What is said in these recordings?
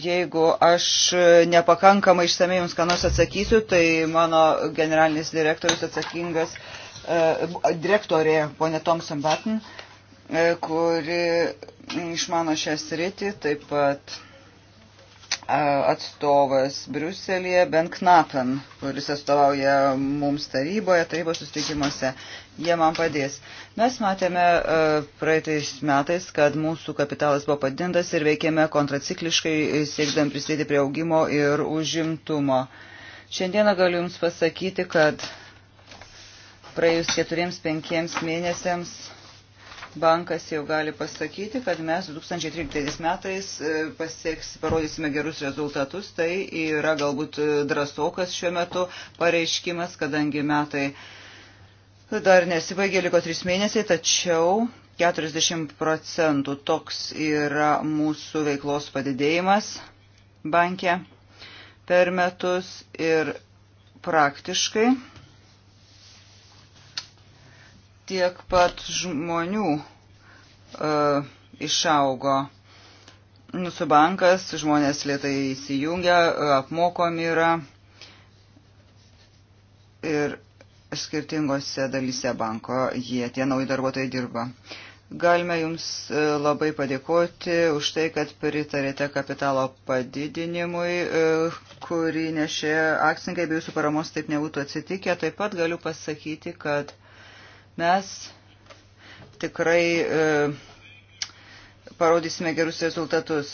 Jeigu aš nepakankamai išsamei jums ką nors atsakysiu, tai mano generalinis direktorius atsakingas, e, direktorė ponė Thompson Button, e, kuri išmano šią sritį, taip pat atstovas Briuselėje, Ben Knapen, kuris atstovauja mums taryboje, tarybos susitikimuose. Jie man padės. Mes matėme praeitais metais, kad mūsų kapitalas buvo padintas ir veikėme kontracikliškai, siekdami prisidėti prie augimo ir užimtumo. Šiandieną galiu Jums pasakyti, kad praėjus keturiems penkiems mėnesiams bankas jau gali pasakyti, kad mes 2013 metais e, pasieks, parodysime gerus rezultatus. Tai yra galbūt e, drąsokas šiuo metu pareiškimas, kadangi metai dar nesibaigė, liko 3 mėnesiai, tačiau 40 procentų toks yra mūsų veiklos padidėjimas banke per metus ir praktiškai tiek pat žmonių uh, išaugo. Mūsų bankas, žmonės lietai įsijungia, e, apmokomi yra ir skirtingose dalyse banko jie, tie nauji darbuotojai dirba. Galime Jums e, labai padėkoti už tai, kad pritarėte kapitalo padidinimui, kurį nešė akcininkai, be Jūsų paramos taip nebūtų atsitikę. Taip pat galiu pasakyti, kad Mes tikrai e, parodysime gerus rezultatus.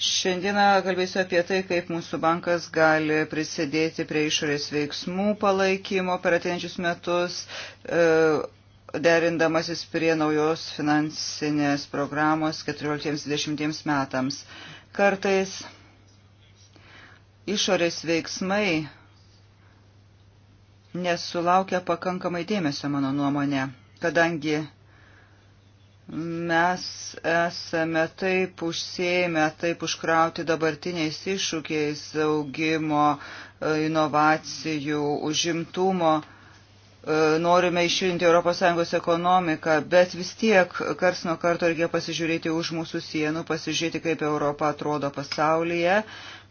Šiandieną kalbėsiu apie tai, kaip mūsų bankas gali prisidėti prie išorės veiksmų palaikymo per ateinančius metus, e, derindamasis prie naujos finansinės programos 14-20 metams. Kartais išorės veiksmai nesulaukia pakankamai dėmesio, mano nuomonė, kadangi mes esame taip užsėmę, taip užkrauti dabartiniais iššūkiais augimo, e, inovacijų, užimtumo. E, norime išjudinti ES ekonomiką, bet vis tiek kars nuo karto reikia pasižiūrėti už mūsų sienų, pasižiūrėti, kaip Europa atrodo pasaulyje,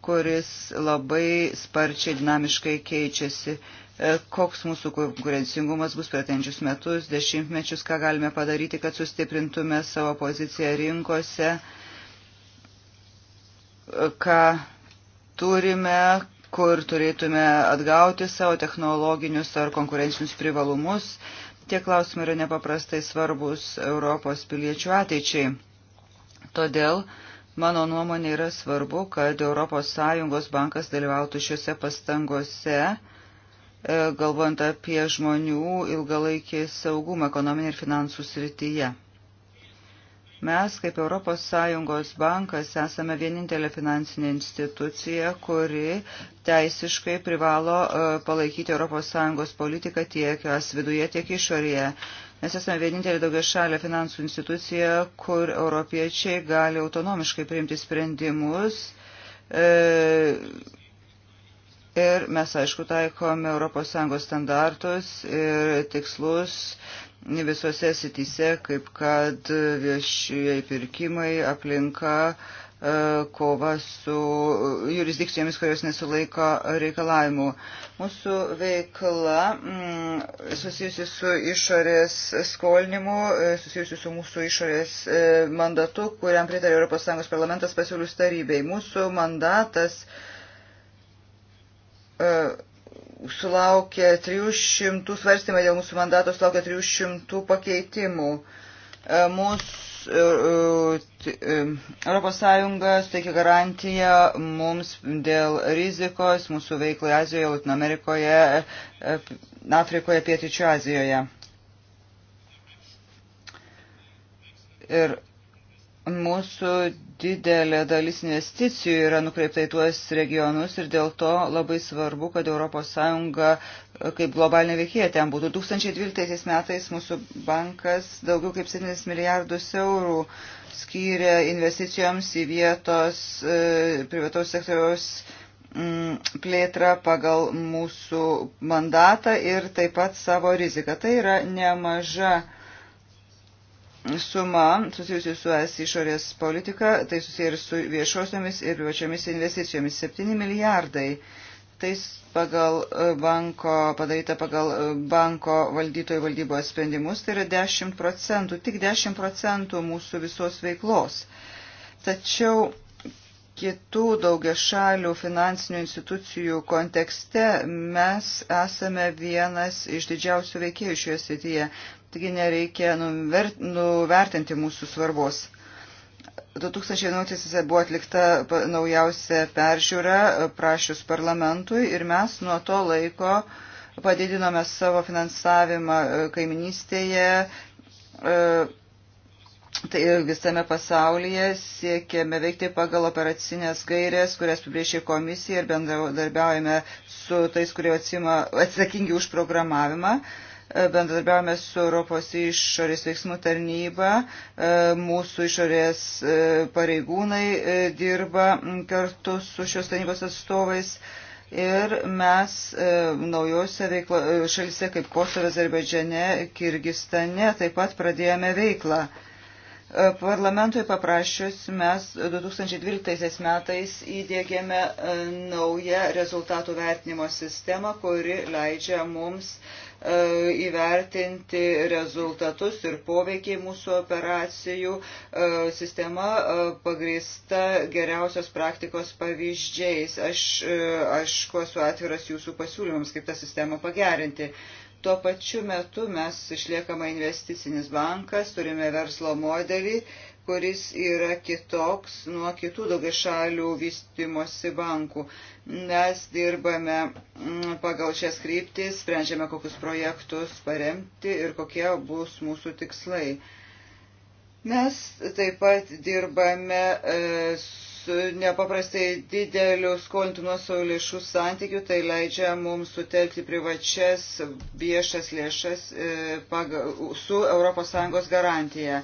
kuris labai sparčiai dinamiškai keičiasi. E, koks mūsų konkurencingumas bus per tenčius metus, dešimtmečius, ką galime padaryti, kad sustiprintume savo poziciją rinkose, e, ką turime, kur turėtume atgauti savo technologinius ar konkurencinius privalumus. Tie klausimai yra nepaprastai svarbus Europos piliečių ateičiai. Todėl uh, Mano nuomonė yra svarbu, kad ES bankas dalyvautų šiuose pastangose, e, galvojant apie žmonių ilgalaikį saugumą ekonominį ir finansų srityje. Mes, kaip ES bankas, esame vienintelė finansinė institucija, kuri teisiškai privalo e, palaikyti ES politiką tiek es viduje, tiek išorėje. Mes esame vienintelė daugia šalia finansų institucija, kur europiečiai gali autonomiškai priimti sprendimus. E, Ir mes, aišku, taikome ES standartus ir tikslus visuose sityse, kaip kad viešieji pirkimai, aplinka, E, kova su jurisdikcijomis, kurios nesilaiko reikalavimų. Mūsų veikla mm, susijusi su išorės skolinimu, e, susijusi su mūsų išorės e, mandatu, kuriam pritarė ES parlamentas pasiūlius tarybei. Mūsų mandatas sulaukė 300, svarstymai dėl mūsų mandato sulaukė 300 pakeitimų. Uh, Mūsų ES teikia garantiją mums dėl rizikos mūsų veiklai Azijoje, Latino Amerikoje, e, Afrikoje, Pietryčio Azijoje. Ir Mūsų didelė dalis investicijų yra nukreipta į tuos regionus ir dėl to labai svarbu, kad ES e, kaip globalinė veikėja ten būtų. 2012 metais mūsų bankas daugiau kaip 7 milijardus eurų skyrė investicijoms į vietos e, privataus sektoriaus mm, plėtrą pagal mūsų mandatą ir taip pat savo riziką. Tai yra nemaža suma susijusi su es išorės politika, tai susiję ir su viešosiomis ir privačiomis investicijomis 7 milijardai. Tai pagal e, banko, padaryta pagal e, banko valdytojų valdybos sprendimus, tai yra 10 procentų, tik 10 procentų mūsų visos veiklos. Tačiau kitų daugia šalių finansinių institucijų kontekste mes esame vienas iš didžiausių veikėjų šioje srityje taigi nereikia nuvertinti mūsų svarbos. 2011 buvo atlikta naujausia peržiūra prašius parlamentui ir mes nuo to laiko padidinome savo finansavimą e, kaiminystėje. E, tai visame pasaulyje siekėme veikti pagal operacinės gairės, kurias apibrėžė komisija ir bendradarbiaujame su tais, kurie atsima, atsakingi už programavimą. Uh, bendradarbiavome su Europos išorės veiksmų tarnyba, e, mūsų išorės e, pareigūnai e, dirba kartu su šios tarnybos atstovais ir mes naujose veiklo, šalise kaip Kosovė, Azerbaidžiane, Kirgistane taip pat pradėjome veiklą. E, parlamentui paprašius mes 2012 metais įdėgėme e, naują rezultatų vertinimo sistemą, kuri leidžia mums e, įvertinti rezultatus ir poveikiai mūsų operacijų. Sistema pagrįsta geriausios praktikos pavyzdžiais. Aš, aš kuo esu atviras jūsų pasiūlymams, kaip tą sistemą pagerinti. Tuo pačiu metu mes išliekama investicinis bankas, turime verslo modelį, kuris yra kitoks nuo kitų daugia šalių vystimosi bankų. Mes dirbame mm, pagal šias kryptis, sprendžiame, kokius projektus paremti ir kokie bus mūsų tikslai. Mes taip pat dirbame su e, nepaprastai didelių skolintų nuosavų lėšų santykių, tai leidžia mums sutelkti privačias viešas lėšas e, su ES garantija.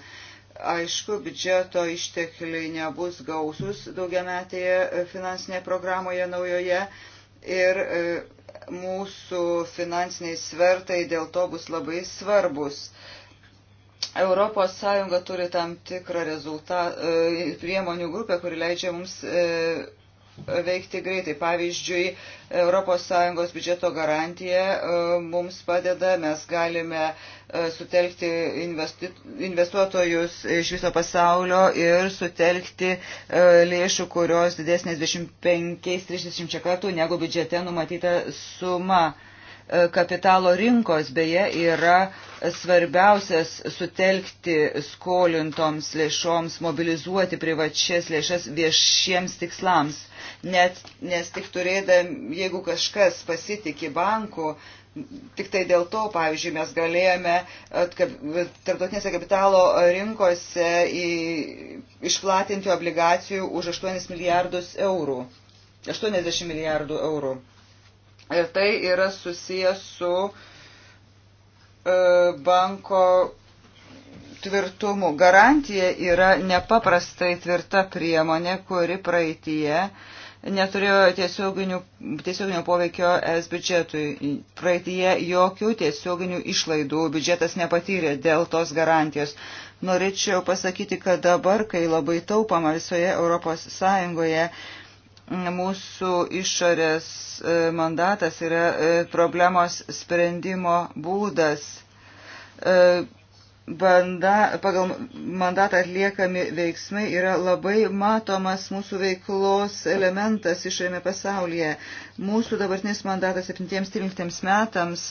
Aišku, biudžeto ištekliai nebus gausus daugiametėje e, finansinėje programoje naujoje ir e, mūsų finansiniai svertai dėl to bus labai svarbus. Europos Sąjunga turi tam tikrą rezultatą, e, priemonių grupę, kuri leidžia mums e, veikti greitai. Pavyzdžiui, ES biudžeto garantija e, mums padeda, mes galime sutelkti investuotojus iš viso pasaulio ir sutelkti lėšų, kurios didesnės 25-30 kartų negu biudžete numatyta suma. E, kapitalo rinkos beje yra svarbiausias sutelkti skolintoms lėšoms, mobilizuoti privačias lėšas viešiems tikslams. Net, nes tik turėdami, jeigu kažkas pasitikė banku, tik tai dėl to, pavyzdžiui, mes galėjome e, tarptautinėse kapitalo rinkose į, išplatinti obligacijų už 8 milijardus eurų. 80 milijardų eurų. Ir tai yra susijęs su e, banko tvirtumu. Garantija yra nepaprastai tvirta priemonė, kuri praeitie neturėjo tiesioginių, tiesioginių poveikio es biudžetui. Praeitie jokių tiesioginių išlaidų biudžetas nepatyrė dėl tos garantijos. Norėčiau pasakyti, kad dabar, kai labai taupama visoje Europos Sąjungoje, mūsų išorės e, mandatas yra e, problemos sprendimo būdas. E, banda, pagal mandatą atliekami veiksmai yra labai matomas mūsų veiklos elementas išorėme pasaulyje. Mūsų dabartinis mandatas 7-13 metams,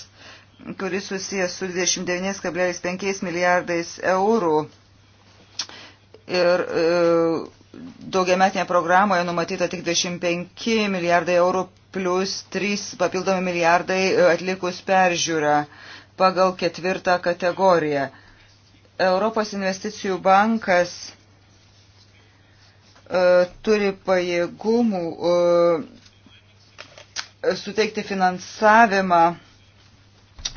kuris susijęs su 29,5 milijardais eurų. Ir e, daugiametinėje programoje numatyta tik 25 milijardai eurų plus 3 papildomi milijardai e, atlikus peržiūrą pagal ketvirtą kategoriją. Europos investicijų bankas e, turi pajėgumų e, suteikti finansavimą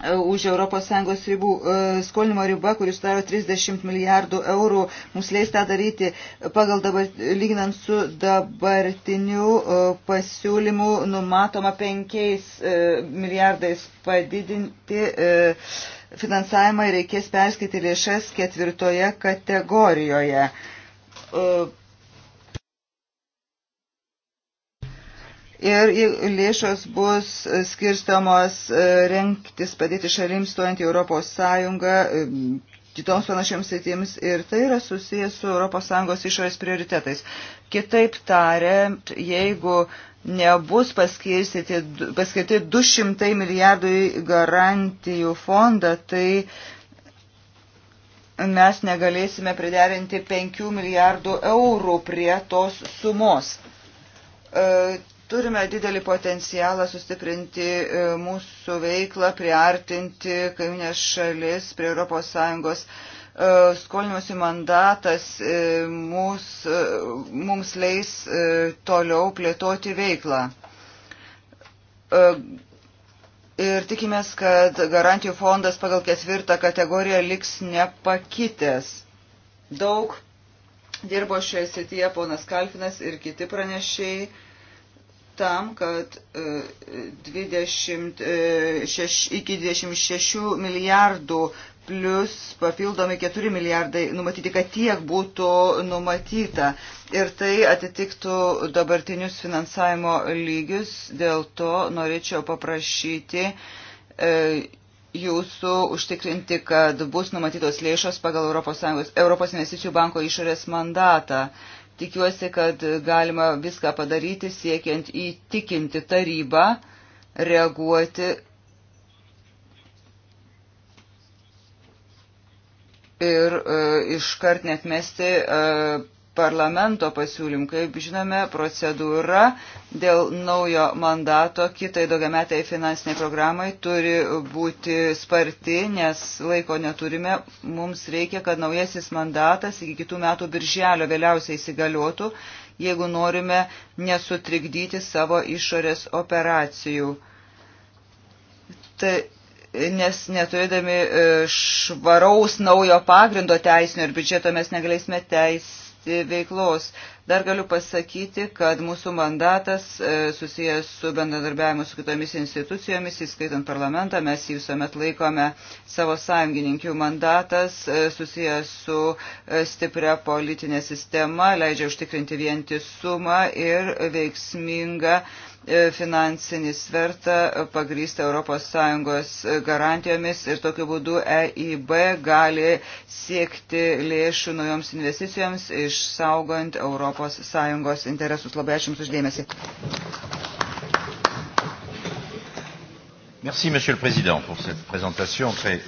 už ES ribų. E, skolinimo riba, kuris sudaro 30 milijardų eurų, mums leis tą daryti pagal dabar, lyginant su dabartiniu e, pasiūlymu numatoma 5 e, milijardais padidinti finansavimą ir reikės perskaityti lėšas ketvirtoje kategorijoje ir lėšos bus skirstamos e, renktis padėti šalims stojant į Europos Sąjungą, e, kitoms panašioms sritims ir tai yra susijęs su ES išorės prioritetais. Kitaip tariant, jeigu nebus paskirti 200 milijardų į garantijų fondą, tai mes negalėsime priderinti 5 milijardų eurų prie tos sumos e, Turime didelį potencialą sustiprinti e, mūsų veiklą, priartinti kaiminės šalis prie ES. E, Skolinimusi mandatas e, mūs, mums leis toliau plėtoti veiklą. Ir tikimės, kad garantijų fondas pagal ketvirtą kategoriją liks nepakitęs. Daug dirbo šioje srityje ponas Kalfinas ir kiti pranešėjai tam, kad 26, e, e, iki 26 milijardų plus papildomi 4 milijardai numatyti, kad tiek būtų numatyta. Ir tai atitiktų dabartinius finansavimo lygius, dėl to norėčiau paprašyti e, jūsų užtikrinti, kad bus numatytos lėšos pagal ES, Europos investicijų banko išorės mandatą. E, Tikiuosi, kad galima viską padaryti siekiant įtikinti tarybą, reaguoti ir e, iškart netmesti e, parlamento pasiūlymų. Kaip žinome, procedūra dėl naujo mandato kitai daugiametai finansiniai programai turi būti sparti, nes laiko neturime. Mums reikia, kad naujasis mandatas iki kitų metų birželio vėliausiai įsigaliotų, jeigu norime nesutrikdyti savo išorės operacijų. Tai nes neturėdami e, švaraus naujo pagrindo teisinio ir biudžeto mes negalėsime teis, veiklos. Dar galiu pasakyti, kad mūsų mandatas e, susijęs su bendradarbiavimu su kitomis institucijomis, įskaitant parlamentą, mes jį visuomet laikome savo sąjungininkių mandatas e, susijęs su e, stipria politinė sistema, leidžia užtikrinti vientisumą ir veiksmingą finansinį svertą pagrįstą ES garantijomis ir tokiu būdu EIB gali siekti lėšų naujoms investicijoms išsaugant Europą. ES interesus. Labai ačiū Jums uždėmesi. Merci, Monsieur le Président, pour cette présentation très...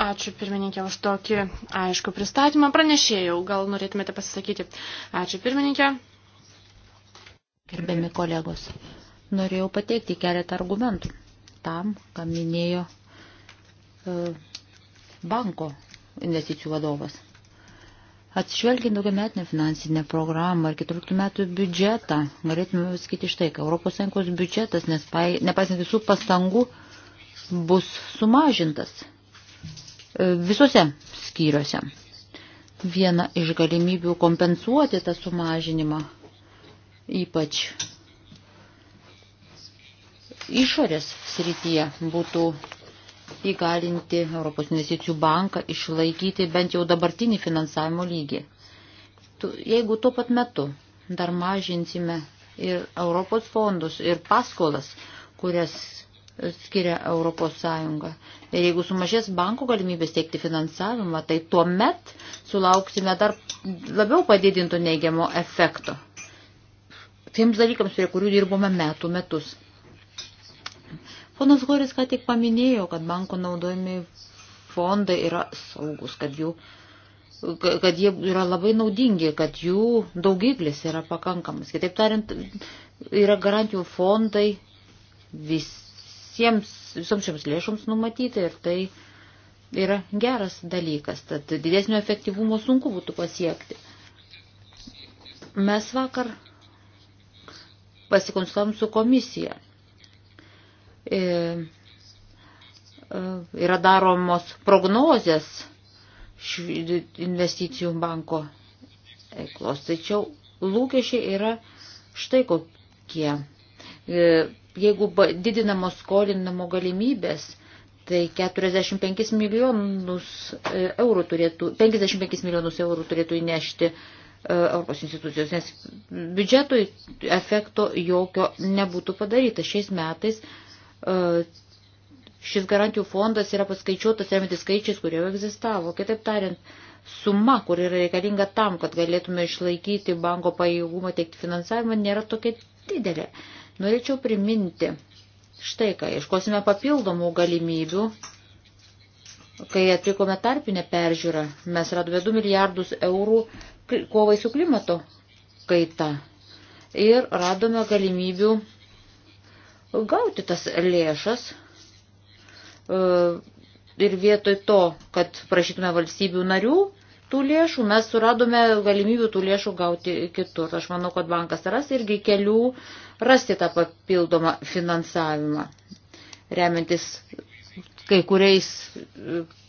Ačiū pirmininkė už tokį aišku pristatymą. Pranešėjau, gal norėtumėte pasisakyti. Ačiū pirmininkė. Gerbiami kolegos, norėjau pateikti keletą argumentų tam, ką minėjo e, banko investicijų vadovas. Atsižvelgiant daugiametinę finansinę programą ar 14 metų biudžetą, galėtume sakyti štai, kad ES biudžetas, nespai, nepaisant visų pastangų, bus sumažintas e, visose skyriuose. Viena iš galimybių kompensuoti tą sumažinimą, ypač išorės srityje, būtų įgalinti Europos investicijų banką išlaikyti bent jau dabartinį finansavimo lygį. Jeigu tuo pat metu dar mažinsime ir Europos fondus, ir paskolas, kurias skiria Europos Sąjunga. Ir jeigu sumažės bankų galimybės teikti finansavimą, tai tuo met sulauksime dar labiau padidinto neigiamo efekto. Tiems dalykams, prie kurių dirbome metų metus. Ponas Goris ką tik paminėjo, kad banko naudojami fondai yra saugus, kad, jų, kad jie yra labai naudingi, kad jų daugiklis yra pakankamas. Kitaip tariant, yra garantijų fondai visiems, visoms šioms lėšoms numatyti ir tai yra geras dalykas, tad didesnio efektyvumo sunku būtų pasiekti. Mes vakar pasikonsultavom su komisija E, yra daromos prognozės investicijų banko veiklos. Tačiau lūkesčiai yra štai kokie. E, jeigu didinamos skolinamo galimybės, tai 45 milijonus e, eurų turėtų, 55 milijonus eurų turėtų įnešti Europos institucijos, nes biudžetui efekto jokio nebūtų padaryta. Šiais metais E, šis garantijų fondas yra paskaičiuotas remiantis skaičiais, kurie jau egzistavo. Kitaip tariant, suma, kur yra reikalinga tam, kad galėtume išlaikyti banko pajėgumą teikti finansavimą, nėra tokia didelė. Norėčiau priminti, štai ką, iškosime papildomų galimybių. Kai atlikome tarpinę peržiūrą, mes radome 2 milijardus eurų kovai su klimato kaita ir radome galimybių gauti tas lėšas e, ir vietoj to, kad prašytume valstybių narių tų lėšų, mes suradome galimybių tų lėšų gauti kitur. Aš manau, kad bankas ras irgi kelių rasti tą papildomą finansavimą, remiantis kai kuriais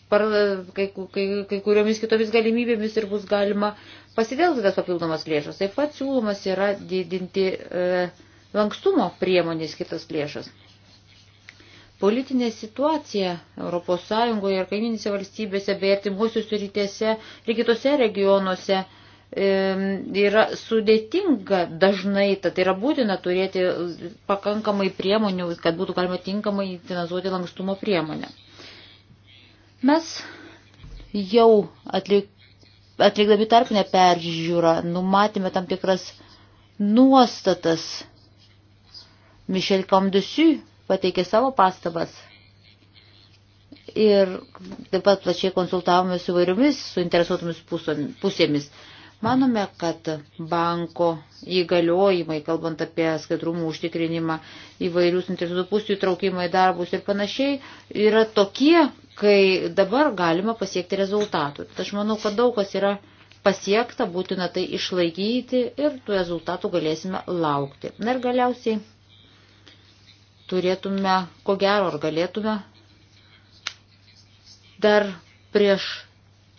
par, kai, kai, kai kuriomis kitomis galimybėmis ir bus galima pasidėlti tas papildomas lėšas. Taip pat siūlomas yra didinti e, lankstumo priemonės kitas lėšas. Politinė situacija ES ir kaiminėse valstybėse, bei artimuosiuose rytėse ir kitose regionuose yra sudėtinga dažnai, tad yra būtina turėti pakankamai priemonių, kad būtų galima tinkamai finansuoti lankstumo priemonę. Mes jau atlik, atlikdami tarpinę peržiūrą numatėme tam tikras nuostatas Mišel Komdusiu pateikė savo pastabas ir taip pat plačiai konsultavome su vairiomis suinteresuotomis pusėmis. Manome, kad banko įgaliojimai, kalbant apie skaidrumų užtikrinimą, įvairių suinteresuotų pusių įtraukimą į darbus ir panašiai, yra tokie, kai dabar galima pasiekti rezultatų. Tad aš manau, kad daug kas yra pasiekta, būtina tai išlaikyti ir tų rezultatų galėsime laukti. Na ir galiausiai turėtume, ko gero, ar galėtume dar prieš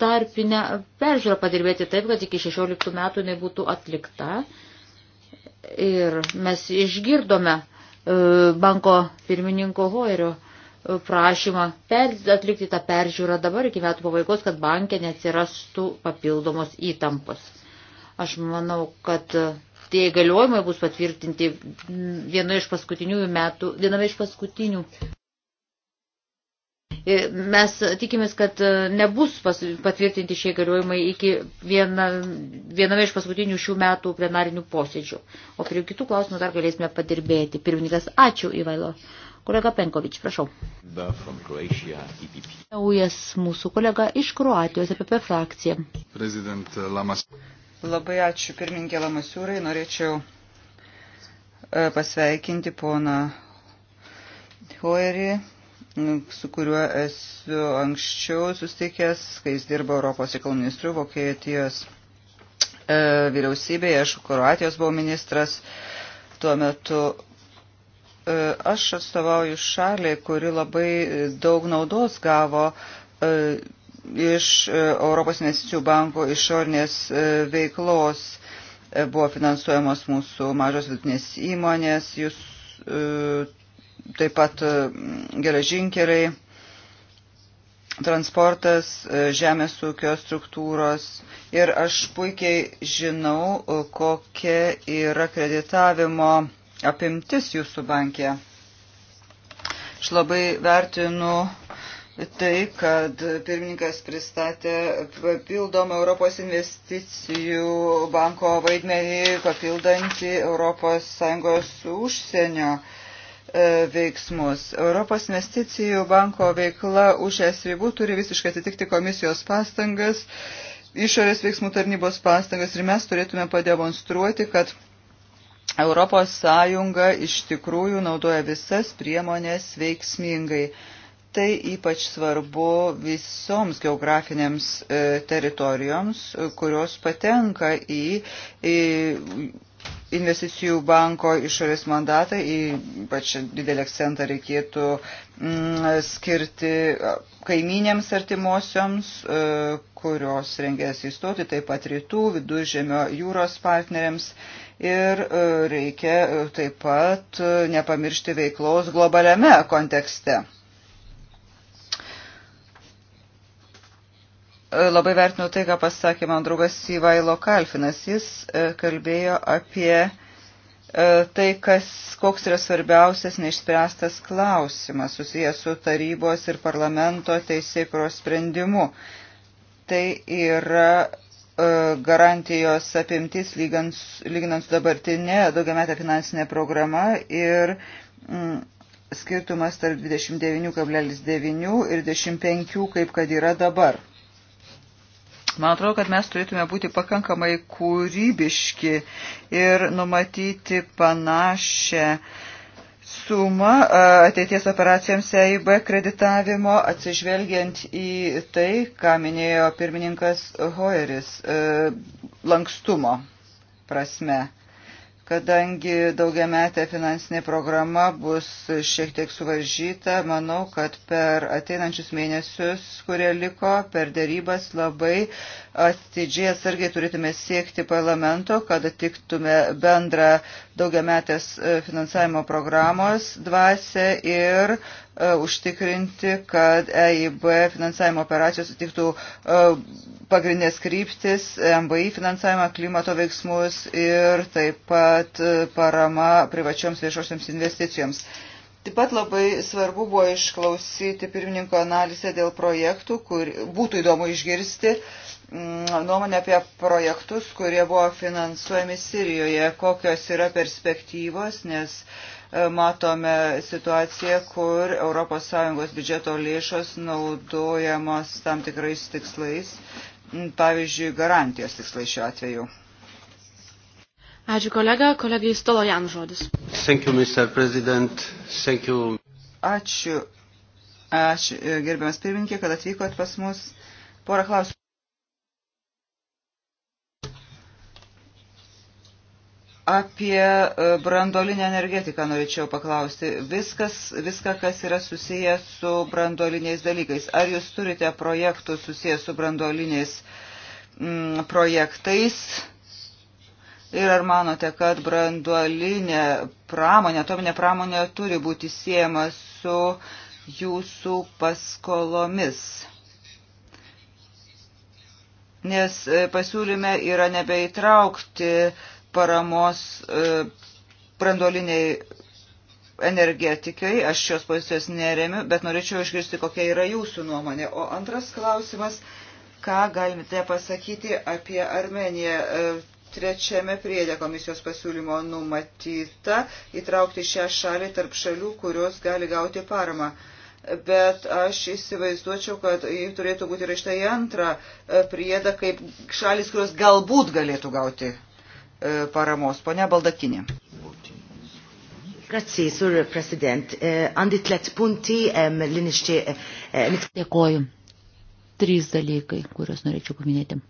tarpinę peržiūrą padirbėti taip, kad iki 16 metų jinai būtų atlikta. Ir mes išgirdome e, banko pirmininko Hoerio e, prašymą per, atlikti tą peržiūrą dabar iki metų pabaigos, kad bankė neatsirastų papildomos įtampos. Aš manau, kad tie įgaliojimai bus patvirtinti vienoje iš paskutinių metų, viename iš paskutinių. E, mes tikimės, kad e, nebus patvirtinti šie įgaliojimai iki viena, viename iš paskutinių šių metų plenarinių posėdžių. O prie kitų klausimų dar galėsime padirbėti. Pirmininkas, ačiū Ivailo. Kolega Penkovič, prašau. E Naujas mūsų kolega iš Kroatijos apie frakciją. President Lamas. Labai ačiū pirmininkė Lamasiūrai. Norėčiau e, pasveikinti poną Hoerį, su kuriuo esu anksčiau sustikęs, kai jis dirbo Europos reikalų ministrų Vokietijos e, vyriausybėje. Aš Kroatijos buvau ministras tuo metu. E, aš atstovauju šaliai, kuri labai daug naudos gavo iš e, Europos investicijų banko išornės e, veiklos e, buvo finansuojamos mūsų mažos vidutinės įmonės, jūs taip pat geražinkeliai, transportas, žemės ūkio struktūros. Ir aš puikiai žinau, kokia yra kreditavimo apimtis jūsų bankė. Aš labai vertinu uh, tai, kad pirmininkas pristatė papildomą Europos investicijų banko vaidmenį, papildantį ES užsienio e, veiksmus. Europos investicijų banko veikla už es ribų turi visiškai atitikti komisijos pastangas, išorės veiksmų tarnybos pastangas ir mes turėtume pademonstruoti, kad Europos Sąjunga iš tikrųjų naudoja visas priemonės veiksmingai. Tai ypač svarbu visoms geografinėms e, teritorijoms, e, kurios patenka į, į investicijų banko išorės mandatą, ypač didelį akcentą reikėtų mm, skirti kaiminėms artimuosioms, e, kurios rengėsi įstoti, taip pat rytų, viduržėmio jūros partneriams. Ir reikia taip pat nepamiršti veiklos globaliame kontekste. labai vertinu tai, ką pasakė man draugas Ivailo Kalfinas. Jis e, kalbėjo apie e, tai, kas, koks yra svarbiausias neišspręstas klausimas susijęs su tarybos ir parlamento teisėkros sprendimu. Tai yra e, garantijos apimtis lygant, lyginant su dabartinė daugiametė finansinė programa ir mm, skirtumas tarp 29,9 ir 25, kaip kad yra dabar. Man atrodo, kad mes turėtume būti pakankamai kūrybiški ir numatyti panašią sumą ateities operacijoms EIB kreditavimo, atsižvelgiant į tai, ką minėjo pirmininkas Hoeris, lankstumo prasme. Kadangi daugiametė finansinė programa bus šiek tiek suvaržyta, manau, kad per ateinančius mėnesius, kurie liko, per dėrybas labai atidžiai atsargiai turėtume siekti parlamento, kad atiktume bendrą daugiametės e, finansavimo programos dvasę ir e, užtikrinti, kad EIB finansavimo operacijos atitiktų e, pagrindinės kryptis, MBI finansavimą, klimato veiksmus ir taip pat parama privačioms viešosioms investicijoms. Taip pat labai svarbu buvo išklausyti pirmininko analizę dėl projektų, kur būtų įdomu išgirsti mm, nuomonę apie projektus, kurie buvo finansuojami Sirijoje, kokios yra perspektyvos, nes e, matome situaciją, kur ES biudžeto lėšos naudojamos tam tikrais tikslais, pavyzdžiui, garantijos tikslais šiuo atveju. Ačiū kolega, kolegai Stolojan žodis. Thank you, Mr. President. Thank you. Ačiū, ačiū e, gerbiamas pirmininkė, kad atvykot pas mus. Porą klausimų. Apie e, brandolinę energetiką norėčiau paklausti. Viskas, viską, kas yra susiję su brandoliniais dalykais. Ar jūs turite projektų susiję su brandoliniais m, mm, projektais? Ir ar manote, kad branduolinė pramonė, atominė pramonė turi būti siejama su jūsų paskolomis? Nes e, pasiūlyme yra nebeįtraukti paramos e, branduoliniai energetikai, aš šios pozicijos neremiu, bet norėčiau išgirsti, kokia yra jūsų nuomonė. O antras klausimas, ką galite pasakyti apie Armeniją? E, trečiame priedė komisijos pasiūlymo numatyta įtraukti šią šalį tarp šalių, kurios gali gauti paramą. Bet aš įsivaizduočiau, kad jį turėtų būti rašta į antrą e, priedą, kaip šalis, kurios galbūt galėtų gauti e, paramos. Pone Baldakinė. Grazie, sur president. E, andi tlet punti, liništi. Dėkoju. Trys dalykai, kuriuos norėčiau paminėti.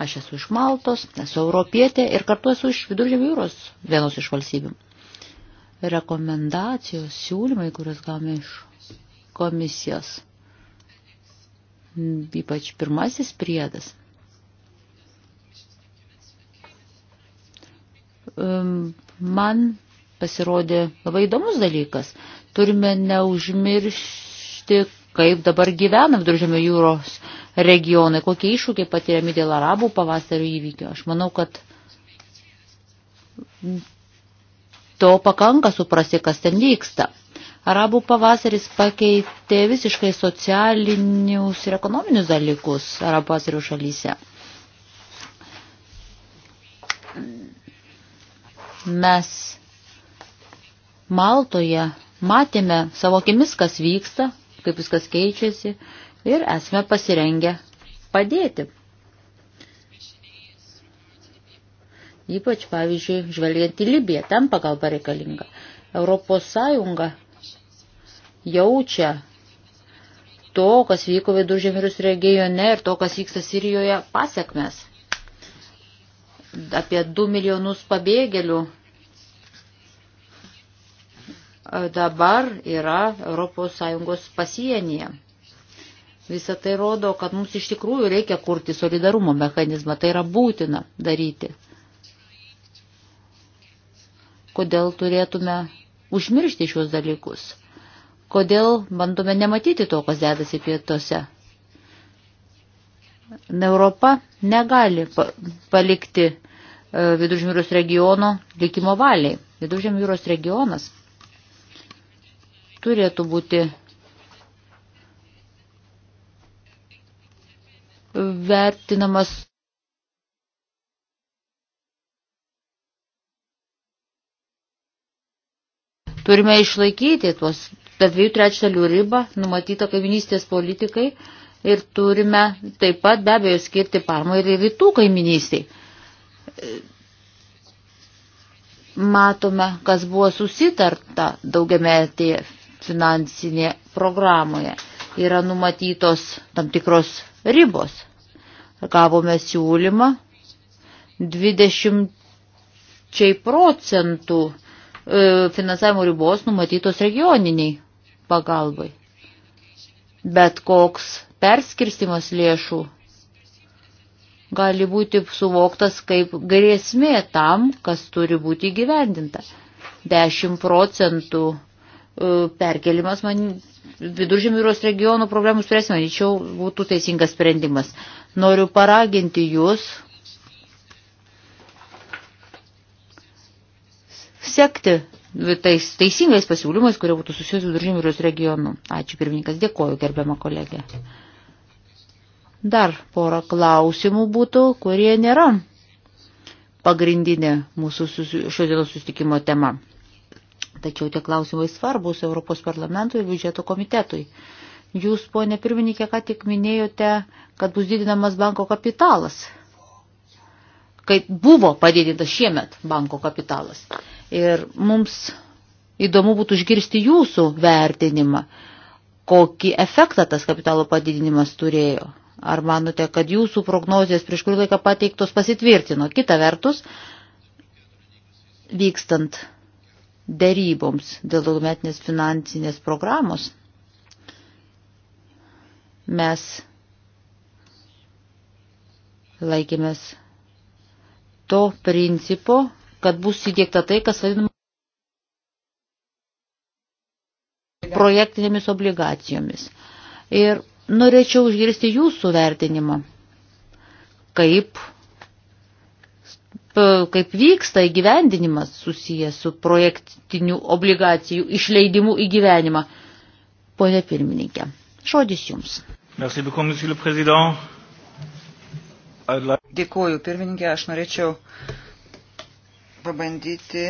Aš esu iš Maltos, esu europietė ir kartu esu iš viduržėmių jūros vienos iš valstybių. Rekomendacijos, siūlymai, kuriuos gavome iš komisijos, ypač pirmasis priedas. Man pasirodė labai įdomus dalykas. Turime neužmiršti, kaip dabar gyvena viduržėmio jūros regionai, kokie iššūkiai patiriami dėl arabų pavasario įvykio. Aš manau, kad to pakanka suprasti, kas ten vyksta. Arabų pavasaris pakeitė visiškai socialinius ir ekonominius dalykus arabų pavasario šalyse. Mes Maltoje matėme savo akimis, kas vyksta, kaip viskas keičiasi ir esame pasirengę padėti. Ypač, pavyzdžiui, žvelgiant į Libiją, ten pagalba reikalinga. Europos Sąjunga jaučia to, kas vyko viduržėmirius regione ir to, kas vyksta Sirijoje, pasiekmes. Apie 2 milijonus pabėgėlių e, dabar yra Europos Sąjungos pasienyje. Visą tai rodo, kad mums iš tikrųjų reikia kurti solidarumo mechanizmą, tai yra būtina daryti. Kodėl turėtume užmiršti šios dalykus? Kodėl bandome nematyti to, kas dedasi pietuose? Europa negali palikti e, Viduržėmiūros regiono likimo valiai. Viduržėmiūros regionas turėtų būti vertinamas Turime išlaikyti tuos dviejų trečdalių ribą numatytą kaiminystės politikai ir turime taip pat be abejo skirti parmą ir rytų kaiminystiai. Matome, kas buvo susitarta daugiametėje finansinėje programoje. Yra numatytos tam tikros ribos. Gavome siūlymą 20 procentų e, finansavimo ribos numatytos regioniniai pagalbai. Bet koks perskirstimas lėšų gali būti suvoktas kaip grėsmė tam, kas turi būti įgyvendinta. 10 procentų e, perkelimas, man viduržėmių jūros regionų problemų spręs, manyčiau, būtų teisingas sprendimas. Noriu paraginti jūs sekti tais teisingais pasiūlymais, kurie būtų susijęs su Viržymirijos regionu. Ačiū pirmininkas, dėkoju gerbiamą kolegę. Dar porą klausimų būtų, kurie nėra pagrindinė mūsų šiandienos susitikimo tema. Tačiau tie klausimai svarbus Europos parlamentui ir biudžeto komitetui. Jūs, ponė pirmininkė, ką tik minėjote, kad bus didinamas banko kapitalas. Kai buvo padidintas šiemet banko kapitalas. Ir mums įdomu būtų išgirsti jūsų vertinimą, kokį efektą tas kapitalo padidinimas turėjo. Ar manote, kad jūsų prognozijas prieš kurį laiką pateiktos pasitvirtino? Kita vertus, vykstant daryboms dėl daugmetinės finansinės programos, mes laikėmės to principo, kad bus įdėkta tai, kas vadinama projektinėmis obligacijomis. Ir norėčiau užgirsti jūsų vertinimą, kaip, kaip vyksta įgyvendinimas susijęs su projektinių obligacijų išleidimu į gyvenimą. Pone pirmininkė, žodis jums. Dėkuoju, pirmininkė, aš norėčiau pabandyti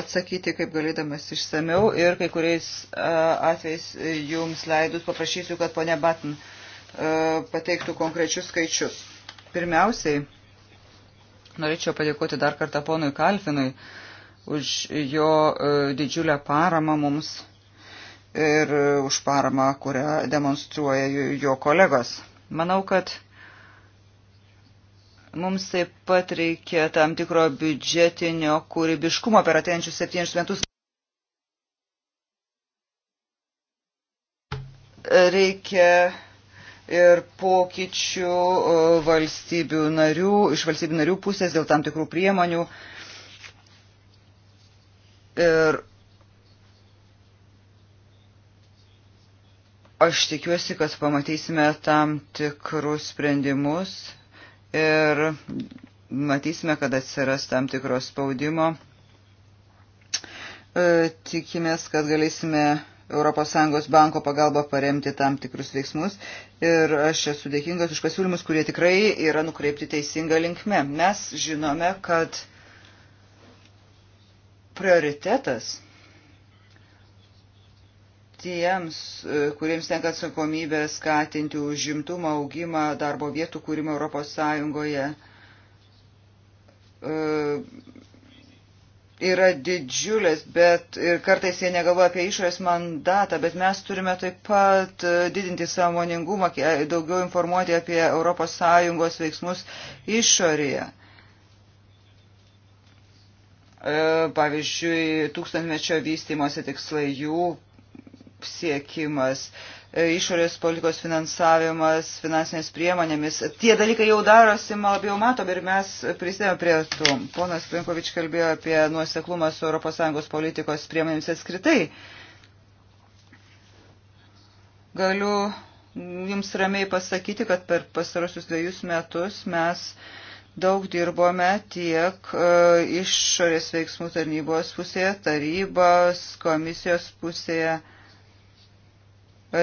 atsakyti, kaip galėdamas išsameu ir kai kuriais atvejais jums leidus paprašysiu, kad ponia Batin pateiktų konkrečius skaičius. Pirmiausiai, norėčiau padėkoti dar kartą ponui Kalfinui už jo didžiulę paramą mums ir už paramą, kurią demonstruoja jo kolegos. Manau, kad mums taip pat reikia tam tikro biudžetinio kūrybiškumo per ateinančius septynius metus. Reikia ir pokyčių valstybių narių, iš valstybių narių pusės dėl tam tikrų priemonių. Ir Aš tikiuosi, kad pamatysime tam tikrus sprendimus ir matysime, kad atsiras tam tikros spaudimo. E, tikimės, kad galėsime ES banko pagalba paremti tam tikrus veiksmus ir aš esu dėkingas už pasiūlymus, kurie tikrai yra nukreipti teisinga linkme. Mes žinome, kad prioritetas tiems, e, kuriems tenka atsakomybė skatinti užimtumą, augimą, darbo vietų kūrimą Europos Sąjungoje, e, yra didžiulės, bet ir kartais jie negalvoja apie išorės mandatą, bet mes turime taip pat e, didinti sąmoningumą, daugiau informuoti apie Europos Sąjungos veiksmus išorėje pavyzdžiui, tūkstantmečio vystimosi tikslai jų siekimas, e, išorės politikos finansavimas, finansinės priemonėmis. Tie dalykai jau darosi labiau matomi ir mes prisidėjome prie tų. Ponas Plinkovič kalbėjo apie nuoseklumą su ES politikos priemonėmis atskritai. Galiu Jums ramiai pasakyti, kad per pastarosius dviejus metus mes daug dirbome tiek e, išorės veiksmų tarnybos pusėje, tarybos, komisijos pusėje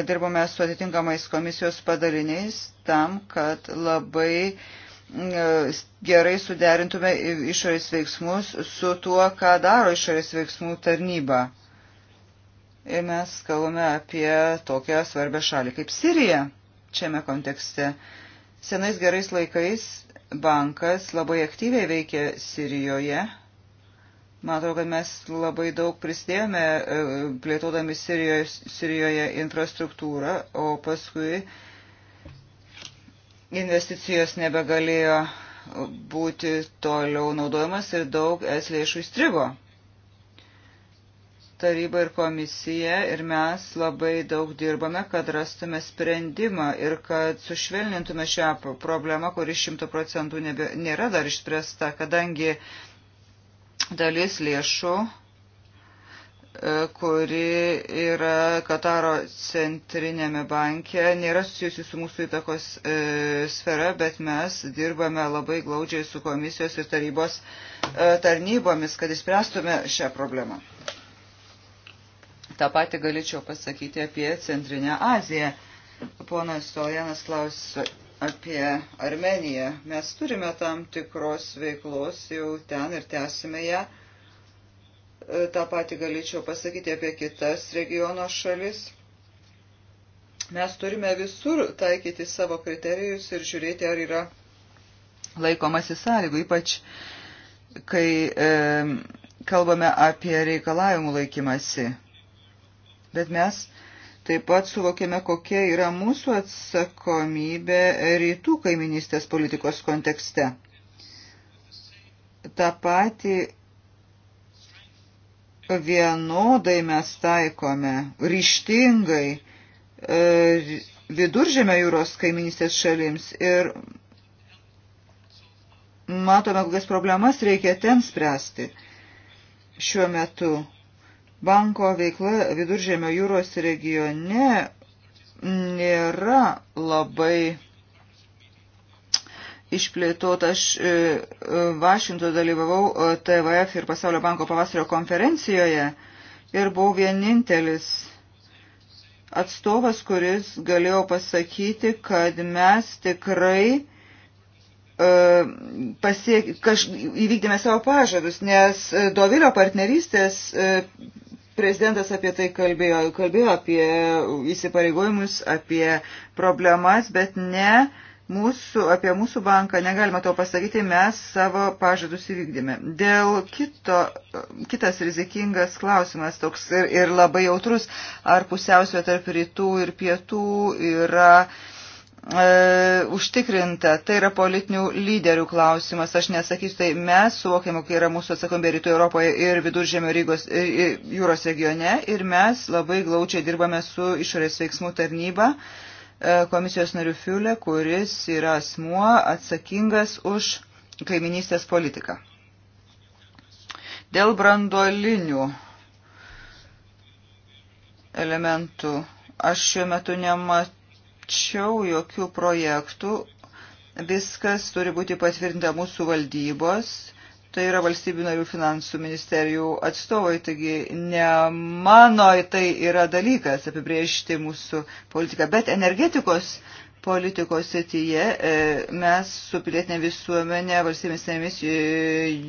dirbome su atitinkamais komisijos padaliniais tam, kad labai e, gerai suderintume išorės veiksmus su tuo, ką daro išorės veiksmų tarnyba. Ir mes kalbame apie tokią svarbę šalį kaip Sirija šiame kontekste. Senais gerais laikais bankas labai aktyviai veikė Sirijoje Man atrodo, kad mes labai daug prisidėjome e, plėtodami Sirijoje, Sirijoje infrastruktūrą, o paskui investicijos nebegalėjo būti toliau naudojamas ir daug es lėšų įstrigo. Taryba ir komisija ir mes labai daug dirbame, kad rastume sprendimą ir kad sušvelnintume šią problemą, kuri šimtų procentų nėra dar išspręsta, kadangi uh, dalis lėšų, e, kuri yra Kataro centrinėme banke, nėra susijusi su mūsų įtakos e, sfera, bet mes dirbame labai glaudžiai su komisijos ir tarybos e, tarnybomis, kad išspręstume šią problemą. Ta pati galėčiau pasakyti apie Centrinę Aziją. Ponas Stojanas klausė, apie Armeniją. Mes turime tam tikros veiklos jau ten ir tęsime ją. E, Ta pati galėčiau pasakyti apie kitas regiono šalis. Mes turime visur taikyti savo kriterijus ir žiūrėti, ar yra laikomasi sąlygų, ypač kai e, kalbame apie reikalavimų laikymasi. Bet mes Taip pat suvokėme, kokia yra mūsų atsakomybė rytų kaiminystės politikos kontekste. Ta pati vienodai mes taikome, ryštingai e, viduržėme jūros kaiminystės šalims ir matome, kokias problemas reikia ten spręsti šiuo metu banko veikla viduržėmio jūros regione nėra labai išplėtota. Aš e, e, Vašingtoje dalyvavau e, TVF ir Pasaulio banko pavasario konferencijoje ir buvau vienintelis atstovas, kuris galėjo pasakyti, kad mes tikrai pasiek, kaž, įvykdėme savo pažadus, nes Dovilio partnerystės Prezidentas apie tai kalbėjo, kalbėjo apie įsipareigojimus, apie problemas, bet ne mūsų, apie mūsų banką, negalima to pasakyti, mes savo pažadus įvykdėme. Dėl kito, kitas rizikingas klausimas toks ir, ir labai jautrus, ar pusiausvė tarp rytų ir pietų yra. Uh, e, užtikrinta. Tai yra politinių lyderių klausimas. Aš nesakysiu, tai mes suvokiam, kai yra mūsų atsakomybė rytų Europoje ir viduržėmio Rygos ir, e, e, jūros regione ir mes labai glaučiai dirbame su išorės veiksmų tarnyba e, komisijos nariu Fiulė, kuris yra asmuo atsakingas už kaiminystės politiką. Dėl branduolinių elementų aš šiuo metu nematau nemačiau jokių projektų. Viskas turi būti patvirtinta mūsų valdybos. Tai yra valstybių narių finansų ministerijų atstovai, taigi ne mano tai yra dalykas apibriežti mūsų politiką, bet energetikos politikos setyje e, mes su pilietinė visuomenė valstybės narėmis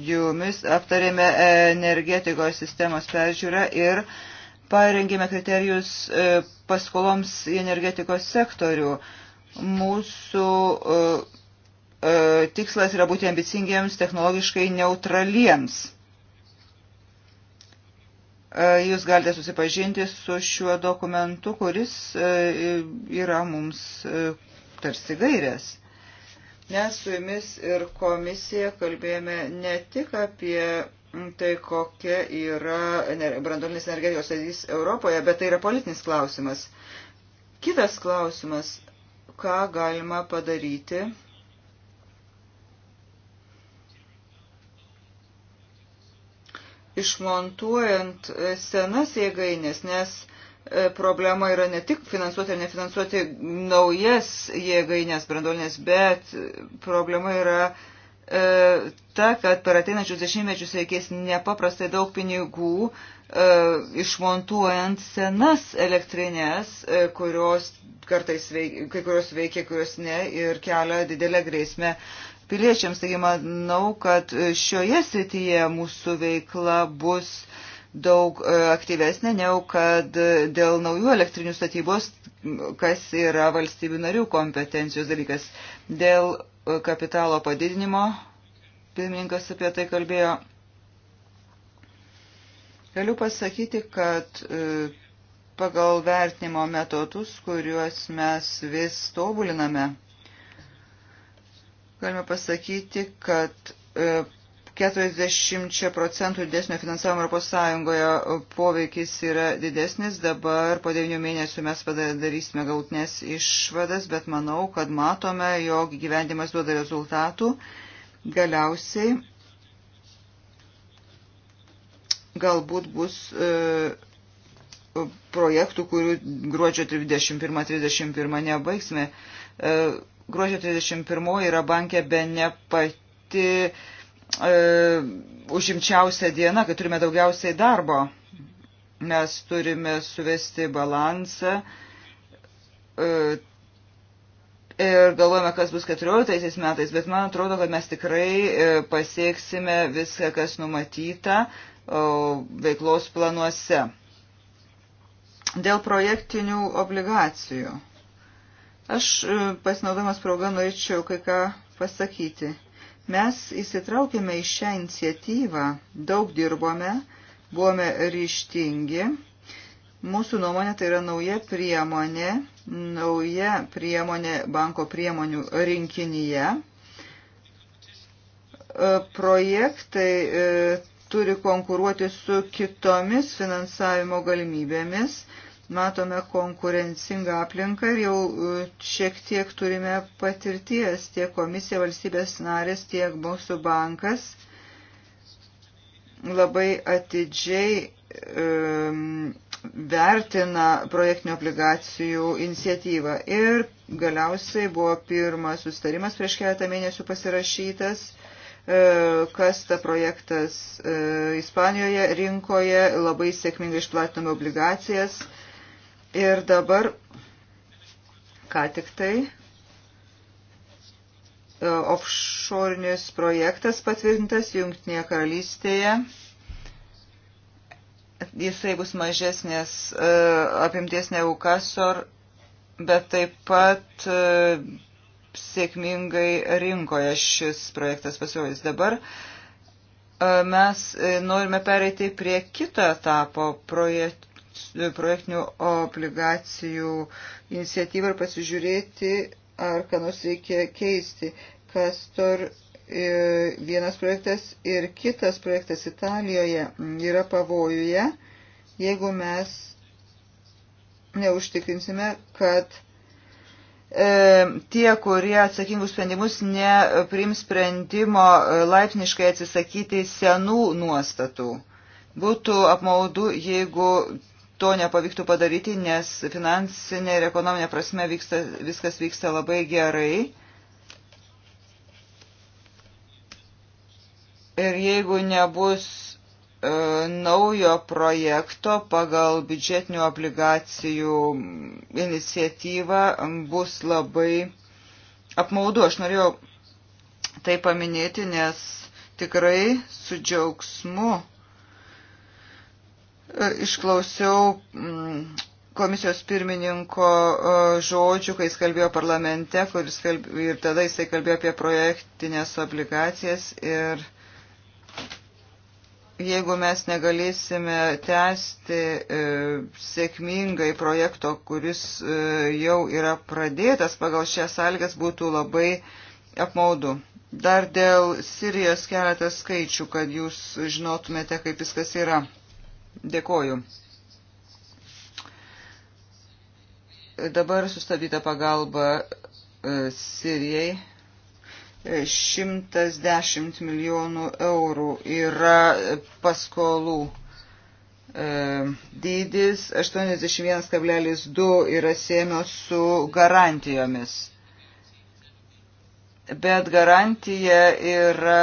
jumis aptarėme energetikos sistemos peržiūrą ir uh, parengėme kriterijus e, paskoloms į energetikos sektorių. Mūsų e, e, tikslas yra būti ambicingiems, technologiškai neutraliems. Jūs galite susipažinti su šiuo dokumentu, kuris yra mums tarsi gairės. Mes su jumis ir komisija kalbėjome ne tik apie tai kokia yra brandolinės energetijos ateitis Europoje, bet tai yra politinis klausimas. Kitas klausimas, ką galima padaryti. Išmontuojant senas jėgainės, nes e, problema yra ne tik finansuoti ar nefinansuoti naujas jėgainės brandolinės, bet e, problema yra uh, E, ta, kad per ateinančius dešimtmečius reikės nepaprastai daug pinigų e, išmontuojant senas elektrinės, e, kurios kartais veikia, kai kurios veikia, kurios ne ir kelia didelę grėsmę piliečiams. Taigi manau, kad šioje srityje mūsų veikla bus daug aktyvesnė, negu kad dėl naujų elektrinių statybos, kas yra valstybių narių kompetencijos dalykas. Dėl kapitalo padidinimo. Pirmininkas apie tai kalbėjo. Galiu pasakyti, kad e, pagal vertinimo metodus, kuriuos mes vis tobuliname, galime pasakyti, kad e, 40 procentų didesnio finansavimo Europos Sąjungoje poveikis yra didesnis. Dabar po 9 mėnesių mes padarysime galutinės išvadas, bet manau, kad matome, jog gyvendimas duoda rezultatų. Galiausiai galbūt bus e, projektų, kurių gruodžio 31-31 nebaigsime. E, gruodžio 31 yra bankė be nepati E, užimčiausia diena, kai turime daugiausiai darbo. Mes turime suvesti balansą e, ir galvojame, kas bus 14 metais, bet man atrodo, kad mes tikrai e, pasieksime viską, kas numatyta veiklos planuose. Dėl projektinių obligacijų. Aš pasinaudamas progą norėčiau kai ką pasakyti. Mes įsitraukėme į šią iniciatyvą, daug dirbome, buvome ryštingi. Mūsų nuomonė tai yra nauja priemonė, nauja priemonė banko priemonių rinkinyje. E, projektai e, turi konkuruoti su kitomis finansavimo galimybėmis matome konkurencingą aplinką ir jau e, šiek tiek turime patirties tiek komisija valstybės narės, tiek mūsų bankas labai atidžiai um, vertina projektinių obligacijų iniciatyvą. Ir galiausiai buvo pirmas sustarimas prieš keletą mėnesių pasirašytas e, kas ta projektas Ispanijoje rinkoje, labai sėkmingai išplatinome obligacijas, Ir dabar, ką tik tai, e, offshore'nis projektas patvirtintas Jungtinėje karalystėje. Jisai bus mažesnės e, apimties negu kasor, bet taip pat e, sėkmingai rinkoje šis projektas pasirodys. Dabar mes norime pereiti prie kito etapo projektų projektinių obligacijų iniciatyvą ir pasižiūrėti, ar ką nors reikia keisti. Kastor e, vienas projektas ir kitas projektas Italijoje yra pavojuje, jeigu mes neužtikrinsime, kad e, tie, kurie atsakingus sprendimus neprims sprendimo e, laipsniškai atsisakyti senų nuostatų. Būtų apmaudu, jeigu to nepavyktų padaryti, nes finansinė ir ekonominė prasme vyksta, viskas vyksta labai gerai. Ir jeigu nebus e, naujo projekto pagal biudžetinių obligacijų iniciatyvą, bus labai apmaudu. Aš norėjau tai paminėti, nes tikrai su džiaugsmu E, išklausiau mm, komisijos pirmininko e, žodžių, kai jis kalbėjo parlamente, kuris kalbėjo, ir tada jisai kalbėjo apie projektinės obligacijas ir jeigu mes negalėsime tęsti e, sėkmingai projekto, kuris e, jau yra pradėtas pagal šias sąlygas, būtų labai apmaudu. Dar dėl Sirijos keletas skaičių, kad jūs žinotumėte, kaip viskas yra. Dėkoju. Dabar sustabdyta pagalba e, Sirijai. 110 e, milijonų eurų yra paskolų e, dydis, 81,2 yra siemios su garantijomis. Bet garantija yra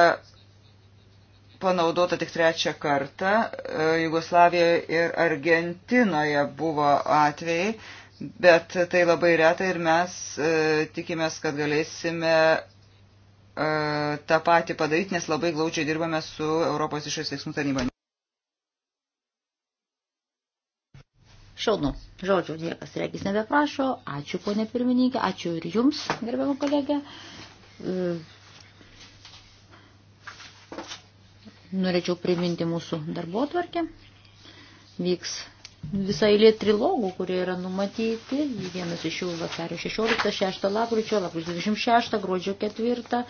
panaudota tik trečią kartą. E, Jugoslavijoje ir Argentinoje buvo atvejai, bet tai labai reta ir mes e, tikimės, kad galėsime e, tą patį padaryti, nes labai glaučiai dirbame su Europos išorės veiksmų tarnyba. Šaunu. Žodžiu, niekas regis nebeprašo. Ačiū, ponė pirmininkė. Ačiū ir jums, gerbiamų kolegė. E Norėčiau priminti mūsų darbo tvarkę. Vyks visą eilė trilogų, kurie yra numatyti. Vienas iš jų vasario 16, 6 lapkričio, lapkričio 26, gruodžio 4,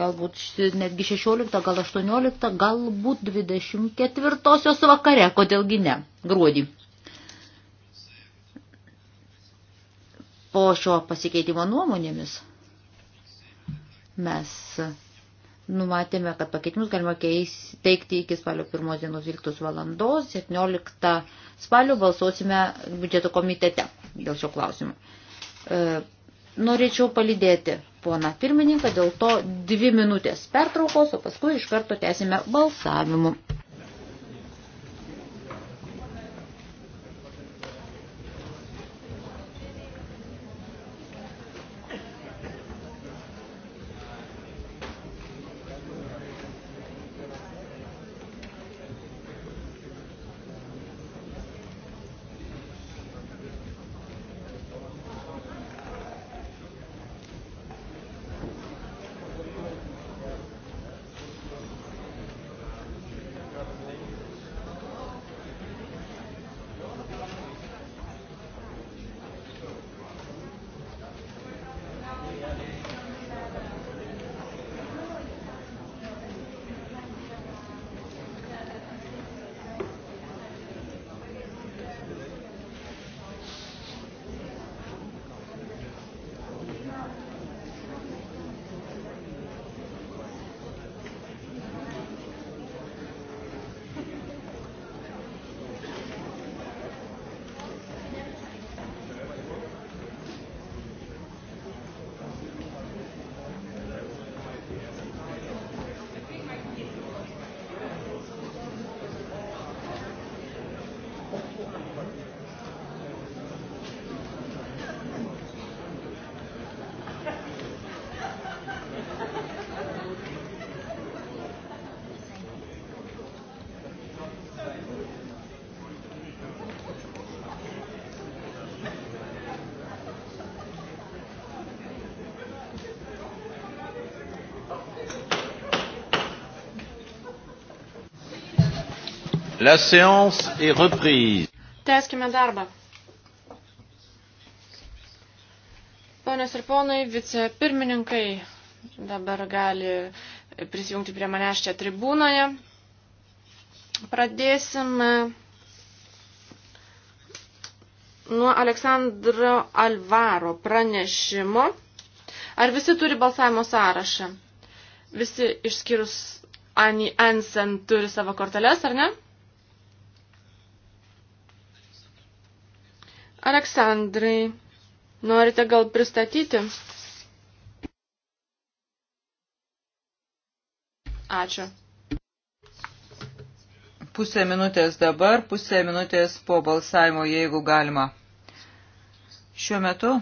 galbūt netgi 16, gal 18, galbūt 24 vakare, kodėlgi ne, gruodį. Po šio pasikeitimo nuomonėmis mes Numatėme, kad pakeitimus galima keis, teikti iki spalio 1 dienos 12 valandos, 17 spalio balsuosime biudžeto komitete dėl šio klausimo. E, norėčiau palydėti poną pirmininką, dėl to dvi minutės pertraukos, o paskui iš karto tęsime balsavimu. La séance est reprise. Tęskime darbą. Ponios ir ponai, vicepirmininkai dabar gali prisijungti prie manęs čia tribūnoje. Pradėsime nuo Aleksandro Alvaro pranešimo. Ar visi turi balsavimo sąrašą? Visi išskyrus Ani Ansen turi savo korteles, ar ne? Aleksandrai, norite gal pristatyti? Ačiū. Pusę minutės dabar, pusę minutės po balsavimo, jeigu galima. Šiuo metu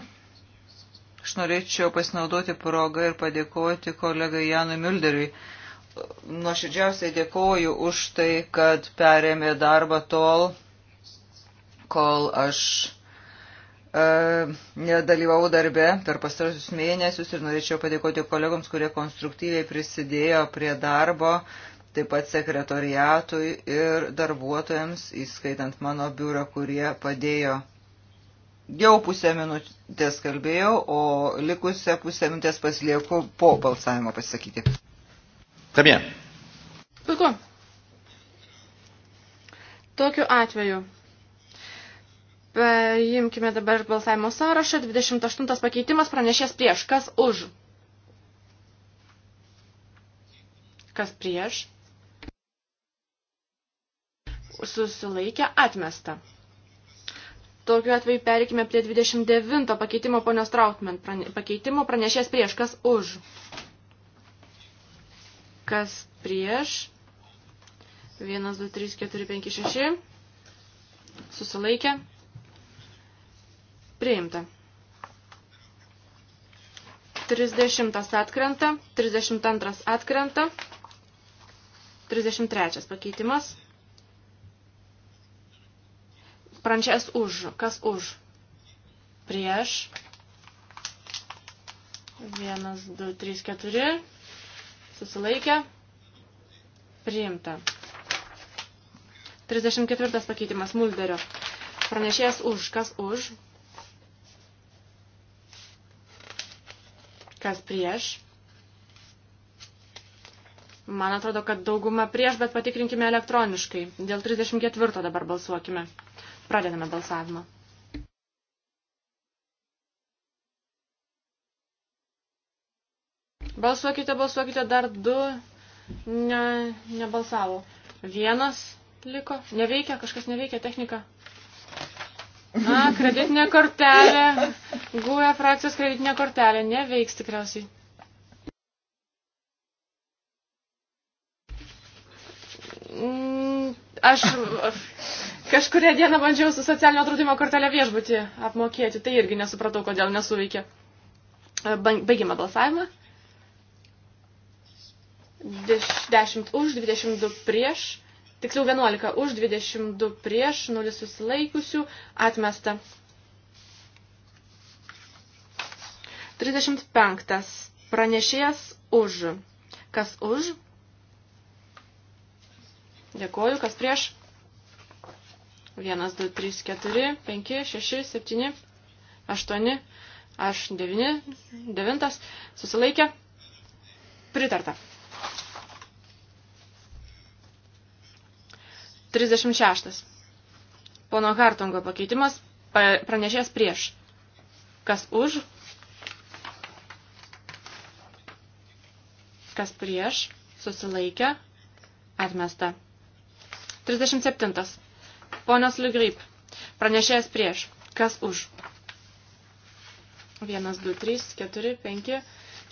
aš norėčiau pasinaudoti progą ir padėkoti kolegai Janui Mülderiui. Nuoširdžiausiai dėkoju už tai, kad perėmė darbą tol, kol aš E, dalyvau darbe per pastarosius mėnesius ir norėčiau padėkoti kolegoms, kurie konstruktyviai prisidėjo prie darbo, taip pat sekretoriatui ir darbuotojams, įskaitant mano biurą, kurie padėjo. Jau pusę minutės kalbėjau, o likusią pusę minutės pasilieku po balsavimo pasakyti. Très bien. Puiku. Tokiu atveju Paimkime dabar balsavimo sąrašą. 28 pakeitimas pranešės prieš. Kas už? Kas prieš? Susilaikė atmesta. Tokiu atveju perikime prie 29 pakeitimo ponios Trautman. Prane, pakeitimo pranešės prieš. Kas už? Kas prieš? 1, 2, 3, 4, 5, 6. Susilaikė. Priimta. 30 atkrenta, 32 atkrenta, 33 pakeitimas. Prančias už. Kas už? Prieš. 1, 2, 3, 4. Susilaikė. Priimta. 34 pakeitimas Mulderio. Pranešėjas už. Kas už? Kas prieš? Man atrodo, kad dauguma prieš, bet patikrinkime elektroniškai. Dėl 34 dabar balsuokime. Pradedame balsavimą. Balsuokite, balsuokite, dar du ne, nebalsavo. Vienas liko, neveikia, kažkas neveikia, technika. Na, kreditinė kortelė. Guoja frakcijos kreditinė kortelė neveiks tikriausiai. Mm, aš kažkuria diena bandžiau su socialinio draudimo kortelė viešbutį apmokėti, tai irgi nesupratau, kodėl nesuveikė. Baigime balsavimą. 10 už, 22 prieš, tiksliau 11 už, 22 prieš, 0 susilaikusių, atmesta. 35. Pranešėjas už. Kas už? Dėkoju. Kas prieš? 1, 2, 3, 4, 5, 6, 7, 8, aš 9, 9, susilaikė. Pritarta. 36. Pono Hartungo pakeitimas pranešės prieš. Kas už? kas prieš, susilaikė, atmesta. 37. Ponas Ligryp, pranešėjas prieš, kas už. 1, 2, 3, 4, 5,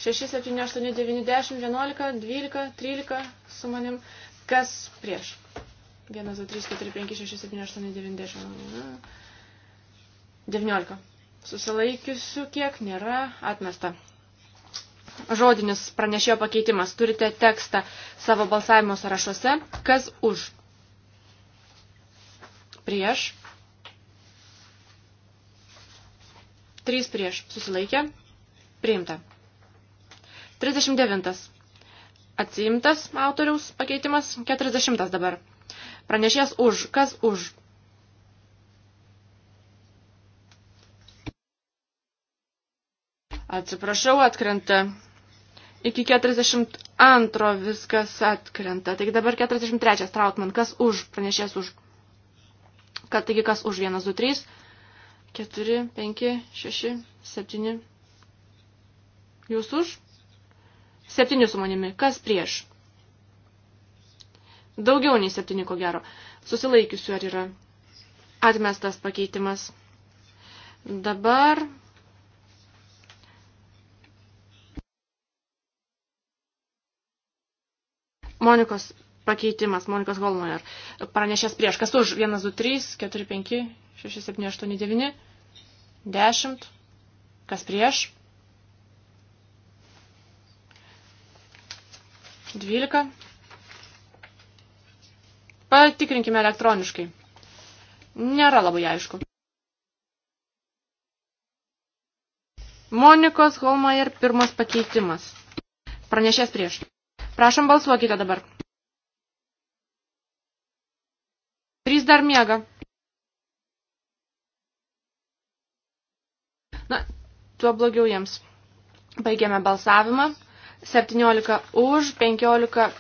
6, 7, 8, 9, 10, 11, 12, 13 su manim. Kas prieš? 1, 2, 3, 4, 5, 6, 7, 8, 9, 10. 19. Susilaikiusių kiek nėra atmesta žodinis pranešėjo pakeitimas. Turite tekstą savo balsavimo sąrašuose. Kas už? Prieš. Trys prieš. Susilaikė. Priimta. 39. Atsiimtas autoriaus pakeitimas. 40 dabar. Pranešės už. Kas už? Atsiprašau, atkrenta Iki 42 viskas atkrenta. Taigi dabar 43 Trautman. Kas už? Pranešės už. Kad taigi kas už? 1, 2, 3, 4, 5, 6, 7. Jūs už? 7 su manimi. Kas prieš? Daugiau nei 7 ko gero. Susilaikiusiu ar yra atmestas pakeitimas. Dabar Monikos pakeitimas, Monikos Holmojer. Pranešęs prieš. Kas už? 1, 2, 3, 4, 5, 6, 7, 8, 9, 10. Kas prieš? 12. Patikrinkime elektroniškai. Nėra labai aišku. Monikos Holmajer pirmas pakeitimas. Pranešės prieš. Prašom balsuokite dabar. Trys dar miega. Na, tuo blogiau jiems. Baigėme balsavimą. 17 už, 15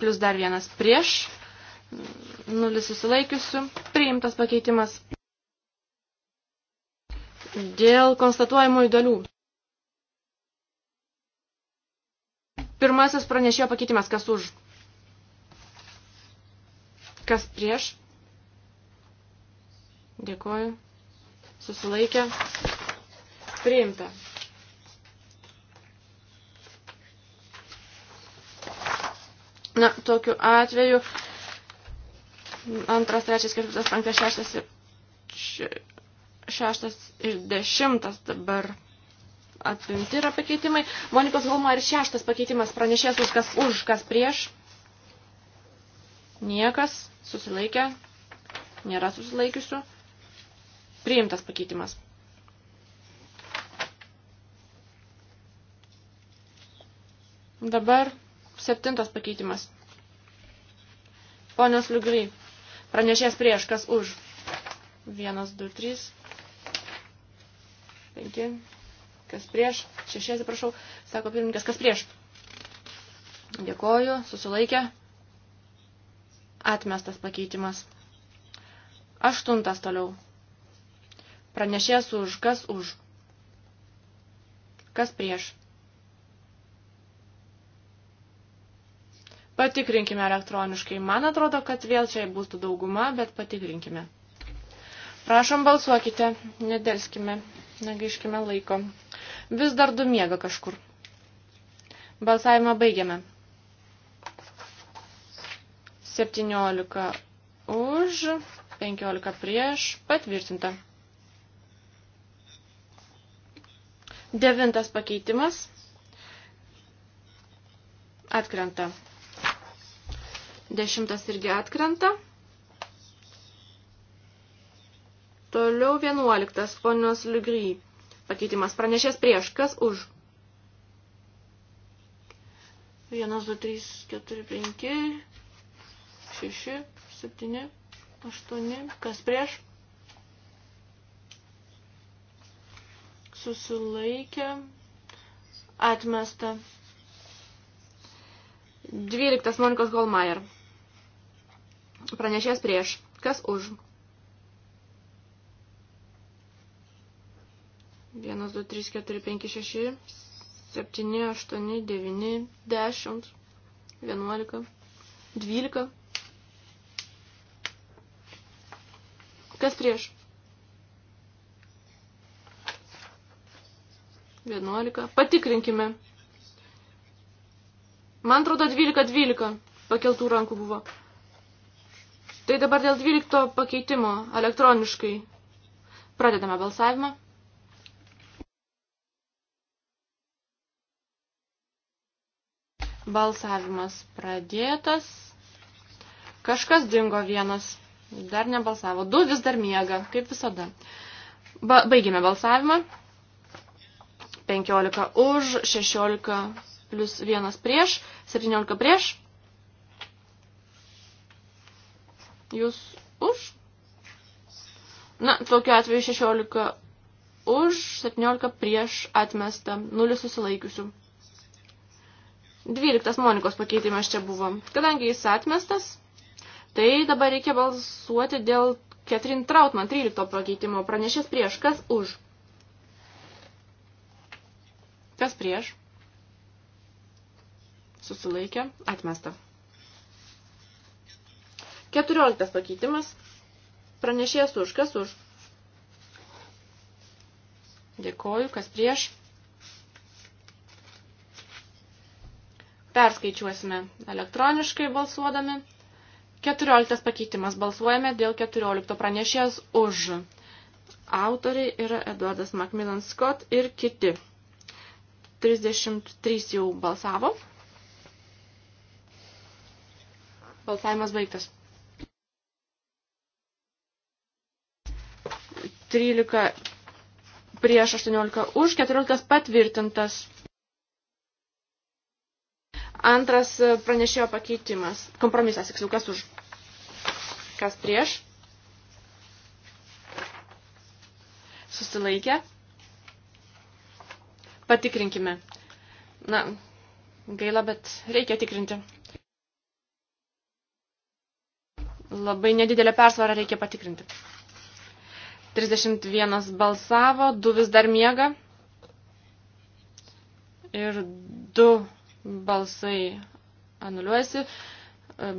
plus dar vienas prieš, nulis susilaikiusių, priimtas pakeitimas. Dėl konstatuojamų įdalių. Pirmasis pranešėjo pakeitimas, kas už? Kas prieš? Dėkoju. Susilaikė. Priimta. Na, tokiu atveju antras, trečias, ketvirtas, penktas, šeštas ir šeštas ir dešimtas dabar apimti yra pakeitimai. Monikos Holma ir šeštas pakeitimas pranešės už kas už, kas prieš. Niekas susilaikė, nėra susilaikiusių. Priimtas pakeitimas. Dabar septintas pakeitimas. Ponios Liugry, pranešės prieš, kas už. Vienas, du, trys, penki, Kas prieš? Šeši, atsiprašau, sako pirmininkas, kas prieš? Dėkoju, susilaikė. Atmestas pakeitimas. Aštuntas toliau. Pranešės už, kas už. Kas prieš? Patikrinkime elektroniškai. Man atrodo, kad vėl čia būtų dauguma, bet patikrinkime. Prašom balsuokite, nedelskime, negaiškime laiko. Vis dar du miega kažkur. Balsavimą baigiame. 17 už, 15 prieš, patvirtinta. Devintas pakeitimas atkrenta. Dešimtas irgi atkrenta. Toliau vienuoliktas, ponios Ligry pakeitimas. Pranešės prieš. Kas už? 1, 2, 3, 4, 5, 6, 7, 8. Kas prieš? Susilaikė. Atmesta. 12. Monikos Golmajer. Pranešės prieš. Kas už? 1, 2, 3, 4, 5, 6, 7, 8, 9, 10, 11, 12. Kas prieš? 11. Patikrinkime. Man atrodo 12-12 pakeltų rankų buvo. Tai dabar dėl 12 pakeitimo elektroniškai pradedame balsavimą. Balsavimas pradėtas. Kažkas dingo vienas. Dar nebalsavo. Du vis dar miega, kaip visada. Ba baigėme balsavimą. 15 už, 16 plus 1 prieš, 17 prieš. Jūs už? Na, tokiu atveju 16 už, 17 prieš atmestą, 0 susilaikiusių. 12 Monikos pakeitimas čia buvo. Kadangi jis atmestas, tai dabar reikia balsuoti dėl Ketrin Trautman 13 pakeitimo. Pranešės prieš. Kas už? Kas prieš? Susilaikė. Atmesta. 14 pakeitimas. Pranešės už. Kas už? Dėkoju. Kas prieš? Perskaičiuosime elektroniškai balsuodami. 14 pakeitimas. Balsuojame dėl 14 pranešės už. Autoriai yra Eduardas Macmillan Scott ir kiti. 33 jau balsavo. Balsavimas baigtas. 13 prieš 18 už, 14 patvirtintas. Antras pranešėjo pakeitimas. Kompromisas, tiksliau, kas už? Kas prieš? Susilaikė. Patikrinkime. Na, gaila, bet reikia tikrinti. Labai nedidelę persvarą reikia patikrinti. 31 balsavo, 2 vis dar miega ir 2 Balsai anuliuojasi.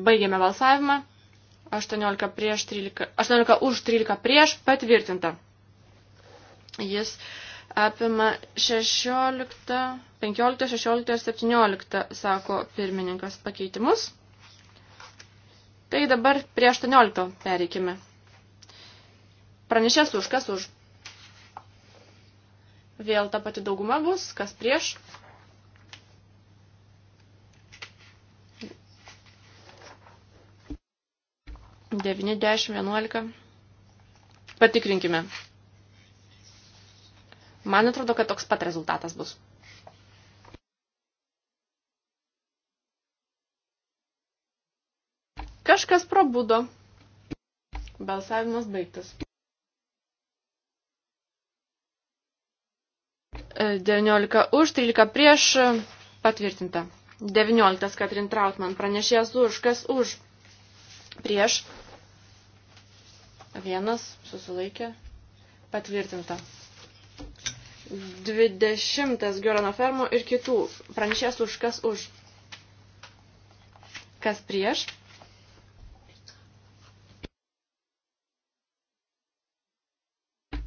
Baigėme balsavimą. 18, prieš 13, 18 už 13 prieš patvirtinta. Jis apima 16, 15, 16 ir 17, sako pirmininkas pakeitimus. Tai dabar prie 18 pereikime. Pranešės už, kas už. Vėl ta pati dauguma bus, kas prieš. 9, 10, 11. Patikrinkime. Man atrodo, kad toks pat rezultatas bus. Kažkas prabudo. Balsavimas baigtas. 19 e, už, 13 prieš patvirtinta. 19 Katrin Trautman pranešės už, kas už, prieš Vienas susilaikė. Patvirtinta. 20 Giorano Fermo ir kitų. Pranešės už kas už. Kas prieš?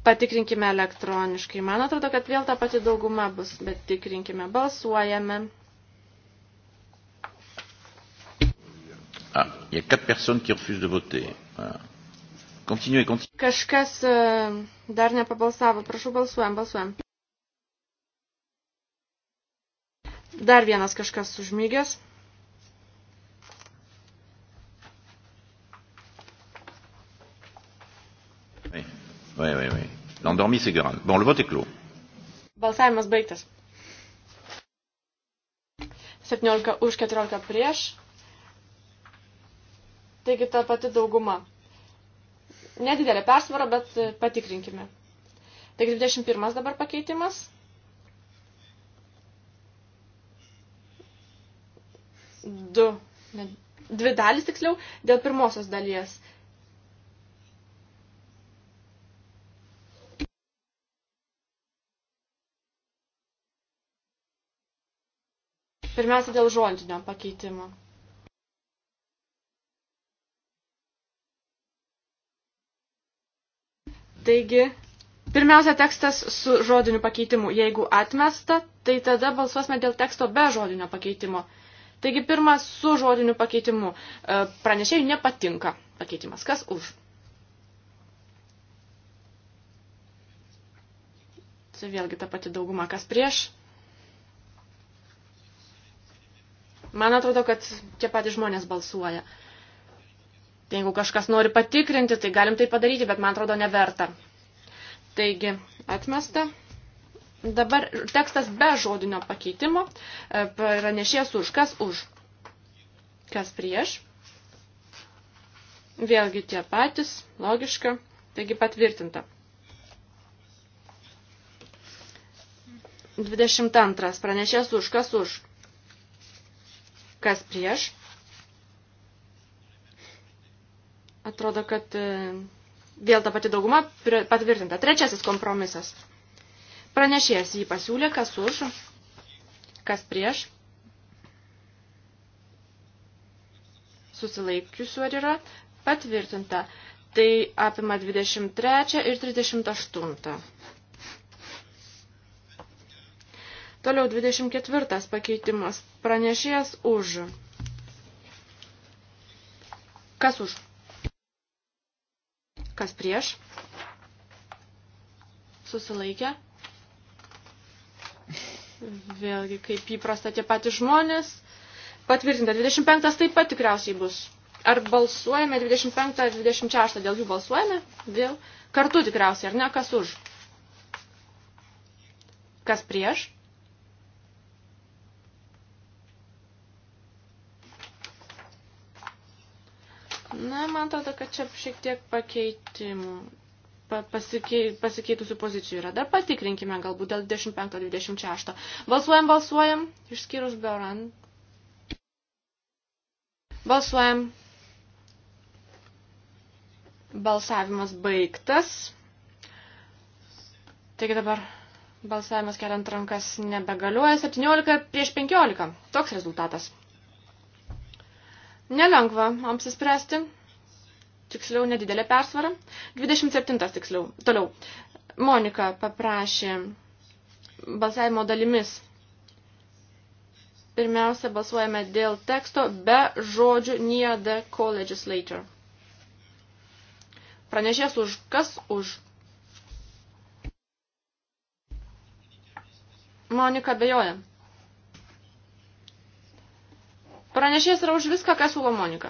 Patikrinkime elektroniškai. Man atrodo, kad vėl ta pati dauguma bus, bet tikrinkime. Balsuojame. Ah, il y a quatre personnes qui refusent de voter. Voilà. Ah. Continue, continue. Kažkas e, dar nepabalsavo. Prašau, balsuojam, balsuojam. Dar vienas kažkas užmygęs. Oui, oui, oui. oui. L'endormi, c'est grave. Bon, le vote est clos. Balsavimas baigtas. 17 už 14 prieš. Taigi ta pati dauguma. Nedidelė persvara, bet e, patikrinkime. Taigi 21 dabar pakeitimas. Du, ne, dvi dalys tiksliau, dėl pirmosios dalies. Pirmiausia, dėl žodinio pakeitimo. Taigi, pirmiausia tekstas su žodiniu pakeitimu. Jeigu atmesta, tai tada balsuosime dėl teksto be žodinio pakeitimo. Taigi, pirmas su žodiniu pakeitimu. E, Pranešėjai nepatinka pakeitimas. Kas už? Čia vėlgi ta pati dauguma, kas prieš. Man atrodo, kad tie patys žmonės balsuoja. Uh, Tai jeigu kažkas nori patikrinti, tai galim tai padaryti, bet man atrodo neverta. Taigi, atmesta. Dabar tekstas be žodinio pakeitimo. E, Pranešės už. Kas už? Kas prieš? Vėlgi tie patys. Logiška. Taigi patvirtinta. 22. Pranešės už. Kas už? Kas prieš? Atrodo, kad e, vėl ta pati dauguma patvirtinta. Trečiasis kompromisas. Pranešėjas jį pasiūlė, kas už, kas prieš. Susilaikiusiu ar yra patvirtinta. Tai apima 23 ir 38. Toliau 24 pakeitimas. Pranešėjas už. Kas už? Kas prieš? Susilaikė. Vėlgi, kaip įprasta, tie patys žmonės. Patvirtinta, 25 taip pat tikriausiai bus. Ar balsuojame 25 ar 26, dėl jų balsuojame? Vėl. Kartu tikriausiai, ar ne? Kas už? Kas prieš? Na, man atrodo, kad čia šiek tiek pakeitimų, pa, pasikei, pasikeitusių pozicijų yra. Dar patikrinkime galbūt dėl 25-26. Balsuojam, balsuojam, išskyrus Beuran. Balsuojam. Balsavimas baigtas. Taigi dabar balsavimas keliant rankas nebegaliuoja 17 prieš 15. Toks rezultatas. Nelengva apsispręsti, tiksliau nedidelė persvara. 27 tiksliau. Toliau. Monika paprašė balsavimo dalimis. Pirmiausia, balsuojame dėl teksto be žodžių near the co-legislator. Pranešės už kas už. Monika bejoja. Pranešėjas yra už viską, ką siūlo Monika.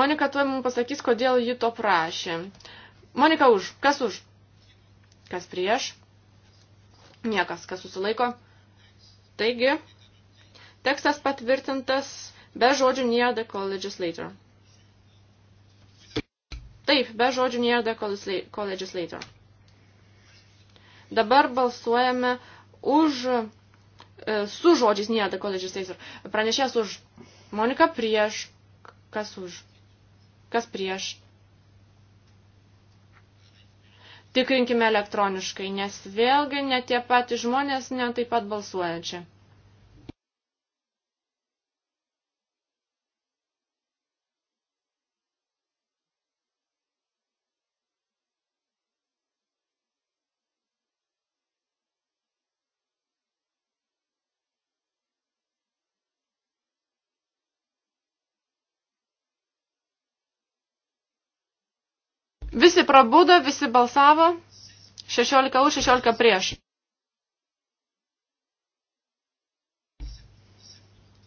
Monika tuoj mums pasakys, kodėl ji to prašė. Monika už. Kas už? Kas prieš? Niekas, kas susilaiko. Taigi, tekstas patvirtintas be žodžių near the colleges later. Taip, be žodžių near the colleges later. Dabar balsuojame už, e, su žodžiais, ne, the college is taser. Pranešės už, Monika prieš, kas už, kas prieš. Tikrinkime elektroniškai, nes vėlgi ne tie patys žmonės ne taip pat balsuoja čia. Visi prabudo, visi balsavo. 16 už, 16 prieš.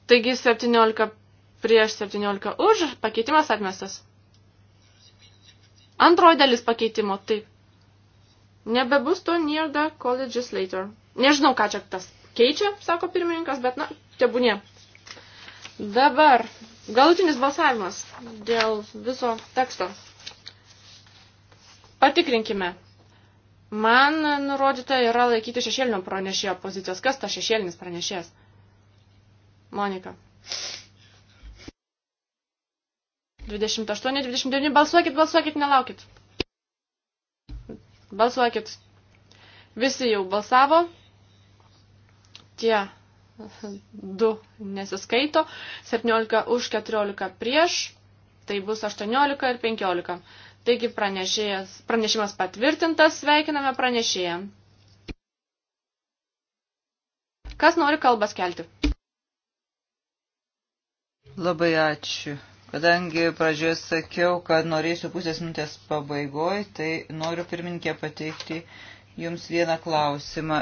Taigi 17 prieš 17 už, pakeitimas atmestas. Antroji dalis pakeitimo, taip. Nebebus to near the college later. Nežinau, ką čia tas keičia, sako pirmininkas, bet na, tebūnie. Dabar galutinis balsavimas dėl viso teksto. Patikrinkime. Man nurodyta yra laikyti šešėlinio pranešėjo pozicijos. Kas ta šešėlinis pranešėjas? Monika. 28, 29. Balsuokit, balsuokit, nelaukit. Balsuokit. Visi jau balsavo. Tie du nesiskaito. 17 už 14 prieš. Tai bus 18 ir 15. Taigi pranešimas patvirtintas, sveikiname pranešėją. Kas nori kalbas kelti? Labai ačiū. Kadangi pradžioje sakiau, kad norėsiu pusės minutės pabaigoj, tai noriu pirminkė pateikti Jums vieną klausimą.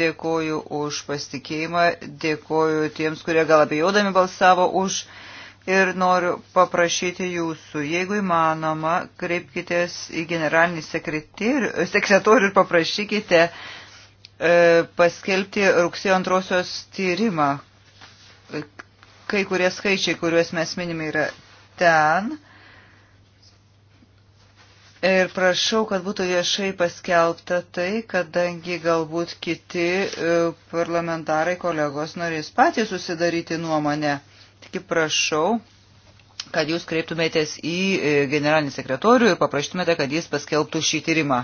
Dėkoju už pasitikėjimą, dėkoju tiems, kurie gal abejodami balsavo už. Uh, ir noriu paprašyti jūsų, jeigu įmanoma, kreipkitės į generalinį sekretorių ir paprašykite e, paskelbti rugsėjo antrosios tyrimą. Kai kurie skaičiai, kuriuos mes minime, yra ten. Ir prašau, kad būtų viešai paskelbta tai, kadangi galbūt kiti e, parlamentarai kolegos norės patys susidaryti nuomonę. Tik prašau, kad jūs kreiptumėtės į e, generalinį sekretorių ir paprašytumėte, kad jis paskelbtų šį tyrimą.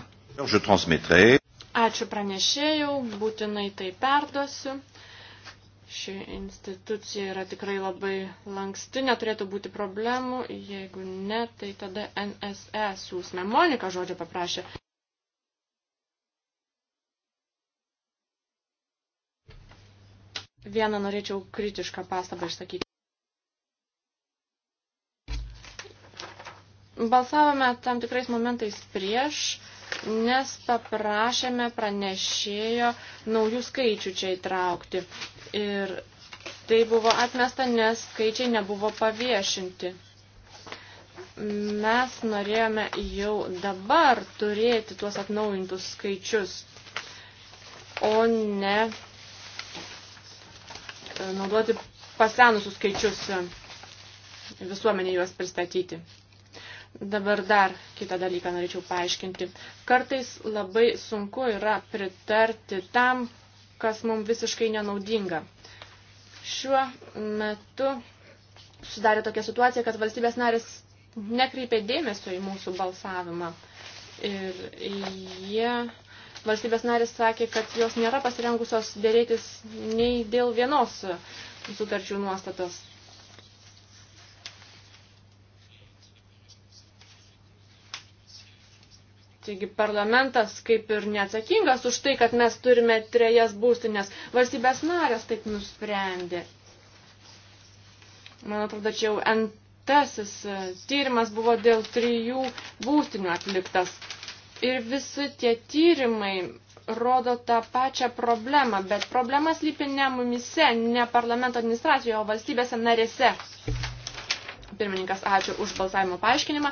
Ačiū pranešėjau, būtinai tai perduosiu. Ši institucija yra tikrai labai lanksti, neturėtų būti problemų. Jeigu ne, tai tada NSE siūsme. Monika žodžio paprašė. Vieną norėčiau kritišką pastabą išsakyti. Balsavome tam tikrais momentais prieš, nes paprašėme pranešėjo naujų skaičių čia įtraukti. Ir tai buvo atmesta, nes skaičiai nebuvo paviešinti. Mes norėjome jau dabar turėti tuos atnaujintus skaičius, o ne e, naudoti pasenusius skaičius e, visuomenė juos pristatyti. Dabar dar kitą dalyką norėčiau paaiškinti. Kartais labai sunku yra pritarti tam, kas mums visiškai nenaudinga. Šiuo metu sudarė tokia situacija, kad valstybės narės nekreipė dėmesio į mūsų balsavimą. Ir jie, valstybės narės sakė, kad jos nėra pasirengusios dėrėtis nei dėl vienos sutarčių nuostatos. Taigi parlamentas kaip ir neatsakingas už tai, kad mes turime trejas būstinės. Valstybės narės taip nusprendė. Man atrodo, čia jau entasis e, tyrimas buvo dėl trijų būstinių atliktas. Ir visi tie tyrimai rodo tą pačią problemą, bet problema slypi ne mumise, ne parlamento administracijoje, o valstybėse narėse. Pirmininkas, ačiū už balsavimo paaiškinimą.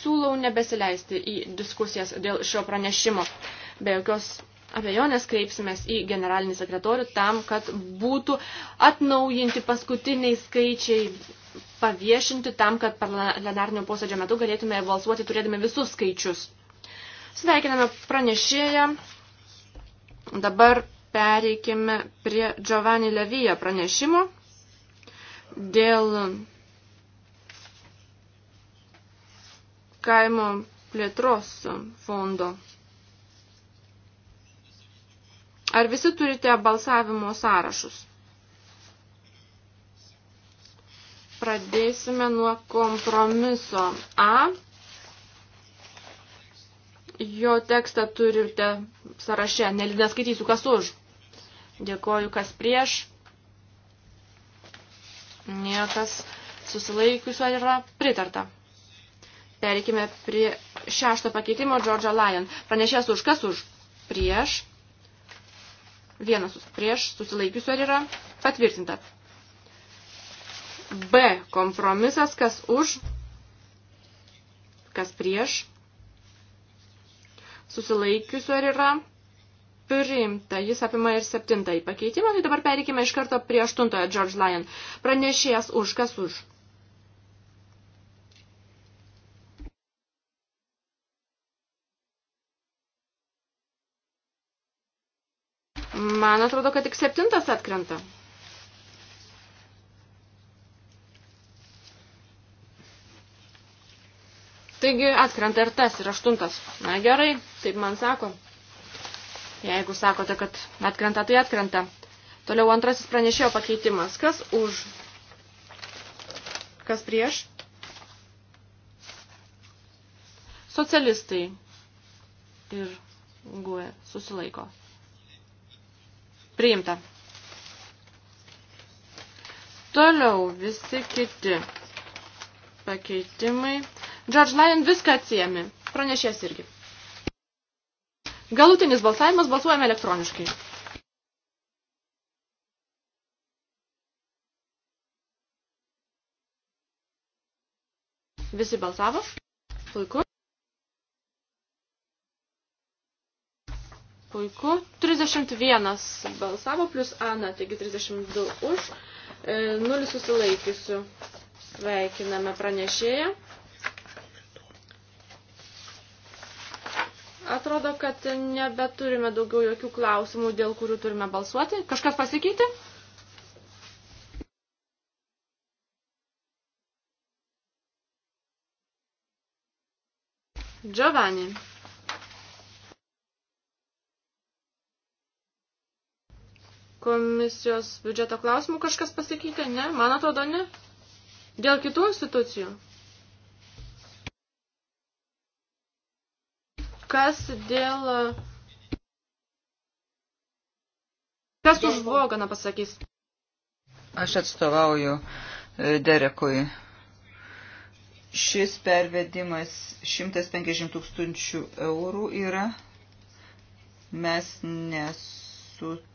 Siūlau nebesileisti į diskusijas dėl šio pranešimo. Be jokios abejonės kreipsimės į generalinį sekretorių tam, kad būtų atnaujinti paskutiniai skaičiai paviešinti tam, kad plenarnio posėdžio metu galėtume balsuoti turėdami visus skaičius. Sveikiname pranešėją. Dabar pereikime prie Giovanni Levyje pranešimo dėl kaimo plėtros fondo. Ar visi turite balsavimo sąrašus? Pradėsime nuo kompromiso A. Jo tekstą turite sąraše. Neskaitysiu, kas už. Dėkoju, kas prieš. Niekas susilaikiusio yra pritarta. Pereikime prie šešto pakeitimo Georgia Lyon. Pranešės už kas už prieš. Vienas už prieš susilaikiusiu ar yra patvirtinta. B kompromisas kas už, kas prieš. Susilaikiusiu ar yra priimta. Jis apima ir septintąjį pakeitimą. Tai dabar pereikime iš karto prie aštuntojo George Lyon. Pranešėjas už kas už Man atrodo, kad tik septintas atkrenta. Taigi atkrenta ir tas, ir aštuntas. Na gerai, taip man sako. Jeigu sakote, kad atkrenta, tai atkrenta. Toliau antrasis pranešėjo pakeitimas. Kas už? Kas prieš? Socialistai ir guė susilaiko. Priimta. Toliau visi kiti pakeitimai. George Lyon viską atsijami. Pranešės irgi. Galutinis balsavimas balsuojame elektroniškai. Visi balsavo? Puiku. Puiku. 31 balsavo plus Ana, taigi 32 už. E, nulį susilaikysiu. Sveikiname pranešėją. Atrodo, kad nebeturime daugiau jokių klausimų, dėl kurių turime balsuoti. Kažkas pasikeitė? Giovanni. komisijos biudžeto klausimų kažkas pasakyti? Ne? Man atrodo, ne. Dėl kitų institucijų? Kas dėl... Kas už Voganą pasakys? Aš atstovauju e, Derekui. Šis pervedimas 150 tūkstančių eurų yra. Mes nesutikime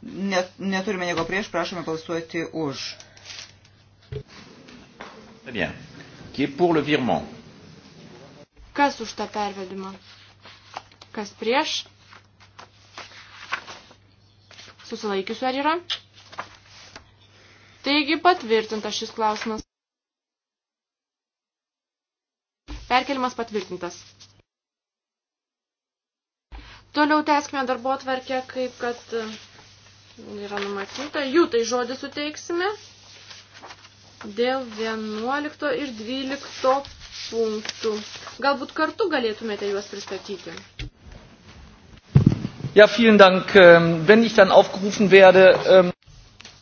Net, neturime nieko prieš, prašome balsuoti už. Bien. Qui est pour le virement? Kas už tą pervedimą? Kas prieš? Susilaikiusiu ar yra? Taigi patvirtintas šis klausimas. Perkelimas patvirtintas. Toliau tęskime darbo tvarkę, kaip kad yra numatyta. Jų tai žodį suteiksime dėl 11 ir 12 punktų. Galbūt kartu galėtumėte juos pristatyti. Ja, vielen Dank. Ähm, wenn ich dann aufgerufen werde. Ähm...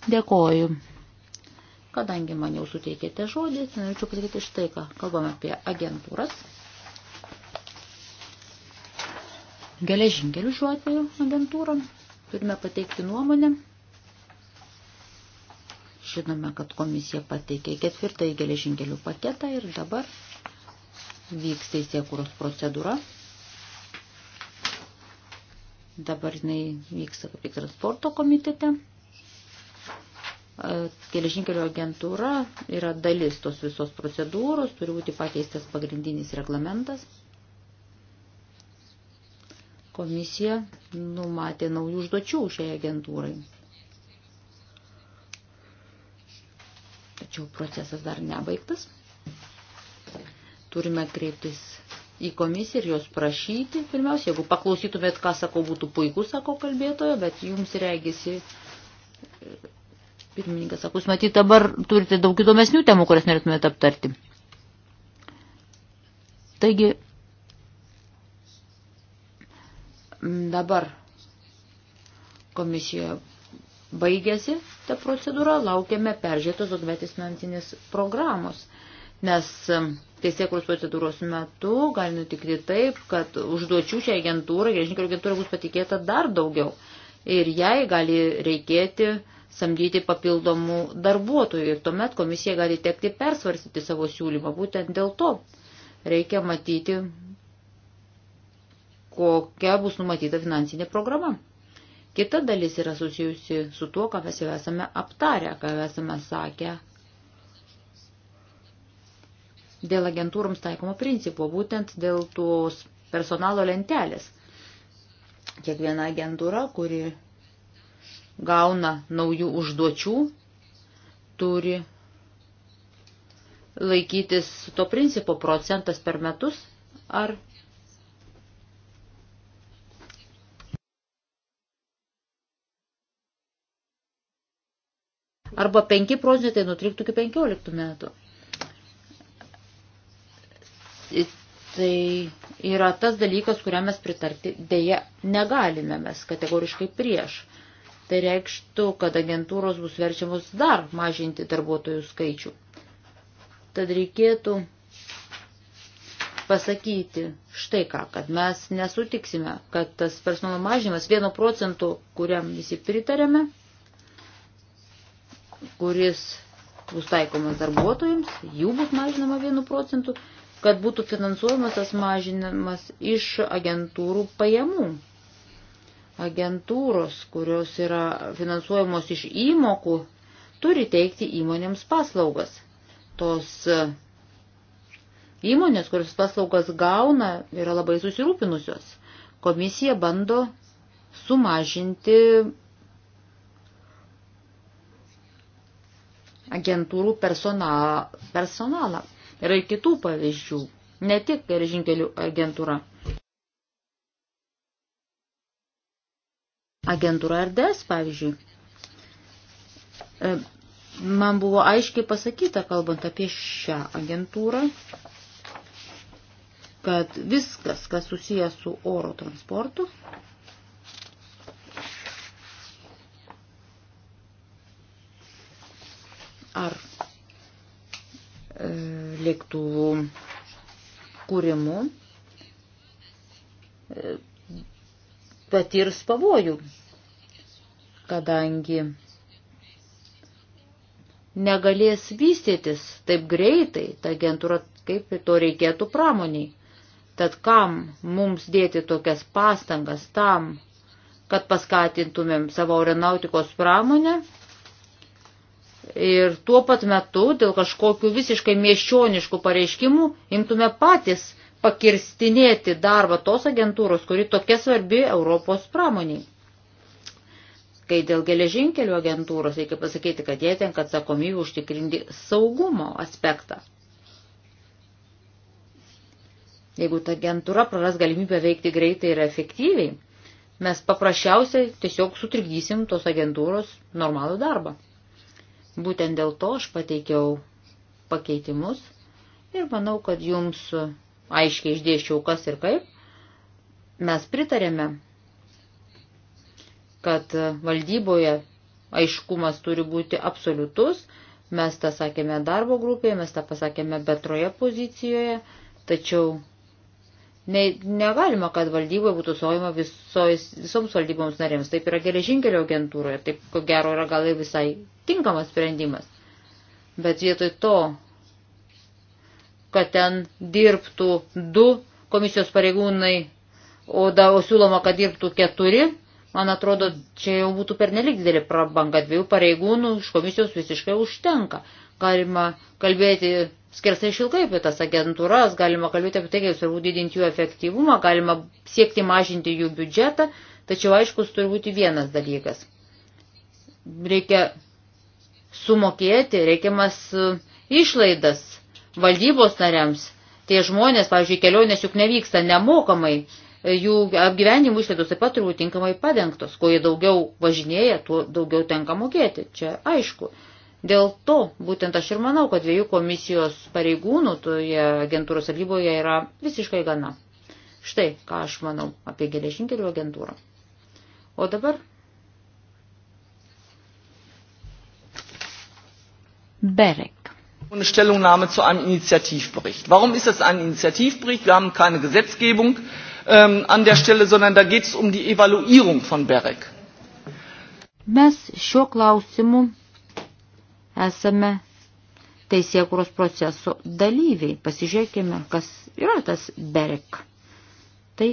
Dėkoju. Kadangi man jau suteikėte žodį, tai norėčiau pasakyti štai ką. Kalbame apie agentūras. Geležinkelių šiuo atveju agentūrą turime pateikti nuomonę. Žinome, kad komisija pateikė ketvirtąjį geležinkelių paketą ir dabar vyks teisėkūros procedūra. Dabar jinai vyksta kaip tik transporto komitete. Geležinkelio agentūra yra dalis tos visos procedūros, turi būti pakeistas pagrindinis reglamentas Komisija numatė naujų užduočių šiai agentūrai. Tačiau procesas dar nebaigtas. Turime kreiptis į komisiją ir jos prašyti. Pirmiausia, jeigu paklausytumėt, ką sako, būtų puiku, sako kalbėtojo, bet jums regisi, pirmininkas sako, jūs matyt, dabar turite daug įdomesnių temų, kurias norėtumėte aptarti. Taigi, Dabar komisijoje baigėsi ta procedūra, laukiame peržiūrėtos dokumentis finansinės programos, nes e, teisėkros procedūros metu gali nutikti taip, kad užduočių šią agentūrą, geležinkelio agentūra bus patikėta dar daugiau ir jai gali reikėti samdyti papildomų darbuotojų ir tuomet komisija gali tekti persvarsyti savo siūlymą. Būtent dėl to reikia matyti kokia bus numatyta finansinė programa. Kita dalis yra susijusi su tuo, ką mes jau esame aptarę, ką esame sakę dėl agentūroms taikomo principo, būtent dėl tos personalo lentelės. Kiekviena agentūra, kuri gauna naujų užduočių, turi laikytis to principo procentas per metus ar arba 5 procentai tai nutriktų iki 15 metų. Tai yra tas dalykas, kuriam mes pritarti dėja negalime, mes kategoriškai prieš. Tai reikštų, kad agentūros bus verčiamos dar mažinti darbuotojų skaičių. Tad reikėtų pasakyti štai ką, kad mes nesutiksime, kad tas personalo mažinimas vienu procentu, kuriam visi pritarėme, kuris bus taikomas darbuotojams, jų bus mažinama 1 procentų, kad būtų finansuojamas tas mažinimas iš agentūrų pajamų. Agentūros, kurios yra finansuojamos iš įmokų, turi teikti įmonėms paslaugas. Tos e, įmonės, kurios paslaugas gauna, yra labai susirūpinusios. Komisija bando sumažinti agentūrų persona, personalą. Yra ir kitų pavyzdžių, ne tik geležinkelių agentūra. Agentūra RDS, pavyzdžiui. E, man buvo aiškiai pasakyta, kalbant apie šią agentūrą, kad viskas, kas susijęs su oro transportu, ar e, lėktuvų kūrimu e, patirs pavojų, kadangi negalės vystytis taip greitai, ta agentūra kaip to reikėtų pramoniai. Tad kam mums dėti tokias pastangas tam, kad paskatintumėm savo aeronautikos pramonę, ir tuo pat metu dėl kažkokių visiškai miesčioniškų pareiškimų imtume patys pakirstinėti darbą tos agentūros, kuri tokia svarbi Europos pramoniai. Kai dėl geležinkelių agentūros reikia pasakyti, kad jie tenka atsakomybę užtikrinti saugumo aspektą. Jeigu ta agentūra praras galimybę veikti greitai ir efektyviai, mes paprasčiausiai tiesiog sutrikdysim tos agentūros normalų darbą. Būtent dėl to aš pateikiau pakeitimus ir manau, kad jums aiškiai išdėščiau kas ir kaip. Mes pritarėme, kad valdyboje aiškumas turi būti absoliutus. Mes tą sakėme darbo grupėje, mes tą pasakėme betroje pozicijoje, tačiau Ne, negalima, kad valdyboje būtų suojama visoms valdyboms narėms. Taip yra geležinkelio agentūroje, taip ko gero yra gal visai tinkamas sprendimas. Bet vietoj to, kad ten dirbtų du komisijos pareigūnai, o, da, o siūloma, kad dirbtų keturi, man atrodo, čia jau būtų pernelik didelė prabanga. Dviejų pareigūnų iš komisijos visiškai užtenka. Galima kalbėti skersai šilkai apie tas agentūras, galima kalbėti apie tai, kaip svarbu didinti jų efektyvumą, galima siekti mažinti jų biudžetą, tačiau aiškus turi būti vienas dalykas. Reikia sumokėti reikiamas e, išlaidas valdybos nariams. Tie žmonės, pavyzdžiui, kelionės juk nevyksta nemokamai, e, jų apgyvenimų išlaidos taip pat turi būti tinkamai padengtos. Kuo jie daugiau važinėja, tuo daugiau tenka mokėti. Čia aišku. Dėl to būtent aš ir manau, kad dviejų komisijos pareigūnų toje agentūros sargyboje yra visiškai gana. Štai, ką aš manau apie geležinkelių agentūrą. O dabar. Berek. Eine Stellungnahme zu einem Initiativbericht. Warum ist das ein Initiativbericht? Wir haben keine Gesetzgebung ähm, an der Stelle, sondern da geht es um die Evaluierung von BEREC. Mes šiuo klausimu esame teisėkuros proceso dalyviai. Pasižiūrėkime, kas yra tas berek. Tai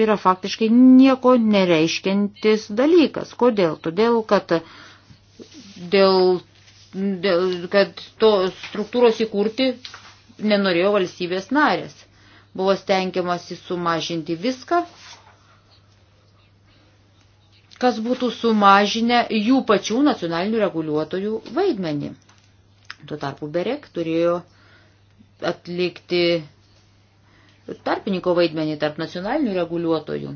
yra faktiškai nieko nereiškiantis dalykas. Kodėl? Todėl, kad dėl, dėl kad to struktūros įkurti nenorėjo valstybės narės. Buvo stengiamasi sumažinti viską, kas būtų sumažinę jų pačių nacionalinių reguliuotojų vaidmenį. Tuo tarpu Berek turėjo atlikti tarpininko vaidmenį tarp nacionalinių reguliuotojų.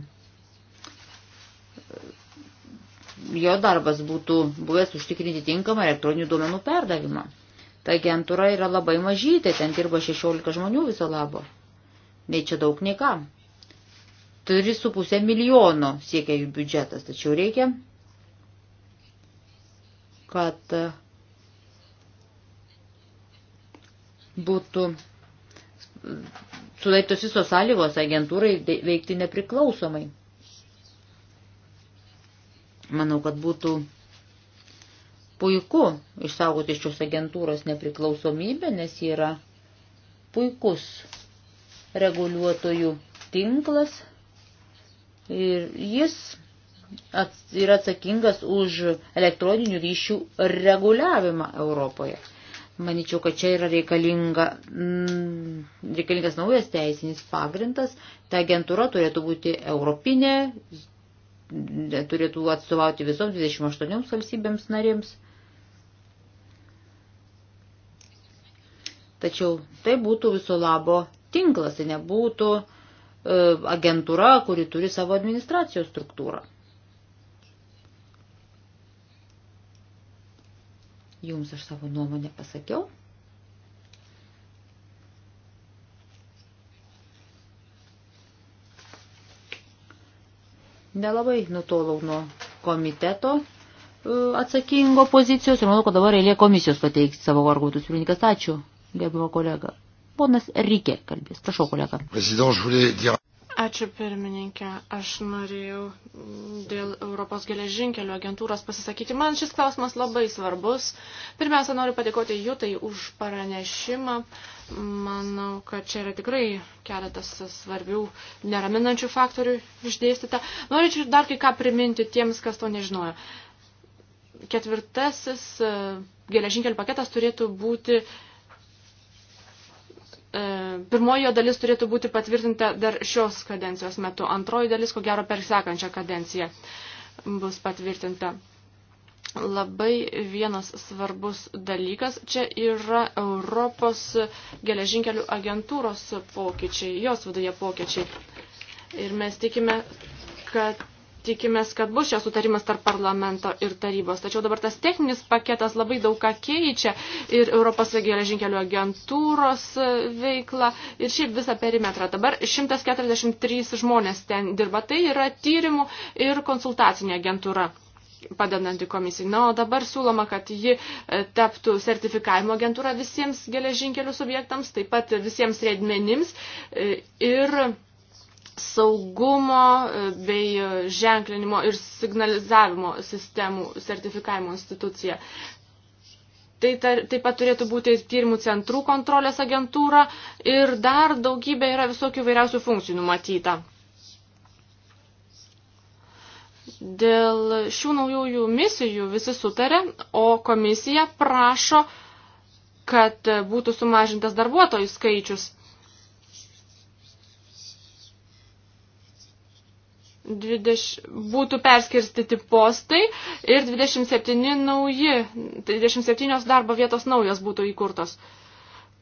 Jo darbas būtų buvęs užtikrinti tinkamą elektroninių duomenų perdavimą. Ta agentūra yra labai mažytė, ten dirba 16 žmonių viso labo. Nei čia daug, nei kam. 4,5 milijono siekia jų biudžetas, tačiau reikia, kad e, būtų sudarytos visos sąlygos agentūrai veikti nepriklausomai. Manau, kad būtų puiku išsaugoti šios agentūros nepriklausomybę, nes yra puikus reguliuotojų tinklas, Ir jis yra atsakingas už elektroninių ryšių reguliavimą Europoje. Maničiau, kad čia yra reikalinga, mm, reikalingas naujas teisinis pagrindas. Ta agentūra turėtų būti europinė, turėtų atstovauti visoms 28 valstybėms narėms. Tačiau tai būtų viso labo tinklas, tai nebūtų uh, E, agentūra, kuri turi savo administracijos struktūrą. Jums aš savo nuomonę pasakiau. Nelabai nutolau nuo komiteto e, atsakingo pozicijos ir manau, kad dabar eilė komisijos pateikti savo argumentus. Pirmininkas, ačiū, gerbimo kolega. Ponas Rykė kalbės. Prašau, kolega. Ačiū pirmininkė. Aš norėjau dėl Europos geležinkelio agentūros pasisakyti. Man šis klausimas labai svarbus. Pirmiausia, noriu padėkoti Jutai už pranešimą. Manau, kad čia yra tikrai keletas svarbių neraminančių faktorių išdėstyta. Norėčiau dar kai ką priminti tiems, kas to nežinojo. Ketvirtasis e, geležinkelio paketas turėtų būti E, pirmoji jo dalis turėtų būti patvirtinta dar šios kadencijos metu, antroji dalis, ko gero, per sekančią kadenciją bus patvirtinta. Labai vienas svarbus dalykas čia yra Europos geležinkelių agentūros pokyčiai, jos viduje pokyčiai. Ir mes tikime, kad tikimės, kad bus šios sutarimas tarp parlamento ir tarybos. Tačiau dabar tas techninis paketas labai daug ką keičia ir Europos geležinkelių agentūros e, veikla ir šiaip visą perimetrą. Dabar 143 žmonės ten dirba. Tai yra tyrimų ir konsultacinė agentūra padedanti komisijai. Na, o dabar siūloma, kad ji e, taptų sertifikavimo agentūra visiems geležinkelių subjektams, taip pat visiems riedmenims e, ir saugumo e, bei e, ženklinimo ir signalizavimo sistemų sertifikavimo institucija. Tai tar, taip pat turėtų būti tyrimų centrų kontrolės agentūra ir dar daugybė yra visokių vairiausių funkcijų numatyta. Dėl šių naujųjų misijų visi sutarė, o komisija prašo, kad būtų sumažintas darbuotojų skaičius – 20, būtų perskirstyti postai ir 27 nauji, 27 darbo vietos naujos būtų įkurtos.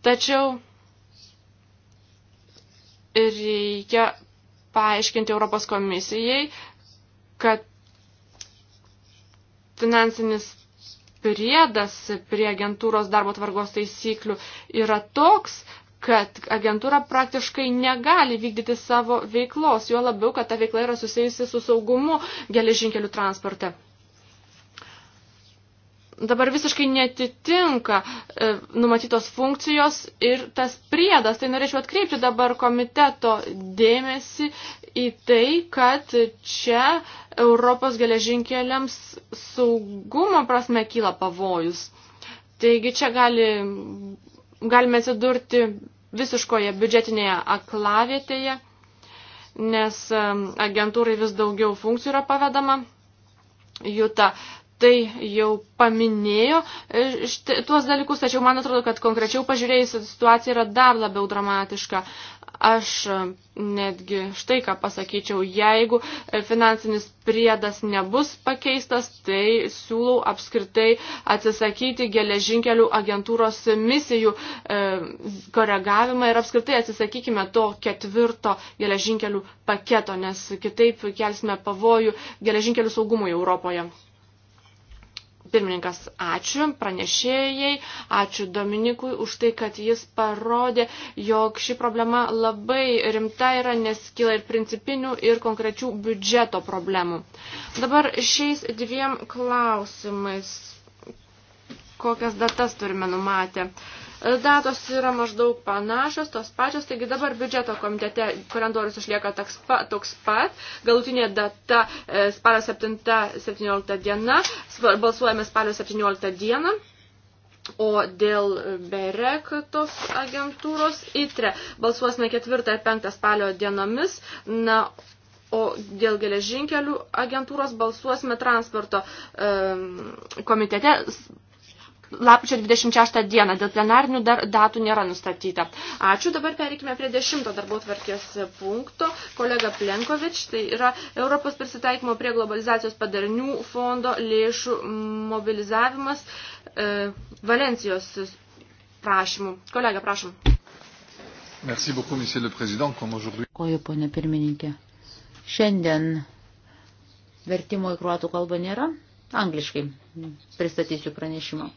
Tačiau reikia paaiškinti Europos komisijai, kad finansinis priedas prie agentūros darbo tvarkos taisyklių yra toks, kad agentūra praktiškai negali vykdyti savo veiklos, jo labiau, kad ta veikla yra susijusi su saugumu geležinkelių transporte. Dabar visiškai netitinka e, numatytos funkcijos ir tas priedas, tai norėčiau atkreipti dabar komiteto dėmesį į tai, kad čia Europos geležinkeliams saugumo prasme kyla pavojus. Taigi čia gali galime atsidurti visiškoje biudžetinėje aklavietėje, nes agentūrai vis daugiau funkcijų yra pavedama. Juta tai jau paminėjo e, tuos dalykus, tačiau man atrodo, kad konkrečiau pažiūrėjus situacija yra dar labiau dramatiška. Aš netgi štai ką pasakyčiau, jeigu finansinis priedas nebus pakeistas, tai siūlau apskritai atsisakyti geležinkelių agentūros misijų e, koregavimą ir apskritai atsisakykime to ketvirto geležinkelių paketo, nes kitaip kelsime pavojų geležinkelių saugumui Europoje. Pirmininkas, ačiū pranešėjai, ačiū Dominikui už tai, kad jis parodė, jog ši problema labai rimta yra, nes kyla ir principinių, ir konkrečių biudžeto problemų. Dabar šiais dviem klausimais, kokias datas turime numatę. Uh, datos yra maždaug panašios, tos pačios, taigi dabar biudžeto komitete kalendorius išlieka toks, pa, toks pat, galutinė data e, spalio 7-17 diena, balsuojame spalio 17 dieną. O dėl BEREK tos agentūros ITRE balsuosime 4 ir 5 spalio dienomis, na, o dėl geležinkelių agentūros balsuosime transporto um, komitete lapčio 26 dieną. Dėl plenarinių dar datų nėra nustatyta. Ačiū. Dabar pereikime prie 10 darbo tvarkės punkto. Kolega Plenkovič, tai yra Europos prisitaikymo prie globalizacijos padarinių fondo lėšų mobilizavimas e, Valencijos prašymų. Kolega, prašom. Merci beaucoup, monsieur le président, comme aujourd'hui. Koju, ponė pirmininkė. Šiandien vertimo į kruatų kalbą nėra. Angliškai pristatysiu pranešimą.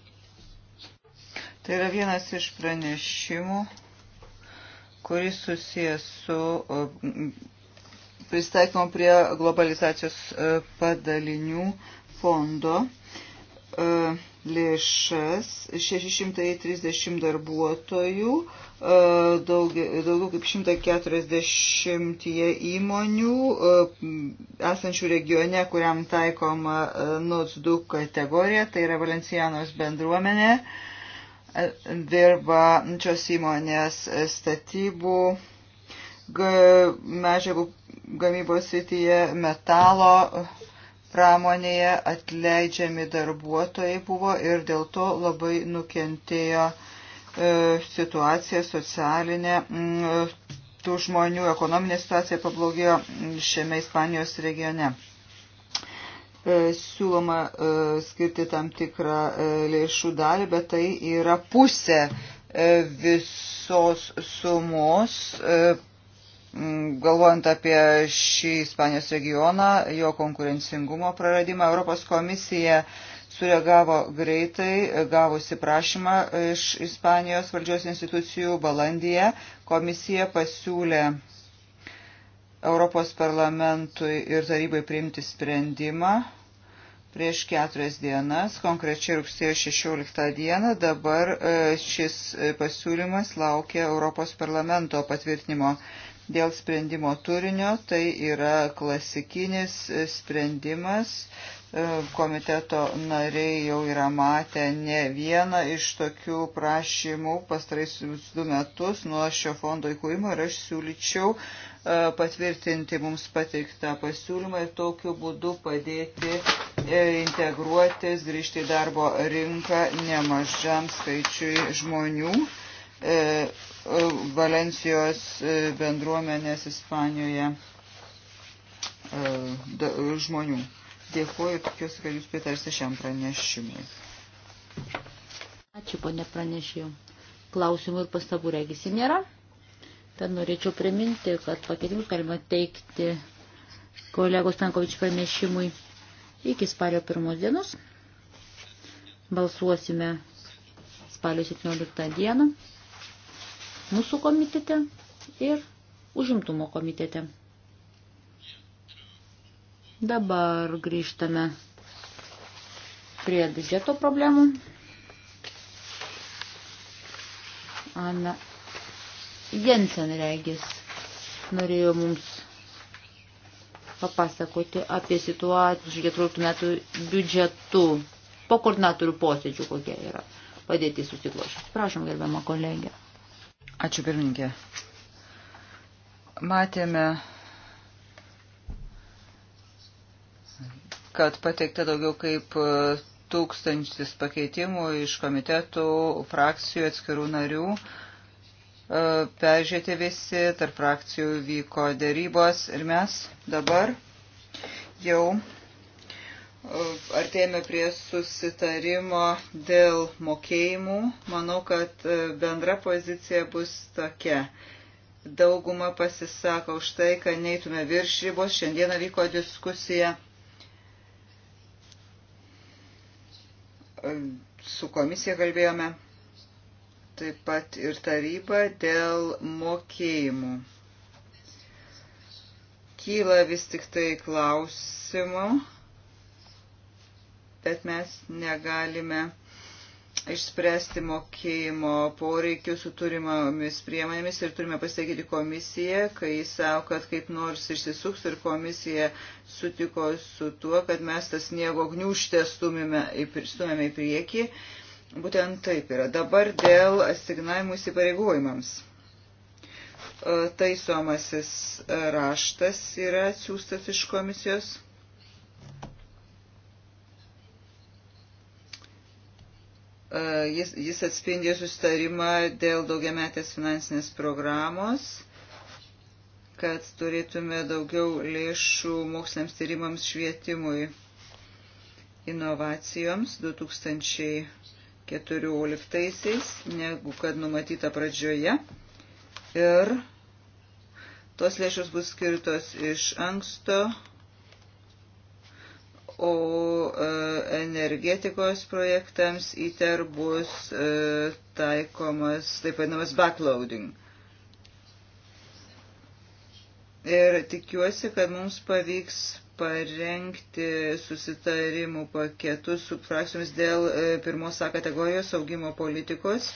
Tai yra vienas iš pranešimų, kuris susijęs su pristaikymu prie globalizacijos e, padalinių fondo e, lėšas 630 darbuotojų, e, daugiau kaip 140 įmonių esančių regione, kuriam taikoma NOTS 2 kategorija, tai yra Valencianos bendruomenė dirba šios įmonės statybų, medžiagų gamybos srityje, metalo pramonėje atleidžiami darbuotojai buvo ir dėl to labai nukentėjo e, situacija socialinė, tų žmonių ekonominė situacija pablogėjo šiame Ispanijos regione. E, siūloma e, skirti tam tikrą e, lėšų dalį, bet tai yra pusė visos sumos. Galvojant apie šį Ispanijos regioną, jo konkurencingumo praradimą, Europos komisija sureagavo greitai, gavusi prašymą iš Ispanijos valdžios institucijų balandyje. Komisija pasiūlė Europos parlamentui ir tarybai priimti sprendimą prieš keturias dienas, konkrečiai rugsėjo 16 dieną. Dabar e, šis e, pasiūlymas laukia Europos parlamento patvirtinimo dėl sprendimo turinio. Tai yra klasikinis e, sprendimas. Komiteto nariai jau yra matę ne vieną iš tokių prašymų pastaraisius du metus nuo šio fondo įkūrimo ir aš siūlyčiau patvirtinti mums pateiktą pasiūlymą ir tokiu būdu padėti e, integruotis, grįžti į darbo rinką nemažam skaičiui žmonių. E, e, Valencijos bendruomenės Ispanijoje žmonių. Dėkuoju, tikiuosi, kad jūs pritarsite šiam pranešimui. Ačiū, ponė pranešėjau. Klausimų ir pastabų regisi nėra. Tad norėčiau priminti, kad pakeitimus galima teikti kolegos Tankovič pranešimui iki spalio pirmos dienos. Balsuosime spalio 17 dieną mūsų komitete ir užimtumo komitete. Dabar grįžtame prie biudžeto problemų. Ana Jensen regis norėjo mums papasakoti apie situaciją 14 metų biudžetu po koordinatorių posėdžių, kokia yra padėti susiklošęs. Prašom, gerbiamą kolegę. Ačiū, pirmininkė. Matėme, kad pateikta daugiau kaip tūkstantis pakeitimų iš komitetų, frakcijų, atskirų narių. E, peržiūrėti visi, tarp frakcijų vyko dėrybos ir mes dabar jau e, artėjame prie susitarimo dėl mokėjimų. Manau, kad e, bendra pozicija bus tokia. Dauguma pasisako už tai, kad neitume virš ribos. Šiandieną vyko diskusija su komisija kalbėjome taip pat ir taryba dėl mokėjimų. Kyla vis tik tai klausimų, bet mes negalime išspręsti mokėjimo poreikius su turimomis priemonėmis ir turime pasakyti komisiją, kai jis savo, kad kaip nors išsisuks ir komisija sutiko su tuo, kad mes tas sniego gniuštę stumėme į priekį. Būtent taip yra. Dabar dėl asignavimų įsipareigojimams. E, taisomasis raštas yra atsiųstas iš komisijos. E, jis, jis atspindė sustarimą dėl daugiametės finansinės programos, kad turėtume daugiau lėšų moksliniams tyrimams švietimui inovacijoms 2000. 14-aisiais, negu kad numatyta pradžioje. Ir tos lėšos bus skirtos iš anksto, o e, energetikos projektams ITER bus e, taikomas taip vadinamas backloading. Ir tikiuosi, kad mums pavyks parengti susitarimų paketus su frakcijomis dėl e, pirmos A kategorijos augimo politikos.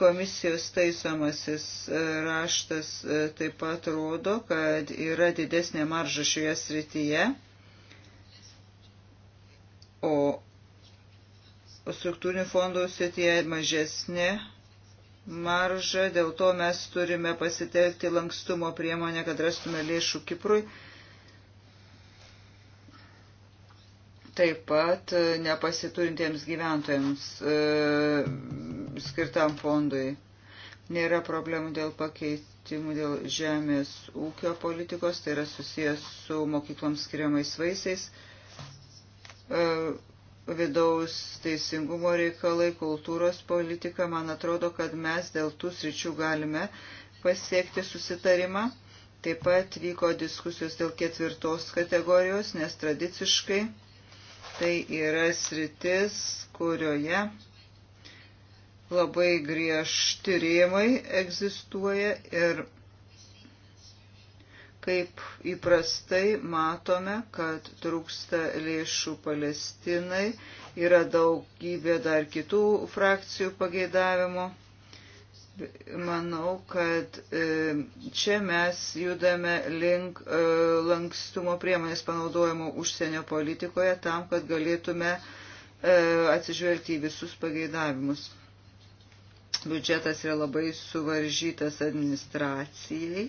Komisijos taisomasis e, raštas e, taip pat rodo, kad yra didesnė marža šioje srityje, o struktūrinių fondų srityje mažesnė marža, dėl to mes turime pasitelkti lankstumo priemonę, kad rastume lėšų Kiprui taip pat e, nepasiturintiems gyventojams e, skirtam fondui. Nėra problemų dėl pakeitimų dėl žemės ūkio politikos, tai yra susijęs su mokykloms skiriamais vaisiais, e, vidaus teisingumo reikalai, kultūros politika. Man atrodo, kad mes dėl tų sričių galime pasiekti susitarimą. Taip pat vyko diskusijos dėl ketvirtos kategorijos, nes tradiciškai Tai yra sritis, kurioje labai griežti rėmai egzistuoja ir kaip įprastai matome, kad trūksta lėšų Palestinai, yra daugybė dar kitų frakcijų pageidavimo manau, kad e, čia mes judame link e, lankstumo priemonės panaudojimo užsienio politikoje tam, kad galėtume e, atsižvelgti į visus pageidavimus. Biudžetas yra labai suvaržytas administracijai,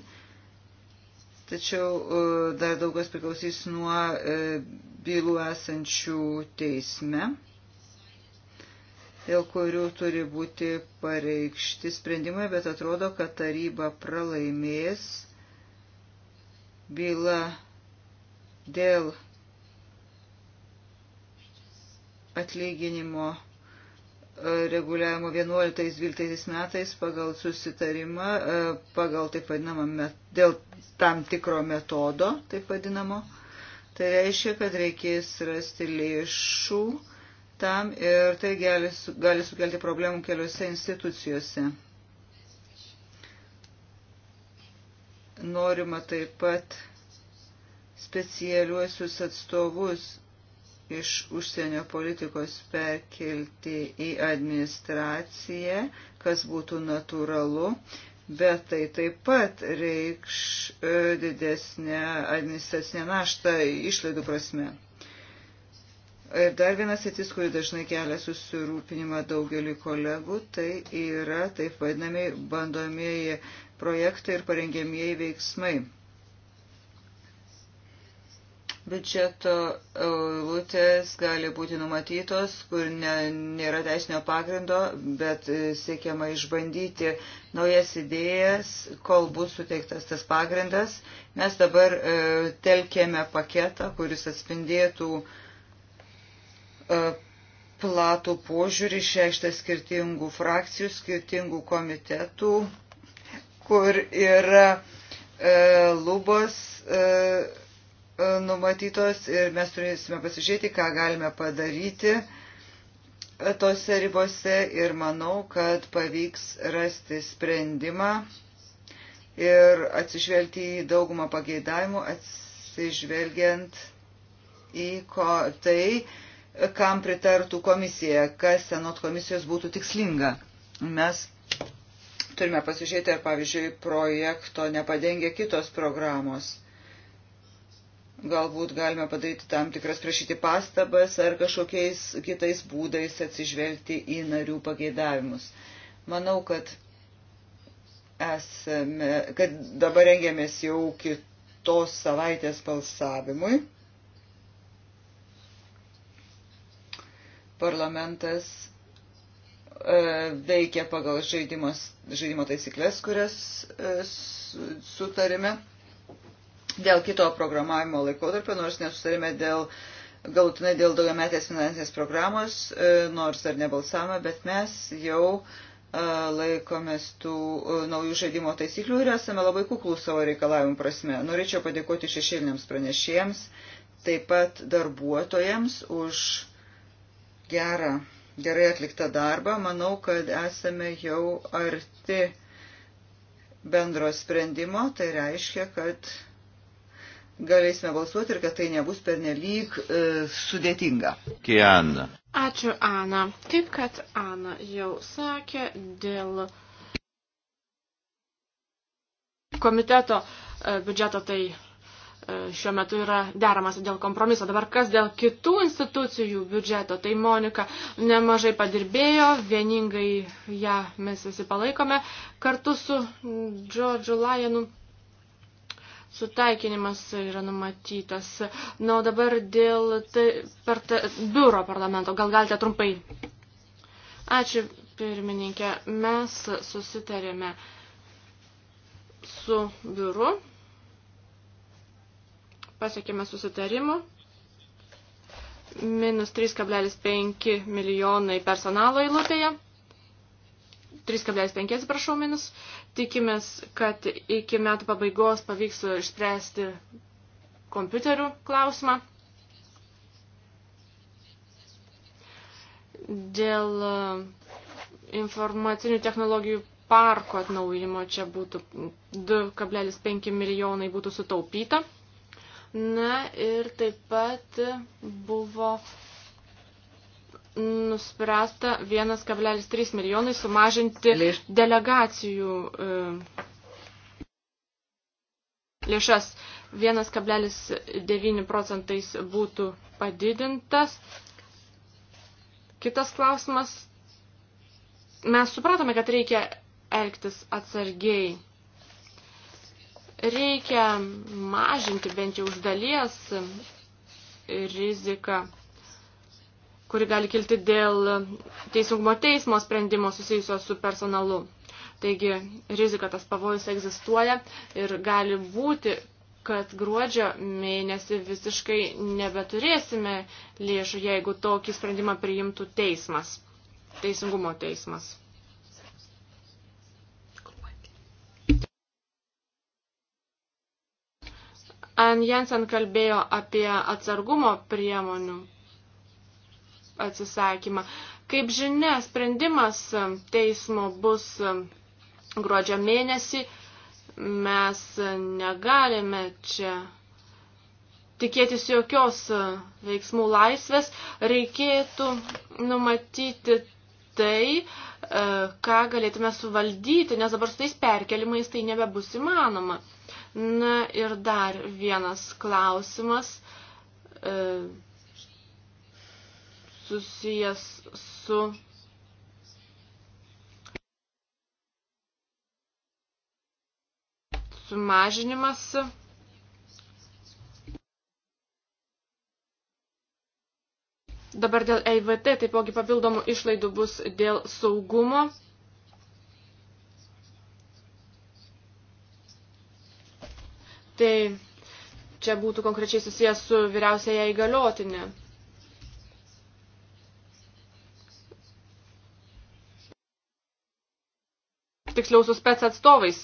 tačiau dar daugas priklausys nuo bylų esančių teisme dėl kurių turi būti pareikšti sprendimai, bet atrodo, kad taryba pralaimės bylą dėl atlyginimo e, reguliavimo 11-12 metais pagal susitarimą, e, pagal taip vadinamą, dėl tam tikro metodo, taip vadinamo. Tai reiškia, kad reikės rasti lėšų tam ir tai gali, gali sukelti problemų keliose institucijose. Norima taip pat specialiuosius atstovus iš užsienio politikos perkelti į administraciją, kas būtų natūralu, bet tai taip pat reikš e, didesnę administracinę naštą išlaidų prasme. E, dar vienas atis, kurį dažnai kelia susirūpinimą daugeliu kolegų, tai yra taip vadinami bandomieji projektai ir parengėmieji veiksmai. Biudžeto eilutės gali būti numatytos, kur ne, nėra teisinio pagrindo, bet e, siekiama išbandyti naujas idėjas, kol bus suteiktas tas pagrindas. Mes dabar e, telkėme paketą, kuris atspindėtų e, platų požiūrį išreikštą skirtingų frakcijų, skirtingų komitetų, kur yra e, lubos e, e numatytos ir mes turėsime pasižiūrėti, ką galime padaryti e, tose ribose ir manau, kad pavyks rasti sprendimą ir atsižvelgti į daugumą pageidavimų, atsižvelgiant į ko, tai, kam pritartų komisija, kas senot komisijos būtų tikslinga. Mes turime pasižiūrėti, ar pavyzdžiui projekto nepadengia kitos programos. Galbūt galime padaryti tam tikras prašyti pastabas ar kažkokiais kitais būdais atsižvelgti į narių pageidavimus. Manau, kad, esame, kad dabar rengiamės jau kitos savaitės balsavimui parlamentas e, veikia pagal žaidimos, žaidimo taisyklės, kurias e, sutarime dėl kito programavimo laikotarpio, nors nesutarime dėl galutinai dėl daugiametės finansinės programos, e, nors dar nebalsavome, bet mes jau laikomės tų naujų žaidimo taisyklių ir esame labai kuklų savo reikalavimų prasme. Norėčiau padėkoti šešėliniams pranešėjams, taip pat darbuotojams už gerą, gerai atliktą darbą. Manau, kad esame jau arti bendro sprendimo. Tai reiškia, kad galėsime balsuoti ir kad tai nebus pernelyg e, sudėtinga. Kiana. Ačiū, Ana. Kaip kad Ana jau sakė, dėl komiteto e, biudžeto tai E, šiuo metu yra deramas dėl kompromiso. Dabar kas dėl kitų institucijų biudžeto, tai Monika nemažai padirbėjo, vieningai ją mes visi palaikome kartu su Džordžu Lajanu. Sutaikinimas yra numatytas. Na, o dabar dėl tai, per ta, biuro parlamento. Gal galite trumpai? Ačiū, pirmininkė. Mes susitarėme su biuru pasiekėme susitarimų. Minus 3,5 milijonai personalo eilutėje. 3,5 atsiprašau minus. Tikimės, kad iki metų pabaigos pavyks išspręsti kompiuterių klausimą. Dėl e, informacinių technologijų parko atnaujinimo čia būtų 2,5 milijonai būtų sutaupyta. Na ir taip pat buvo nuspręsta 1,3 milijonai sumažinti delegacijų e, lėšas. 1,9 procentais būtų padidintas. Kitas klausimas. Mes supratome, kad reikia elgtis atsargiai. Reikia mažinti bent jau už dalies riziką, kuri gali kilti dėl teisingumo teismo sprendimo susijusio su personalu. Taigi rizika tas pavojus egzistuoja ir gali būti, kad gruodžio mėnesį visiškai nebeturėsime lėšų, jeigu tokį sprendimą priimtų teismas, teisingumo teismas. An Jensen kalbėjo apie atsargumo priemonių atsisakymą. Kaip žinia, sprendimas teismo bus gruodžio mėnesį. Mes negalime čia tikėtis jokios veiksmų laisvės. Reikėtų numatyti tai, e, ką galėtume suvaldyti, nes dabar su tais perkelimais tai nebebus įmanoma. Na ir dar vienas klausimas e, susijęs su. Sumažinimas Dabar dėl EIVT taipogi papildomų išlaidų bus dėl saugumo Tai čia būtų konkrečiai susijęs su vyriausiaja įgaliotinė. Tiksliau su spec atstovais.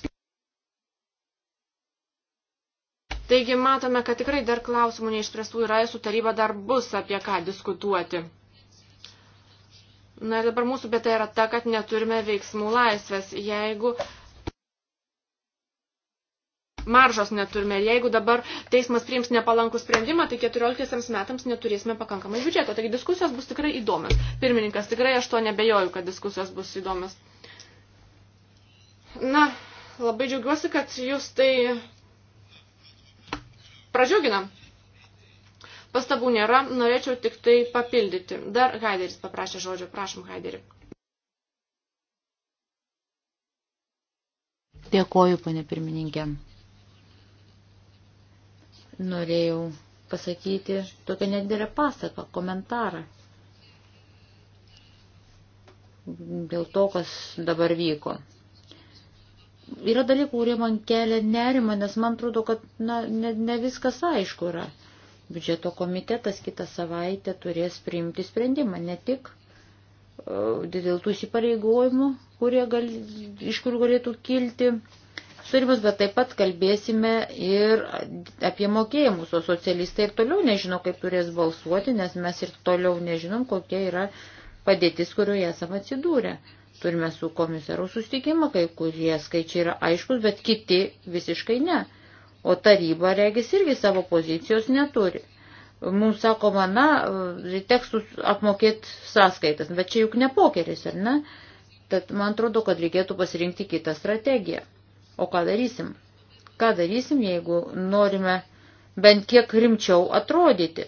Taigi matome, kad tikrai dar klausimų neišspręstų yra, su taryba dar bus apie ką diskutuoti. Na ir dabar mūsų bėta yra ta, kad neturime veiksmų laisvės. Jeigu uh, maržos neturime. Ir jeigu dabar teismas priims nepalankų sprendimą, tai 14 metams neturėsime pakankamai biudžeto. Taigi diskusijos bus tikrai įdomios. Pirmininkas, tikrai aš to nebejoju, kad diskusijos bus įdomios. Na, labai džiaugiuosi, kad jūs tai pradžiuginam. Pastabų nėra, norėčiau tik tai papildyti. Dar Haideris paprašė žodžio. Prašom, Haiderį. Dėkoju, ponė pirmininkė norėjau pasakyti tokią nedidelę pasaką, komentarą dėl to, kas dabar vyko. Yra dalykų, kurie man kelia nerimą, nes man atrodo, kad na, ne, ne viskas aišku yra. Biudžeto komitetas kitą savaitę turės priimti sprendimą, ne tik e, dėl tų įsipareigojimų, gal, iš kurių galėtų kilti uh, surimas, bet taip pat kalbėsime ir apie mokėjimus, o socialistai ir toliau nežino, kaip turės balsuoti, nes mes ir toliau nežinom, kokia yra padėtis, kurioje esame atsidūrę. Turime su komisaru sustikimą, kai kurie skaičiai yra aiškus, bet kiti visiškai ne. O taryba regis irgi savo pozicijos neturi. Mums sakoma, na, tekstus apmokėti sąskaitas, bet čia juk ne pokeris, ar ne? Tad man atrodo, kad reikėtų pasirinkti kitą strategiją. O ką darysim? Ką darysim, jeigu norime bent kiek rimčiau atrodyti?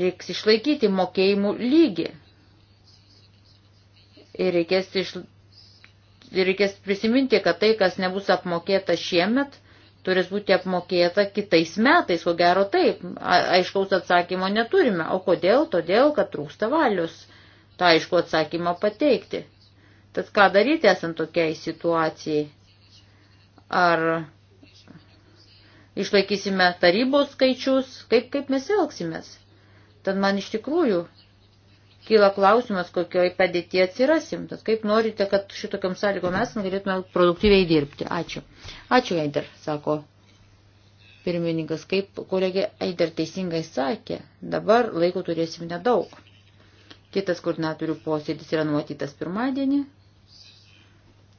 Reiks išlaikyti mokėjimų lygį. Ir reikės, iš... ir reikės prisiminti, kad tai, kas nebus apmokėta šiemet, turės būti apmokėta kitais metais, ko gero taip. Aiškaus atsakymo neturime. O kodėl? Todėl, kad trūksta valius. Ta aišku atsakymą pateikti. Tad ką daryti esant tokiai situacijai? Ar išlaikysime tarybos skaičius, kaip, kaip mes elgsimės. Tad man iš tikrųjų kyla klausimas, kokioj padėtyje atsirasim. Tad kaip norite, kad šitokiam sąlygom mes galėtume produktyviai dirbti. Ačiū. Ačiū, Eider, sako pirmininkas. Kaip kolegė Eider teisingai sakė, dabar laiko turėsim nedaug. Kitas koordinatorių posėdis yra numatytas pirmadienį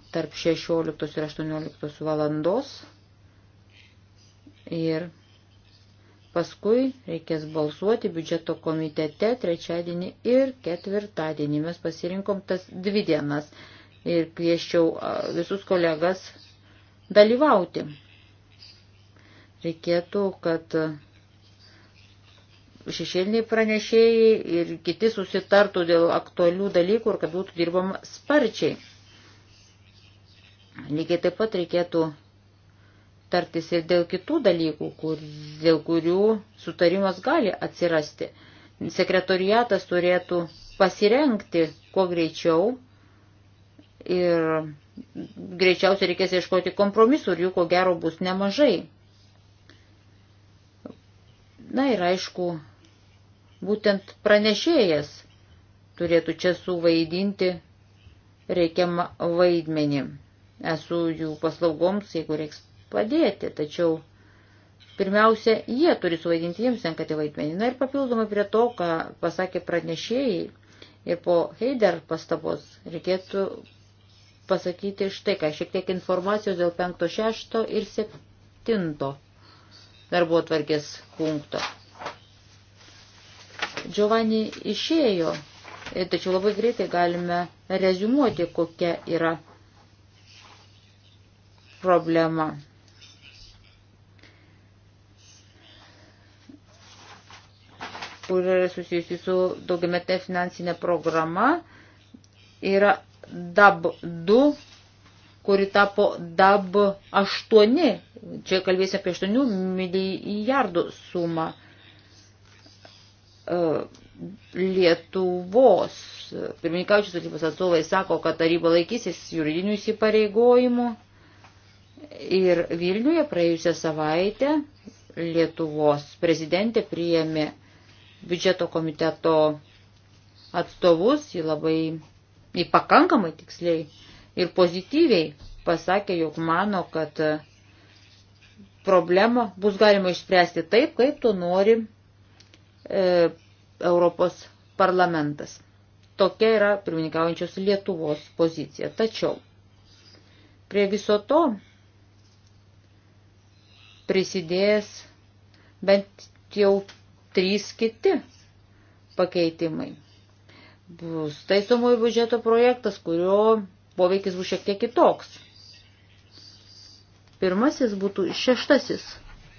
tarp 16 ir 18 valandos ir paskui reikės balsuoti biudžeto komitete trečiadienį ir ketvirtadienį. Mes pasirinkom tas dvi dienas ir kvieščiau visus kolegas dalyvauti. Reikėtų, kad šešėliniai pranešėjai ir kiti susitartų dėl aktualių dalykų ir kad būtų dirbama sparčiai. Lygiai taip pat reikėtų tartis ir dėl kitų dalykų, kur, dėl kurių sutarimas gali atsirasti. Sekretoriatas turėtų pasirenkti kuo greičiau ir greičiausiai reikės ieškoti kompromisų ir jų ko gero bus nemažai. Na ir aišku, būtent pranešėjas turėtų čia suvaidinti reikiamą vaidmenį esu jų paslaugoms, jeigu reiks padėti, tačiau pirmiausia, jie turi suvaidinti jiems tenkantį vaidmenį. Na ir papildomai prie to, ką pasakė pranešėjai ir po Heider pastabos, reikėtų pasakyti štai ką, šiek tiek informacijos dėl 5, 6 ir 7 darbo atvarkės punkto. Giovanni išėjo, tačiau labai greitai galime rezumuoti, kokia yra problema. kur yra susijusi su daugiametė finansinė programa, yra DAB 2, kuri tapo DAB 8. Čia kalbėsime apie 8 milijardų sumą e, Lietuvos. Pirmininkaučius atlygos atstovai sako, kad taryba laikysis juridinių įsipareigojimų Ir Vilniuje praėjusią savaitę Lietuvos prezidentė priėmė biudžeto komiteto atstovus, jį labai, jį pakankamai tiksliai ir pozityviai pasakė, jog mano, kad problemą bus galima išspręsti taip, kaip to nori e, Europos parlamentas. Tokia yra pirmininkaujančios Lietuvos pozicija. Tačiau prie viso to prisidės bent jau trys kiti pakeitimai. Bus taisomųjų biudžeto projektas, kurio poveikis bus šiek tiek kitoks. Pirmasis būtų šeštasis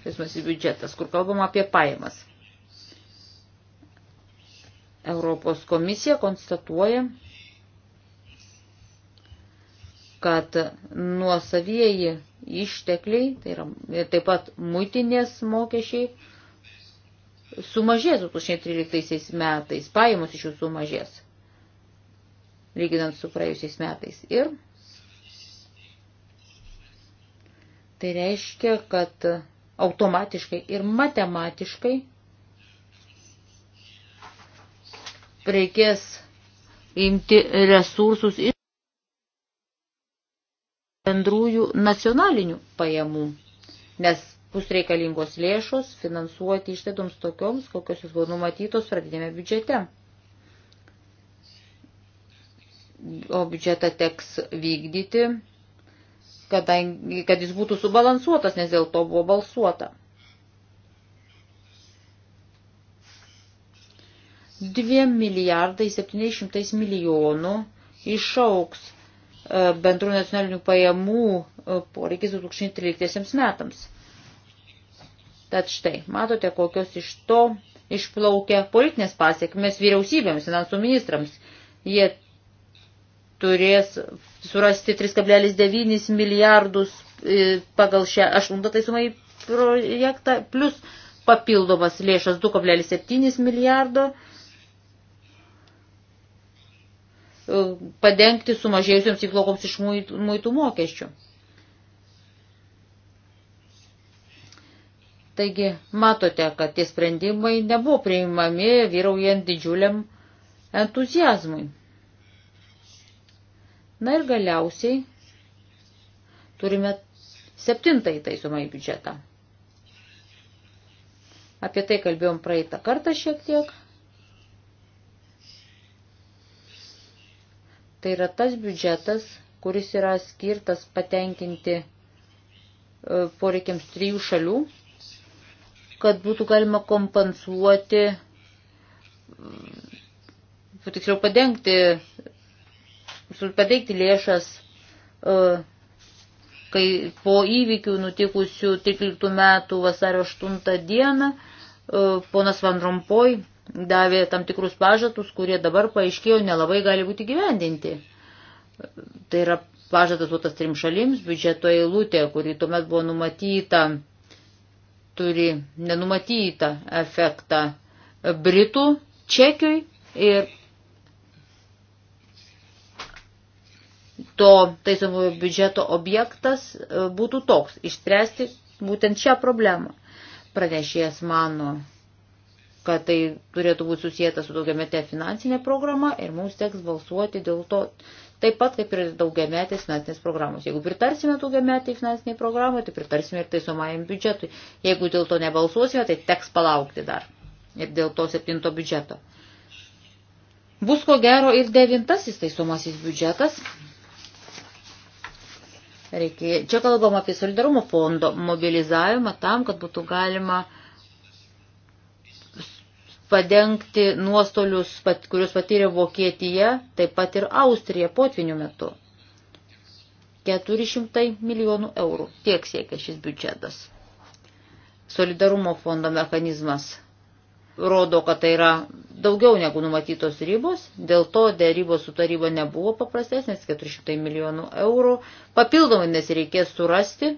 taisomasis biudžetas, kur kalbama apie pajamas. Europos komisija konstatuoja, kad nuosavieji ištekliai, tai yra taip pat muitinės mokesčiai, sumažės 2013 metais, pajamos iš jų sumažės, lyginant su praėjusiais metais. Ir tai reiškia, kad automatiškai ir matematiškai reikės imti resursus bendrųjų nacionalinių pajamų, nes bus reikalingos lėšos finansuoti išlaidoms tokioms, kokios jūs buvo numatytos pradinėme biudžete. O biudžetą teks vykdyti, kadangi, kad jis būtų subalansuotas, nes dėl to buvo balsuota. Dviem milijardai 700 milijonų išauks E, bendrų nacionalinių pajamų e, poreikis 2013 metams. Tad štai, matote, kokios iš to išplaukia politinės pasiekmes vyriausybėms, finansų ministrams. Jie turės surasti 3,9 milijardus e, pagal šią aštuntą taisumą į projektą, plus papildomas lėšas 2,7 milijardo padengti sumažėjusiams įplokoms iš muitų mokesčių. Taigi matote, kad tie sprendimai nebuvo priimami vyraujant didžiuliam entuzijazmui. Na ir galiausiai turime septintąjį taisomąjį biudžetą. Apie tai kalbėjom praeitą kartą šiek tiek. Tai yra tas biudžetas, kuris yra skirtas patenkinti e, poreikiams trijų šalių, kad būtų galima kompensuoti, tiksliau padengti, padeikti lėšas, e, kai po įvykių nutikusių 13 metų vasario 8 dieną, e, ponas Van Rompoj davė tam tikrus pažadus, kurie dabar paaiškėjo nelabai gali būti gyvendinti. Tai yra pažadas duotas trim šalims, biudžeto eilutė, kuri tuomet buvo numatyta, turi nenumatytą efektą Britų, Čekiui ir to taisomojo biudžeto objektas e, būtų toks - išspręsti būtent šią problemą. Pranešėjas mano, kad tai turėtų būti susijęta su daugiametė finansinė programa ir mums teks balsuoti dėl to taip pat kaip ir daugiametės finansinės programos. Jeigu pritarsime daugiametį finansiniai programai, tai pritarsime ir taisomajam biudžetui. Jeigu dėl to nebalsuosime, tai teks palaukti dar ir dėl to septinto biudžeto. Bus ko gero ir devintasis taisomasis biudžetas. Reikia, čia kalbam apie solidarumo fondo mobilizavimą tam, kad būtų galima uh, padengti nuostolius, kuriuos patyrė Vokietija, taip pat ir Austrija potvinių metu. 400 milijonų eurų. Tiek siekia šis biudžetas. Solidarumo fondo mechanizmas rodo, kad tai yra daugiau negu numatytos ribos, dėl to dėrybos su taryba nebuvo paprastesnės, 400 milijonų eurų papildomai nesireikės surasti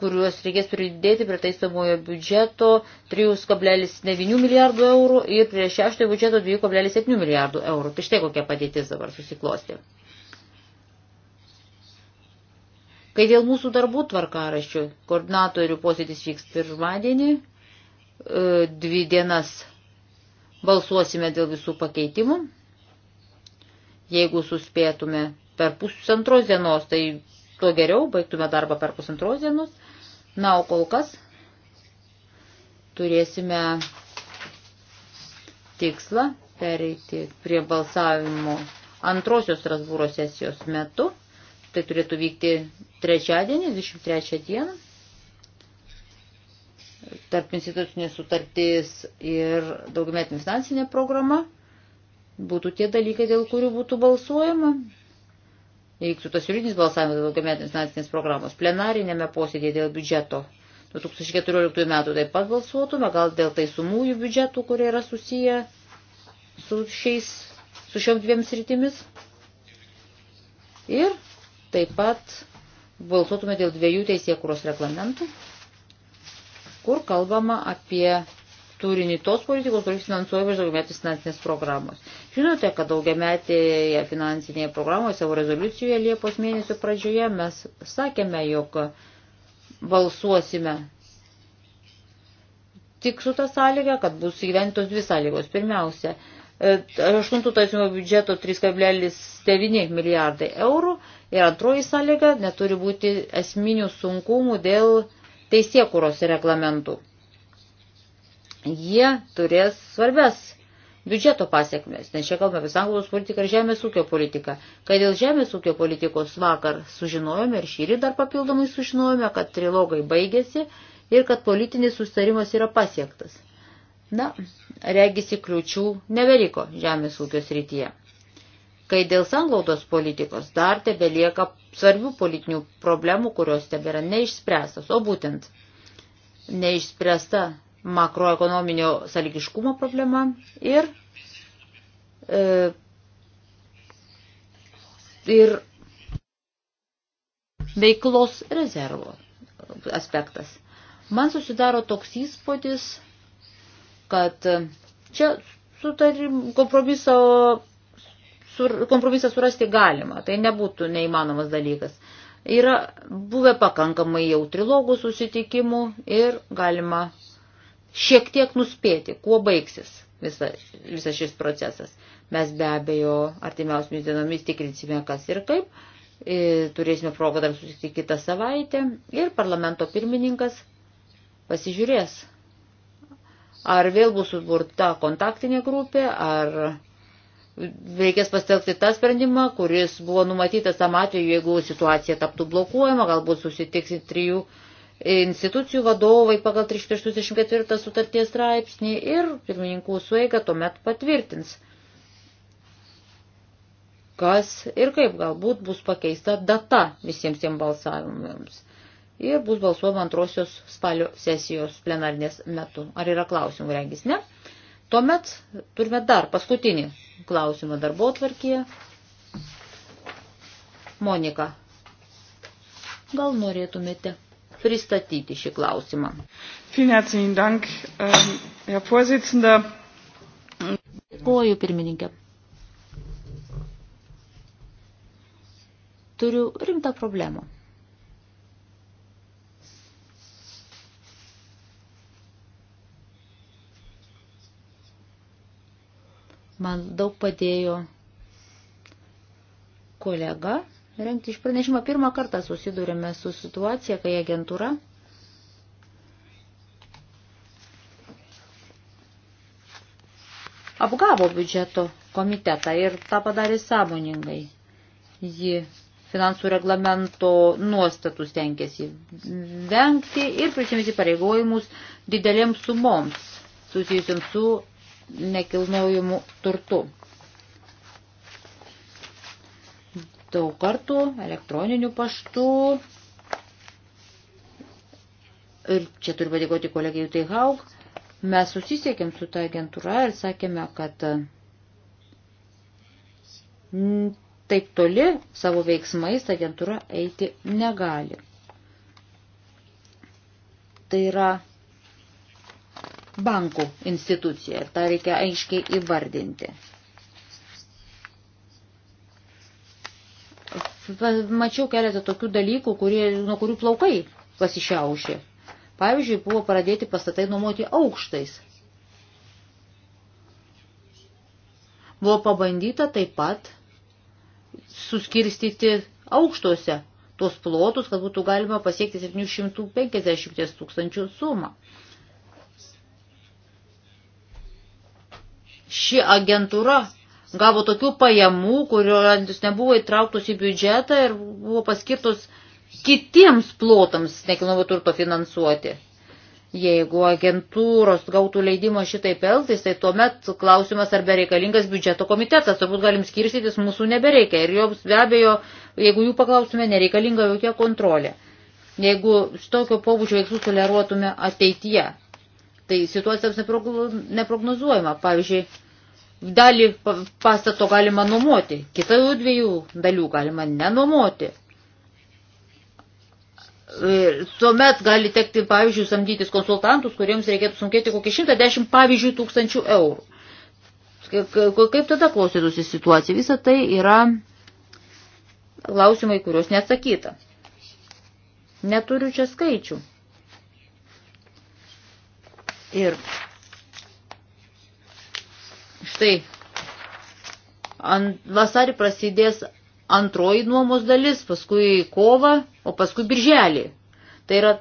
kuriuos reikės pridėti prie taisomojo biudžeto 3,9 milijardų eurų ir prie šeštojo biudžeto 2,7 milijardų eurų. Tai štai kokia padėtis dabar susiklosti. Kai dėl mūsų darbų tvarkaraščių, koordinatorių posėdis vyks pirmadienį, e, dvi dienas balsuosime dėl visų pakeitimų. Jeigu suspėtume per pusantros dienos, tai tuo geriau, baigtume darbą per pusantros dienos. Na, o kol kas turėsime tikslą pereiti prie balsavimo antrosios Strasbūro sesijos metu. Tai turėtų vykti trečiadienį, 23 dieną. Tarp institucinės sutartys ir daugiametinė finansinė programa būtų tie dalykai, dėl kurių būtų balsuojama įvyktų tas juridinis balsavimas daugiametinės finansinės programos. Plenarinėme posėdėje dėl biudžeto 2014 metų taip pat balsuotume, gal dėl taisumųjų biudžetų, kurie yra susiję su, šiais, su šiom dviem sritimis. Ir taip pat balsuotume dėl dviejų teisėkūros reglamentų, kur kalbama apie turinį tos politikos, kuris finansuoja daugiametės finansinės programos. Žinote, kad daugiametėje finansinėje programoje savo rezoliucijoje Liepos mėnesio pradžioje mes sakėme, jog balsuosime tik su tą sąlygą, kad bus įgyventos dvi sąlygos. Pirmiausia, 8 e, taisimo biudžeto 3,9 milijardai eurų ir antroji sąlyga neturi būti esminių sunkumų dėl teisėkuros reglamentų jie turės svarbės biudžeto pasiekmes, nes čia kalbame apie sanglaudos politiką ir žemės ūkio politiką. Kad dėl žemės ūkio politikos vakar sužinojome ir šįry dar papildomai sužinojome, kad trilogai baigėsi ir kad politinis sustarimas yra pasiektas. Na, regisi kliučių nebeliko žemės ūkio srityje. Kai dėl sanglaudos politikos dar tebelieka svarbių politinių problemų, kurios tebėra neišspręstos, o būtent neišspręsta makroekonominio sąlygiškumo problema ir, e, ir veiklos rezervo aspektas. Man susidaro toks įspūdis, kad čia sutarim, kompromiso, sur, kompromisą surasti galima, tai nebūtų neįmanomas dalykas. Yra buvę pakankamai jau trilogų susitikimų ir galima šiek tiek nuspėti, kuo baigsis visa, visas šis procesas. Mes be abejo artimiausiamis dienomis tikrinsime, kas ir kaip. E, turėsime progą dar susitikti kitą savaitę ir parlamento pirmininkas pasižiūrės, ar vėl bus suburta kontaktinė grupė, ar reikės pastelgti tą sprendimą, kuris buvo numatytas tam atveju, jeigu situacija taptų blokuojama, galbūt susitiks trijų institucijų vadovai pagal 364 sutarties straipsnį ir pirmininkų sueiga tuomet patvirtins, kas ir kaip galbūt bus pakeista data visiems tiem balsavimams. Ir bus balsuojama antrosios spalio sesijos plenarnės metu. Ar yra klausimų regis? Ne. Tuomet turime dar paskutinį klausimą darbo tvarkyje. Monika, gal norėtumėte? pristatyti šį klausimą. Ähm, Dėkuoju, pirmininkė. Turiu rimtą problemą. Man daug padėjo kolega rengti iš pranešimo. Pirmą kartą susidūrėme su situacija, kai agentūra apgavo biudžeto komitetą ir tą padarė sąmoningai. Ji finansų reglamento nuostatų stengiasi vengti ir prisimėsi pareigojimus didelėms sumoms susijusiams su nekilnojimu turtu. daug kartų elektroniniu paštu. Ir čia turiu padėkoti kolegijų Teihaug. Mes susisiekėm su ta agentūra ir sakėme, kad mm, taip toli savo veiksmais agentūra eiti negali. Tai yra bankų institucija ir tą reikia aiškiai įvardinti. mačiau keletą tokių dalykų, kurie, nuo kurių plaukai pasišiaušė. Pavyzdžiui, buvo pradėti pastatai nuomoti aukštais. Buvo pabandyta taip pat suskirstyti aukštuose tuos plotus, kad būtų galima pasiekti 750 tūkstančių sumą. Ši agentūra gavo tokių pajamų, kurios nebuvo įtrauktos į biudžetą ir buvo paskirtos kitiems plotams nekilnojamo turto finansuoti. Jeigu agentūros gautų leidimą šitaip elgtis, tai tuomet klausimas, ar bereikalingas biudžeto komitetas, turbūt galim skirstytis, mūsų nebereikia. Ir joms be abejo, jeigu jų paklausume, nereikalinga jokia kontrolė. Jeigu tokio pobūdžio veiksmų toleruotume ateityje, tai situacija taps neprognozuojama. Pavyzdžiui, dalį pastato galima nuomoti, kitą dviejų dalių galima nenuomoti. Ir tuomet gali tekti, pavyzdžiui, samdytis konsultantus, kuriems reikėtų sunkėti kokį 110, pavyzdžiui, tūkstančių eurų. Kaip tada klausytųsi situacija? Visa tai yra klausimai, kurios neatsakyta. Neturiu čia skaičių. Ir Štai, ant vasarį prasidės antroji nuomos dalis, paskui kova, o paskui birželį. Tai yra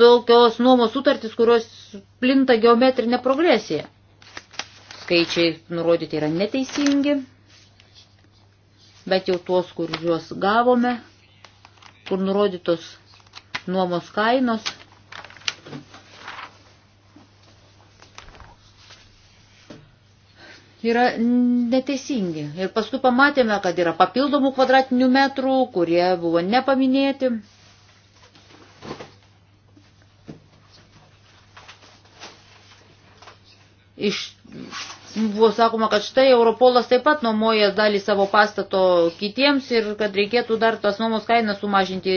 tokios nuomos sutartys, kurios plinta geometrinė progresija. Skaičiai nurodyti yra neteisingi, bet jau tuos, kuriuos gavome, kur nurodytos nuomos kainos – yra neteisingi. Ir paskui pamatėme, kad yra papildomų kvadratinių metrų, kurie buvo nepaminėti. Iš, buvo sakoma, kad štai Europolas taip pat nuomoja dalį savo pastato kitiems ir kad reikėtų dar tas nuomos kainą sumažinti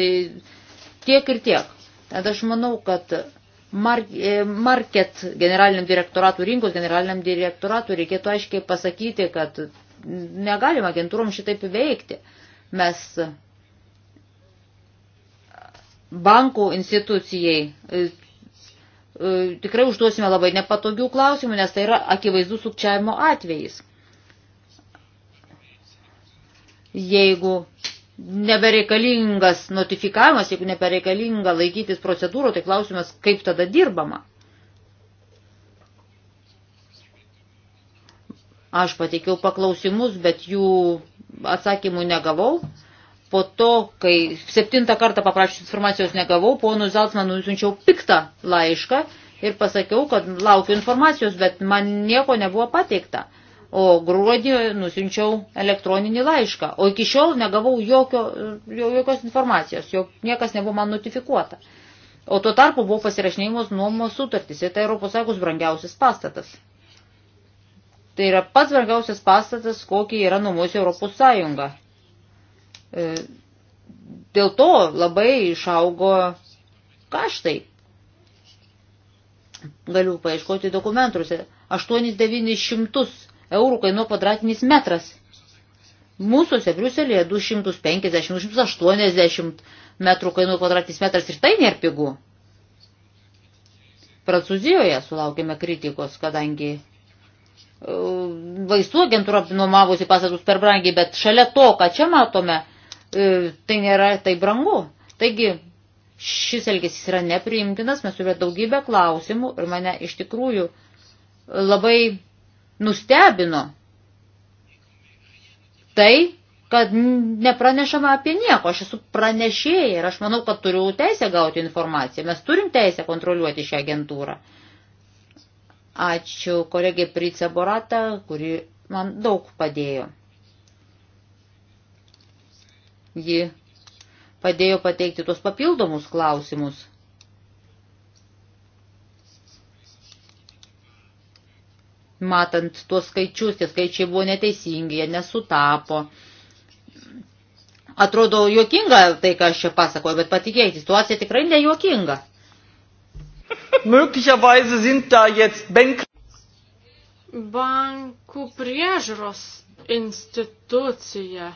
tiek ir tiek. Tad aš manau, kad E, market generaliniam direktoratų, rinkos generaliniam direktoratų reikėtų aiškiai pasakyti, kad negalima agentūrom šitaip veikti. Mes bankų institucijai e, e, tikrai užduosime labai nepatogių klausimų, nes tai yra akivaizdų sukčiavimo atvejis. Jeigu nebereikalingas notifikavimas, jeigu nebereikalinga laikytis procedūrų, tai klausimas, kaip tada dirbama. Aš pateikiau paklausimus, bet jų atsakymų negavau. Po to, kai septintą kartą paprašęs informacijos negavau, ponui Zaltsmanui nusinčiau piktą laišką ir pasakiau, kad laukiu informacijos, bet man nieko nebuvo pateikta o gruodį nusinčiau elektroninį laišką, o iki šiol negavau jokio, jokios informacijos, jok, niekas nebuvo man notifikuota. O tuo tarpu buvo pasirašinėjimas nuomos sutartys, ir tai ES brangiausias pastatas. Tai yra pats brangiausias pastatas, kokį yra nuomosi Europos Sąjunga. E, dėl to labai išaugo kaštai. Galiu paieškoti dokumentuose. 8-900 eurų kainuo kvadratinis metras. Mūsųse Briuselėje 250-280 metrų kainuo kvadratinis metras ir tai nėra pigu. Prancūzijoje sulaukėme kritikos, kadangi e, vaistų agentūra nuomavosi pastatus per brangiai, bet šalia to, ką čia matome, e, tai nėra tai brangu. Taigi šis elgesys yra nepriimtinas, mes turime daugybę klausimų ir mane iš tikrųjų labai nustebino tai, kad nepranešama apie nieko. Aš esu pranešėja ir aš manau, kad turiu teisę gauti informaciją. Mes turim teisę kontroliuoti šią agentūrą. Ačiū kolegė Price Borata, kuri man daug padėjo. Ji padėjo pateikti tuos papildomus klausimus matant tuos skaičius, tie skaičiai buvo neteisingi, jie nesutapo. Atrodo juokinga tai, ką aš čia pasakoju, bet patikėkite, situacija tikrai nejuokinga. Möglicherweise sind da jetzt Bank bankų priežiūros institucija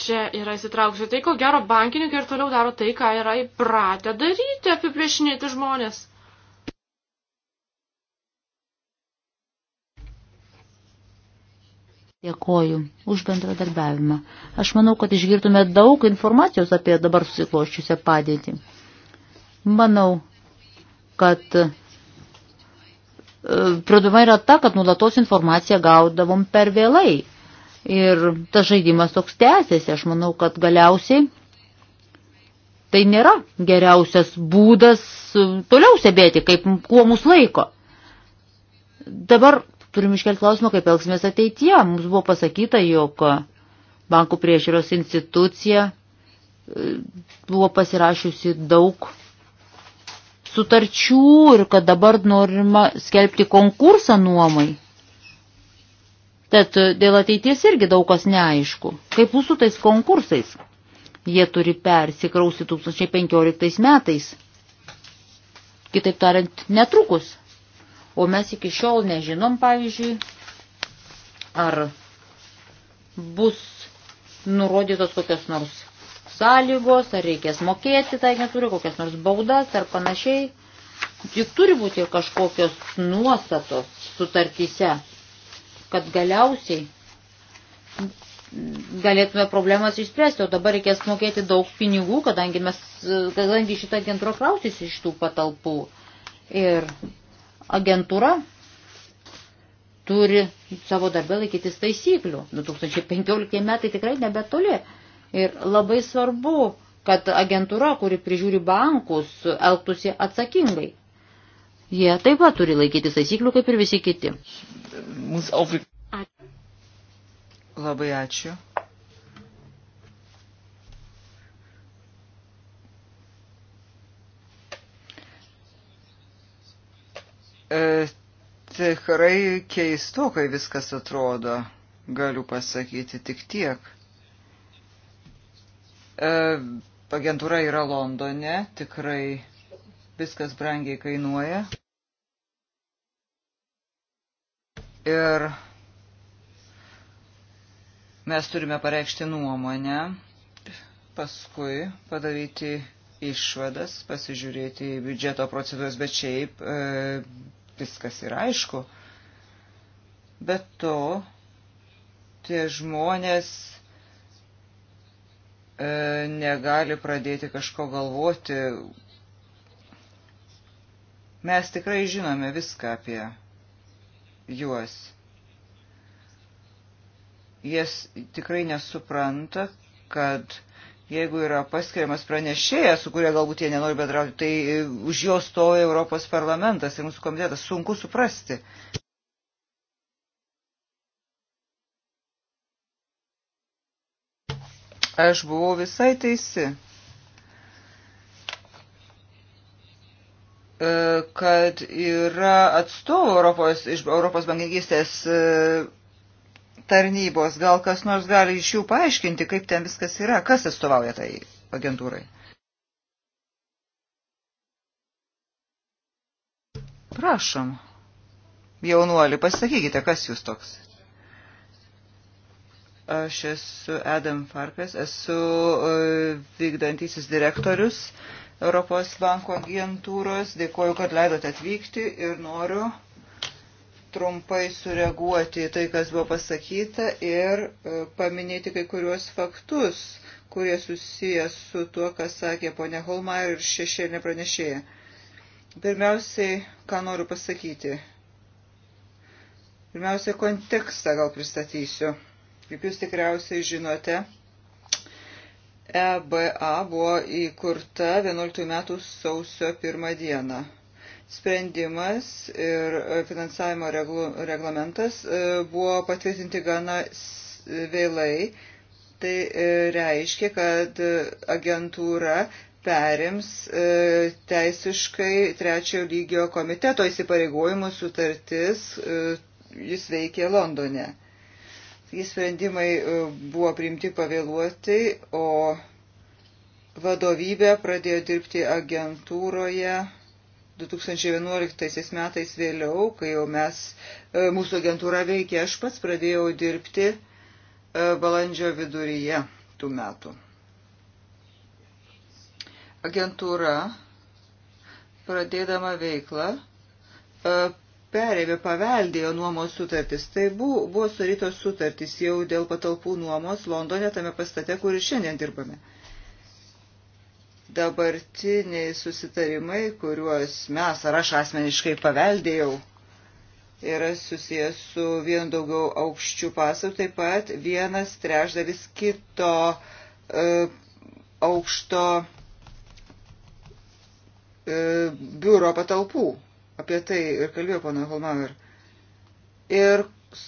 čia yra įsitraukusi. Tai ko gero bankininkai ir toliau daro tai, ką yra įpratę daryti, apiplėšinėti žmonės. Dėkoju už bendradarbiavimą. Aš manau, kad išgirtume daug informacijos apie dabar susikloščiusią padėtį. Manau, kad e, problema yra ta, kad nulatos informaciją gaudavom per vėlai. Ir tas žaidimas toks tęsiasi. Aš manau, kad galiausiai tai nėra geriausias būdas e, toliau stebėti, kaip kuo mus laiko. Dabar Turim iškelti klausimą, kaip elgsimės ateityje. Mums buvo pasakyta, jog bankų priežiūros institucija e, buvo pasirašiusi daug sutarčių ir kad dabar norima skelbti konkursą nuomai. Tad e, dėl ateities irgi daug kas neaišku. Kaip bus su tais konkursais? Jie turi persikrausi 2015 metais. Kitaip tariant, netrukus. O mes iki šiol nežinom, pavyzdžiui, ar bus nurodytos kokios nors sąlygos, ar reikės mokėti, tai neturi kokias nors baudas ar panašiai. Juk turi būti ir kažkokios nuostatos sutartyse, kad galiausiai galėtume problemas išspręsti, o dabar reikės mokėti daug pinigų, kadangi mes, kadangi šitą agentūrą krausis iš tų patalpų. Ir Agentūra turi savo darbę laikytis taisyklių. 2015 metai tikrai nebetoli. Ir labai svarbu, kad agentūra, kuri prižiūri bankus, elgtųsi atsakingai. Jie taip pat turi laikytis taisyklių, kaip ir visi kiti. Labai ačiū. E, tikrai keistokai viskas atrodo, galiu pasakyti tik tiek. E, agentūra yra Londone, tikrai viskas brangiai kainuoja. Ir mes turime pareikšti nuomonę, paskui padaryti išvadas, pasižiūrėti į biudžeto procedūras, bet šiaip e, viskas yra aišku. Bet to tie žmonės e, negali pradėti kažko galvoti. Mes tikrai žinome viską apie juos. Jas tikrai nesupranta, kad Jeigu yra paskiriamas pranešėjas, su kuria galbūt jie nenori bendrauti, tai e, už jo stoja Europos parlamentas ir mūsų komitetas. Sunku suprasti. Aš buvau visai teisi. E, kad yra atstovų Europos, iš Europos bankininkystės e, tarnybos. Gal kas nors gali iš jų paaiškinti, kaip ten viskas yra, kas atstovauja tai agentūrai. Prašom, jaunuoli, pasakykite, kas jūs toks. Aš esu Adam Farkas, esu e, vykdantysis direktorius Europos banko agentūros. Dėkuoju, kad leidote atvykti ir noriu trumpai sureaguoti į tai, kas buvo pasakyta ir e, paminėti kai kuriuos faktus, kurie susijęs su tuo, kas sakė ponia Holmair ir šešėlinė pranešėja. Pirmiausiai, ką noriu pasakyti. Pirmiausia, kontekstą gal pristatysiu. Kaip jūs tikriausiai žinote, EBA buvo įkurta 11 metų sausio 1 dieną sprendimas ir e, finansavimo reglu, reglamentas e, buvo patvirtinti gana vėlai. Tai e, reiškia, kad agentūra perims teisiškai trečiojo lygio komiteto įsipareigojimų sutartis, jis veikė Londone. Jis sprendimai buvo priimti pavėluotai, o vadovybė pradėjo dirbti agentūroje 2011 metais vėliau, kai jau mes, e, mūsų agentūra veikia, aš pats pradėjau dirbti e, balandžio viduryje tų metų. Agentūra, pradėdama veiklą, e, perėmė paveldėjo nuomos sutartis. Tai buvo, buvo sudarytos sutartys jau dėl patalpų nuomos Londone, tame pastate, kur ir šiandien dirbame. Dabartiniai susitarimai, kuriuos mes ar aš asmeniškai paveldėjau, yra susijęs su vien daugiau aukščių pasų, taip pat vienas trešdalis kito e, aukšto e, biuro patalpų. Apie tai ir kalbėjo pana Holmaver. Ir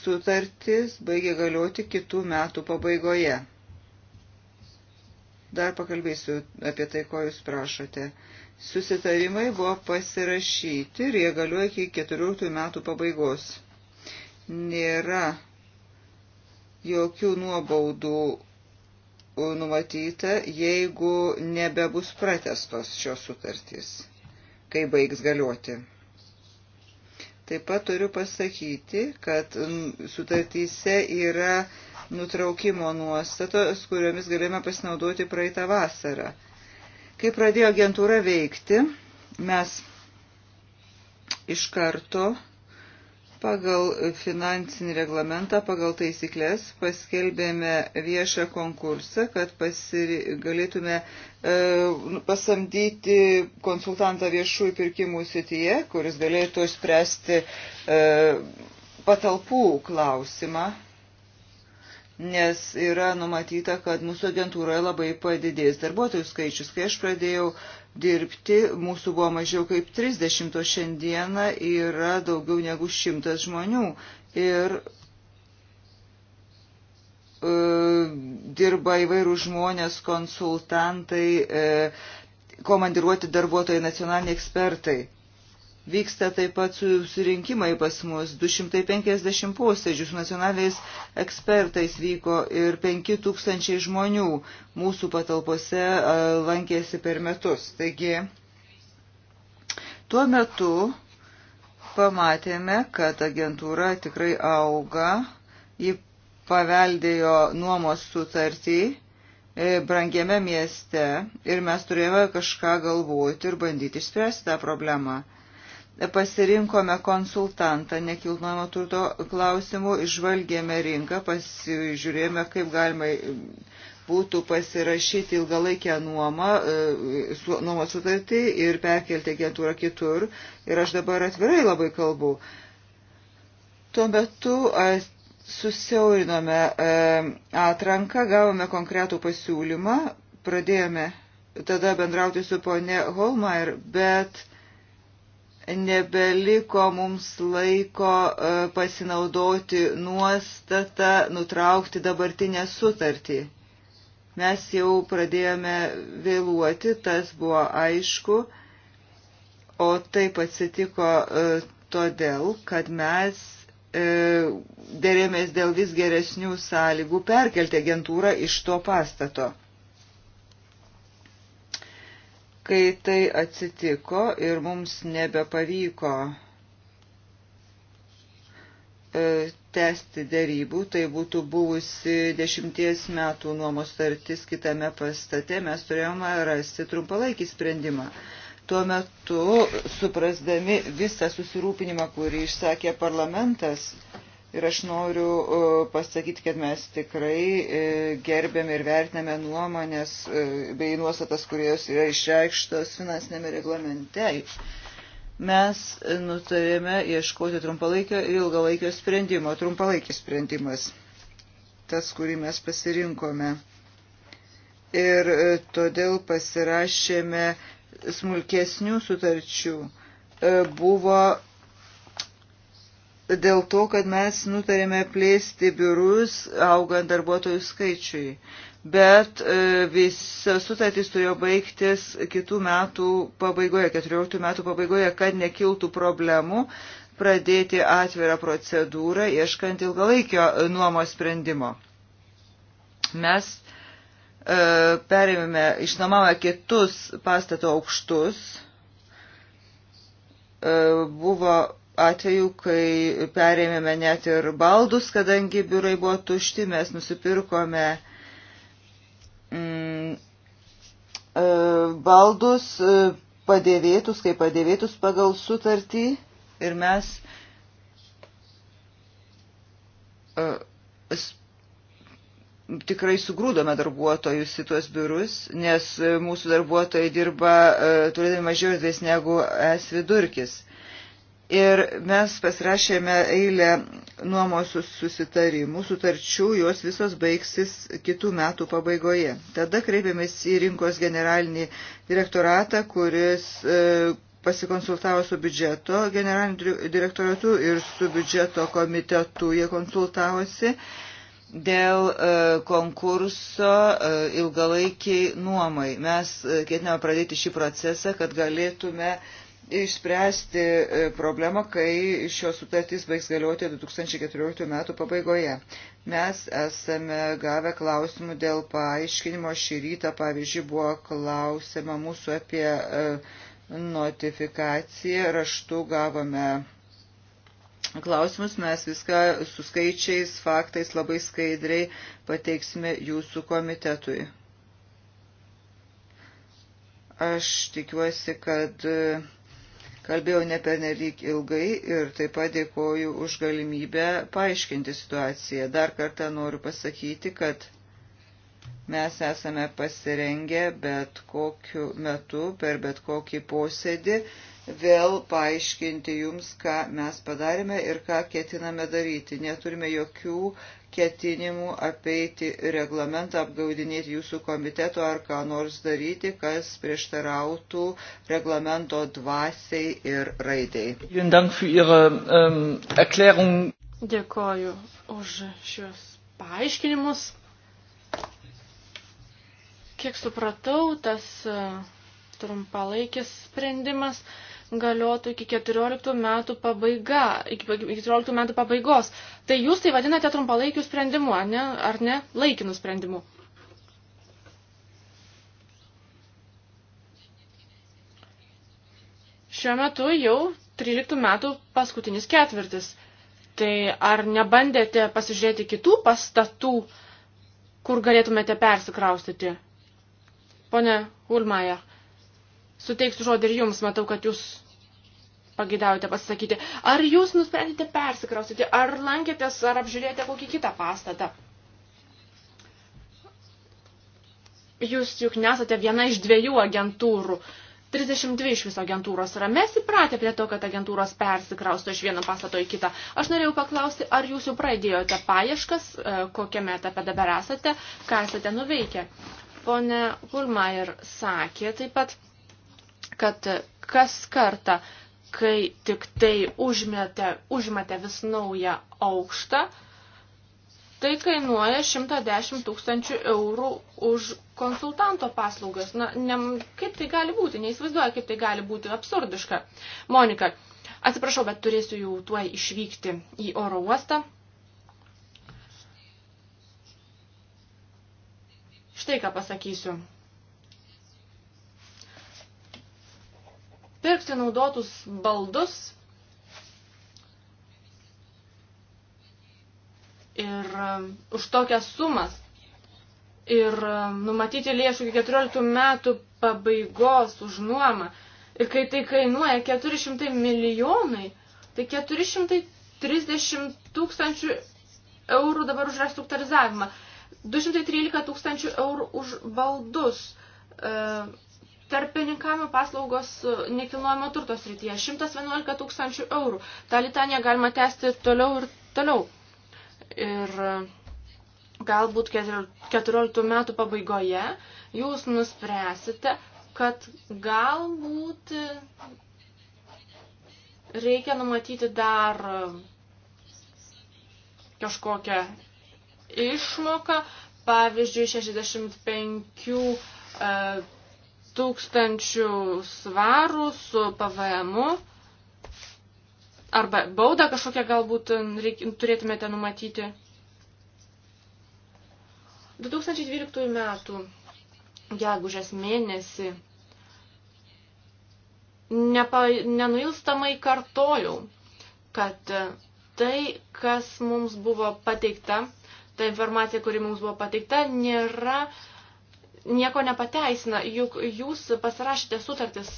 sutartis baigė galioti kitų metų pabaigoje. Dar pakalbėsiu apie tai, ko jūs prašote. Susitarimai buvo pasirašyti ir jie galiuoja iki 14 metų pabaigos. Nėra jokių nuobaudų uh, numatyta, jeigu nebebus pratestos šios sutartys, kai baigs galioti. Taip pat turiu pasakyti, kad mm, sutartyse yra nutraukimo nuostatos, kuriomis galėjome pasinaudoti praeitą vasarą. Kai pradėjo agentūra veikti, mes iš karto pagal finansinį reglamentą, pagal taisyklės paskelbėme viešą konkursą, kad pasiri, galėtume e, pasamdyti konsultantą viešųjų pirkimų sityje, kuris galėtų spręsti e, patalpų klausimą nes yra numatyta, kad mūsų agentūroje labai padidės darbuotojų skaičius. Kai aš pradėjau dirbti, mūsų buvo mažiau kaip 30, o šiandieną yra daugiau negu 100 žmonių. Ir e, dirba įvairių žmonės, konsultantai, e, komandiruoti darbuotojai, nacionaliniai ekspertai. Vyksta taip pat susirinkimai pas mus, 250 posėdžių su nacionaliais ekspertais vyko ir 5000 žmonių mūsų patalpose lankėsi per metus. Taigi, tuo metu pamatėme, kad agentūra tikrai auga, ji paveldėjo nuomos sutartį e, brangiame mieste ir mes turėjome kažką galvoti ir bandyti išspręsti tą problemą pasirinkome konsultantą nekilnojamo turto klausimų, išvalgėme rinką, pasižiūrėjome, kaip galima būtų pasirašyti ilgalaikę nuomą, e, nuomą sutartį ir perkelti agentūrą kitur. Ir aš dabar atvirai labai kalbu. Tuo metu susiaurinome e, atranką, gavome konkretų pasiūlymą, pradėjome tada bendrauti su ponė Holmeier, bet nebeliko mums laiko e, pasinaudoti nuostatą, nutraukti dabartinę sutartį. Mes jau pradėjome vėluoti, tas buvo aišku, o taip atsitiko e, todėl, kad mes e, dėrėmės dėl vis geresnių sąlygų perkelti agentūrą iš to pastato. kai tai atsitiko ir mums nebepavyko e, tęsti dėrybų, tai būtų buvusi dešimties metų nuomos startis kitame pastate, mes turėjome rasti trumpalaikį sprendimą. Tuo metu, suprasdami visą susirūpinimą, kurį išsakė parlamentas, Ir aš noriu e, pasakyti, kad mes tikrai e, gerbėme ir vertiname nuomonės e, bei nuostatas, kurios yra išreikštos finansinėme reglamente. Mes nutarėme ieškoti trumpalaikio ir ilgalaikio sprendimo. Trumpalaikis sprendimas, tas, kurį mes pasirinkome. Ir todėl pasirašėme smulkesnių sutarčių. Buvo dėl to, kad mes nutarėme plėsti biurus augant darbuotojų skaičiui. Bet e, visas sutartys turėjo baigtis kitų metų pabaigoje, 14 metų pabaigoje, kad nekiltų problemų pradėti atvirą procedūrą ieškant ilgalaikio nuomos sprendimo. Mes e, perėmėme, išnamavę kitus pastato aukštus, e, buvo atveju, kai perėmėme net ir baldus, kadangi biurai buvo tušti, mes nusipirkome mm, e, baldus e, padėvėtus, kaip padėvėtus pagal sutartį ir mes e, tikrai sugrūdome darbuotojus į tuos biurus, nes mūsų darbuotojai dirba turėdami mažiau erdvės negu es vidurkis. Ir mes pasirašėme eilę nuomos susitarimų, sutarčių, jos visos baigsis kitų metų pabaigoje. Tada kreipėmės į rinkos generalinį direktoratą, kuris e, pasikonsultavo su biudžeto generaliniu direktoratu ir su biudžeto komitetu jie konsultavosi dėl e, konkurso e, ilgalaikiai nuomai. Mes e, ketiname pradėti šį procesą, kad galėtume uh, išspręsti e, problemą, kai šios sutartys baigs galioti 2014 metų pabaigoje. Mes esame gavę klausimų dėl paaiškinimo šį rytą, pavyzdžiui, buvo klausima mūsų apie e, notifikaciją, raštu gavome klausimus, mes viską su skaičiais, faktais labai skaidriai pateiksime jūsų komitetui. Aš tikiuosi, kad uh, Kalbėjau ne pernelyg ilgai ir taip pat dėkoju už galimybę paaiškinti situaciją. Dar kartą noriu pasakyti, kad mes esame pasirengę bet kokiu metu, per bet kokį posėdį vėl paaiškinti jums, ką mes padarėme ir ką ketiname daryti. Neturime jokių ketinimų apeiti reglamentą, apgaudinėti jūsų komiteto ar ką nors daryti, kas prieštarautų reglamento dvasiai ir raidai. Ähm, Dėkoju už šios paaiškinimus. Kiek supratau, tas äh, trumpalaikis sprendimas galiotų iki 14 metų pabaiga, iki 14 metų pabaigos. Tai jūs tai vadinate trumpalaikių sprendimu, ar ne, ar ne laikinų sprendimu? Šiuo metu jau 13 metų paskutinis ketvirtis. Tai ar nebandėte pasižiūrėti kitų pastatų, kur galėtumėte persikraustyti? Pone Ulmaja, suteiksiu žodį ir jums, matau, kad jūs pagidaujate pasisakyti. Ar jūs nusprendėte persikraustyti, ar lankėtės, ar apžiūrėjote kokį kitą pastatą? Jūs juk nesate viena iš dviejų agentūrų. 32 iš viso agentūros yra. Mes įpratę prie to, kad agentūros persikrausto iš vieno pastato į kitą. Aš norėjau paklausti, ar jūs jau pradėjote paieškas, e, kokiame etape dabar esate, ką esate nuveikę. Pone Hulmaier sakė taip pat kad kas kartą, kai tik tai užmėte, užmate vis naują aukštą, tai kainuoja 110 tūkstančių eurų už konsultanto paslaugas. Na, ne, kaip tai gali būti? Neįsivaizduoju, kaip tai gali būti absurdiška. Monika, atsiprašau, bet turėsiu jau tuoj išvykti į oro uostą. Štai ką pasakysiu. pirkti naudotus baldus ir um, už tokias sumas ir um, numatyti lėšų iki 14 metų pabaigos už nuomą. Ir kai tai kainuoja 400 milijonai, tai 430 tūkstančių eurų dabar už restruktūrizavimą, 213 tūkstančių eurų už baldus, e, tarpininkavimo paslaugos e, nekilnojamo turto srityje 111 tūkstančių eurų. Ta litaniją galima tęsti toliau ir toliau. Ir e, galbūt 14 metų pabaigoje jūs nuspręsite, kad galbūt reikia numatyti dar e, kažkokią išmoką, pavyzdžiui, 65 tūkstančių svarų su PVM arba baudą kažkokią galbūt reik, turėtumėte numatyti. 2012 metų gegužės mėnesį nepa, nenuilstamai kartojau, kad tai, kas mums buvo pateikta, ta informacija, kuri mums buvo pateikta, nėra uh, nieko nepateisina, juk jūs pasirašėte sutartis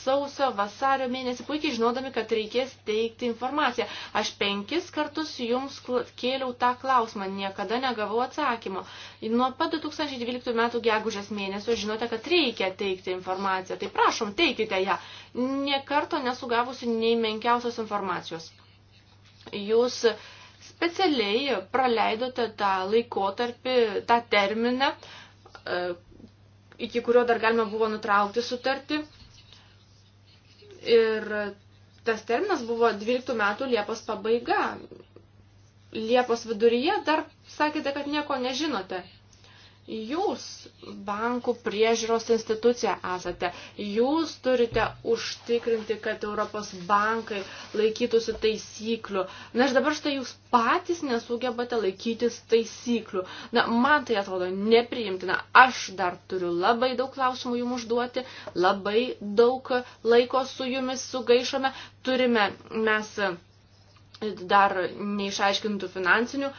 sausio, vasario mėnesį, puikiai žinodami, kad reikės teikti informaciją. Aš penkis kartus jums kėliau tą klausimą, niekada negavau atsakymo. Nuo pat 2012 metų gegužės mėnesio žinote, kad reikia teikti informaciją, tai prašom, teikite ją. Niekarto nesugavusi nei menkiausios informacijos. Jūs specialiai praleidote tą laikotarpį, tą terminą, uh, E, iki kurio dar galima buvo nutraukti sutartį. Ir tas terminas buvo 12 metų Liepos pabaiga. Liepos viduryje dar sakėte, kad nieko nežinote jūs bankų priežiūros institucija esate. Jūs turite užtikrinti, kad Europos bankai laikytųsi taisyklių. Na, aš dabar štai jūs patys nesugebate laikytis taisyklių. Na, man tai atrodo nepriimtina. Aš dar turiu labai daug klausimų jums užduoti, labai daug laiko su jumis sugaišome. Turime mes dar neišaiškintų finansinių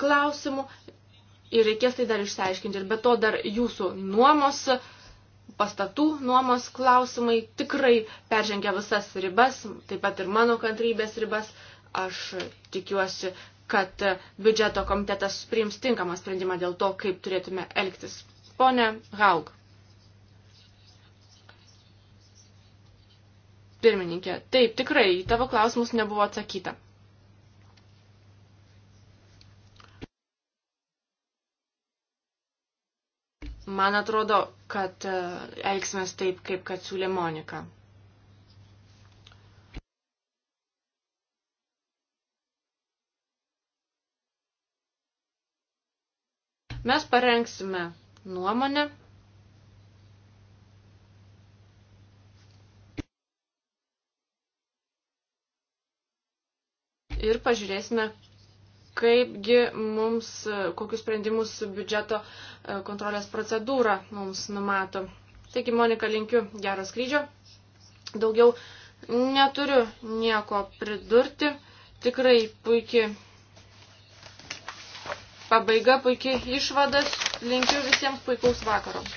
klausimų ir reikės tai dar išsiaiškinti. Ir be to dar jūsų nuomos, pastatų nuomos klausimai tikrai peržengia visas ribas, taip pat ir mano kantrybės ribas. Aš tikiuosi, kad biudžeto komitetas priims tinkamą sprendimą dėl to, kaip turėtume elgtis. Pone Haug. Pirmininkė, taip, tikrai, tavo klausimus nebuvo atsakyta. Man atrodo, kad e, elgsimės taip, kaip kad siūlė Monika. Mes parengsime nuomonę. Ir pažiūrėsime, kaipgi mums, kokius sprendimus biudžeto e, kontrolės procedūra mums numato. Taigi, Monika, linkiu gero skrydžio. Daugiau neturiu nieko pridurti. Tikrai puikiai pabaiga, puikiai išvadas. Linkiu visiems puikaus vakaro.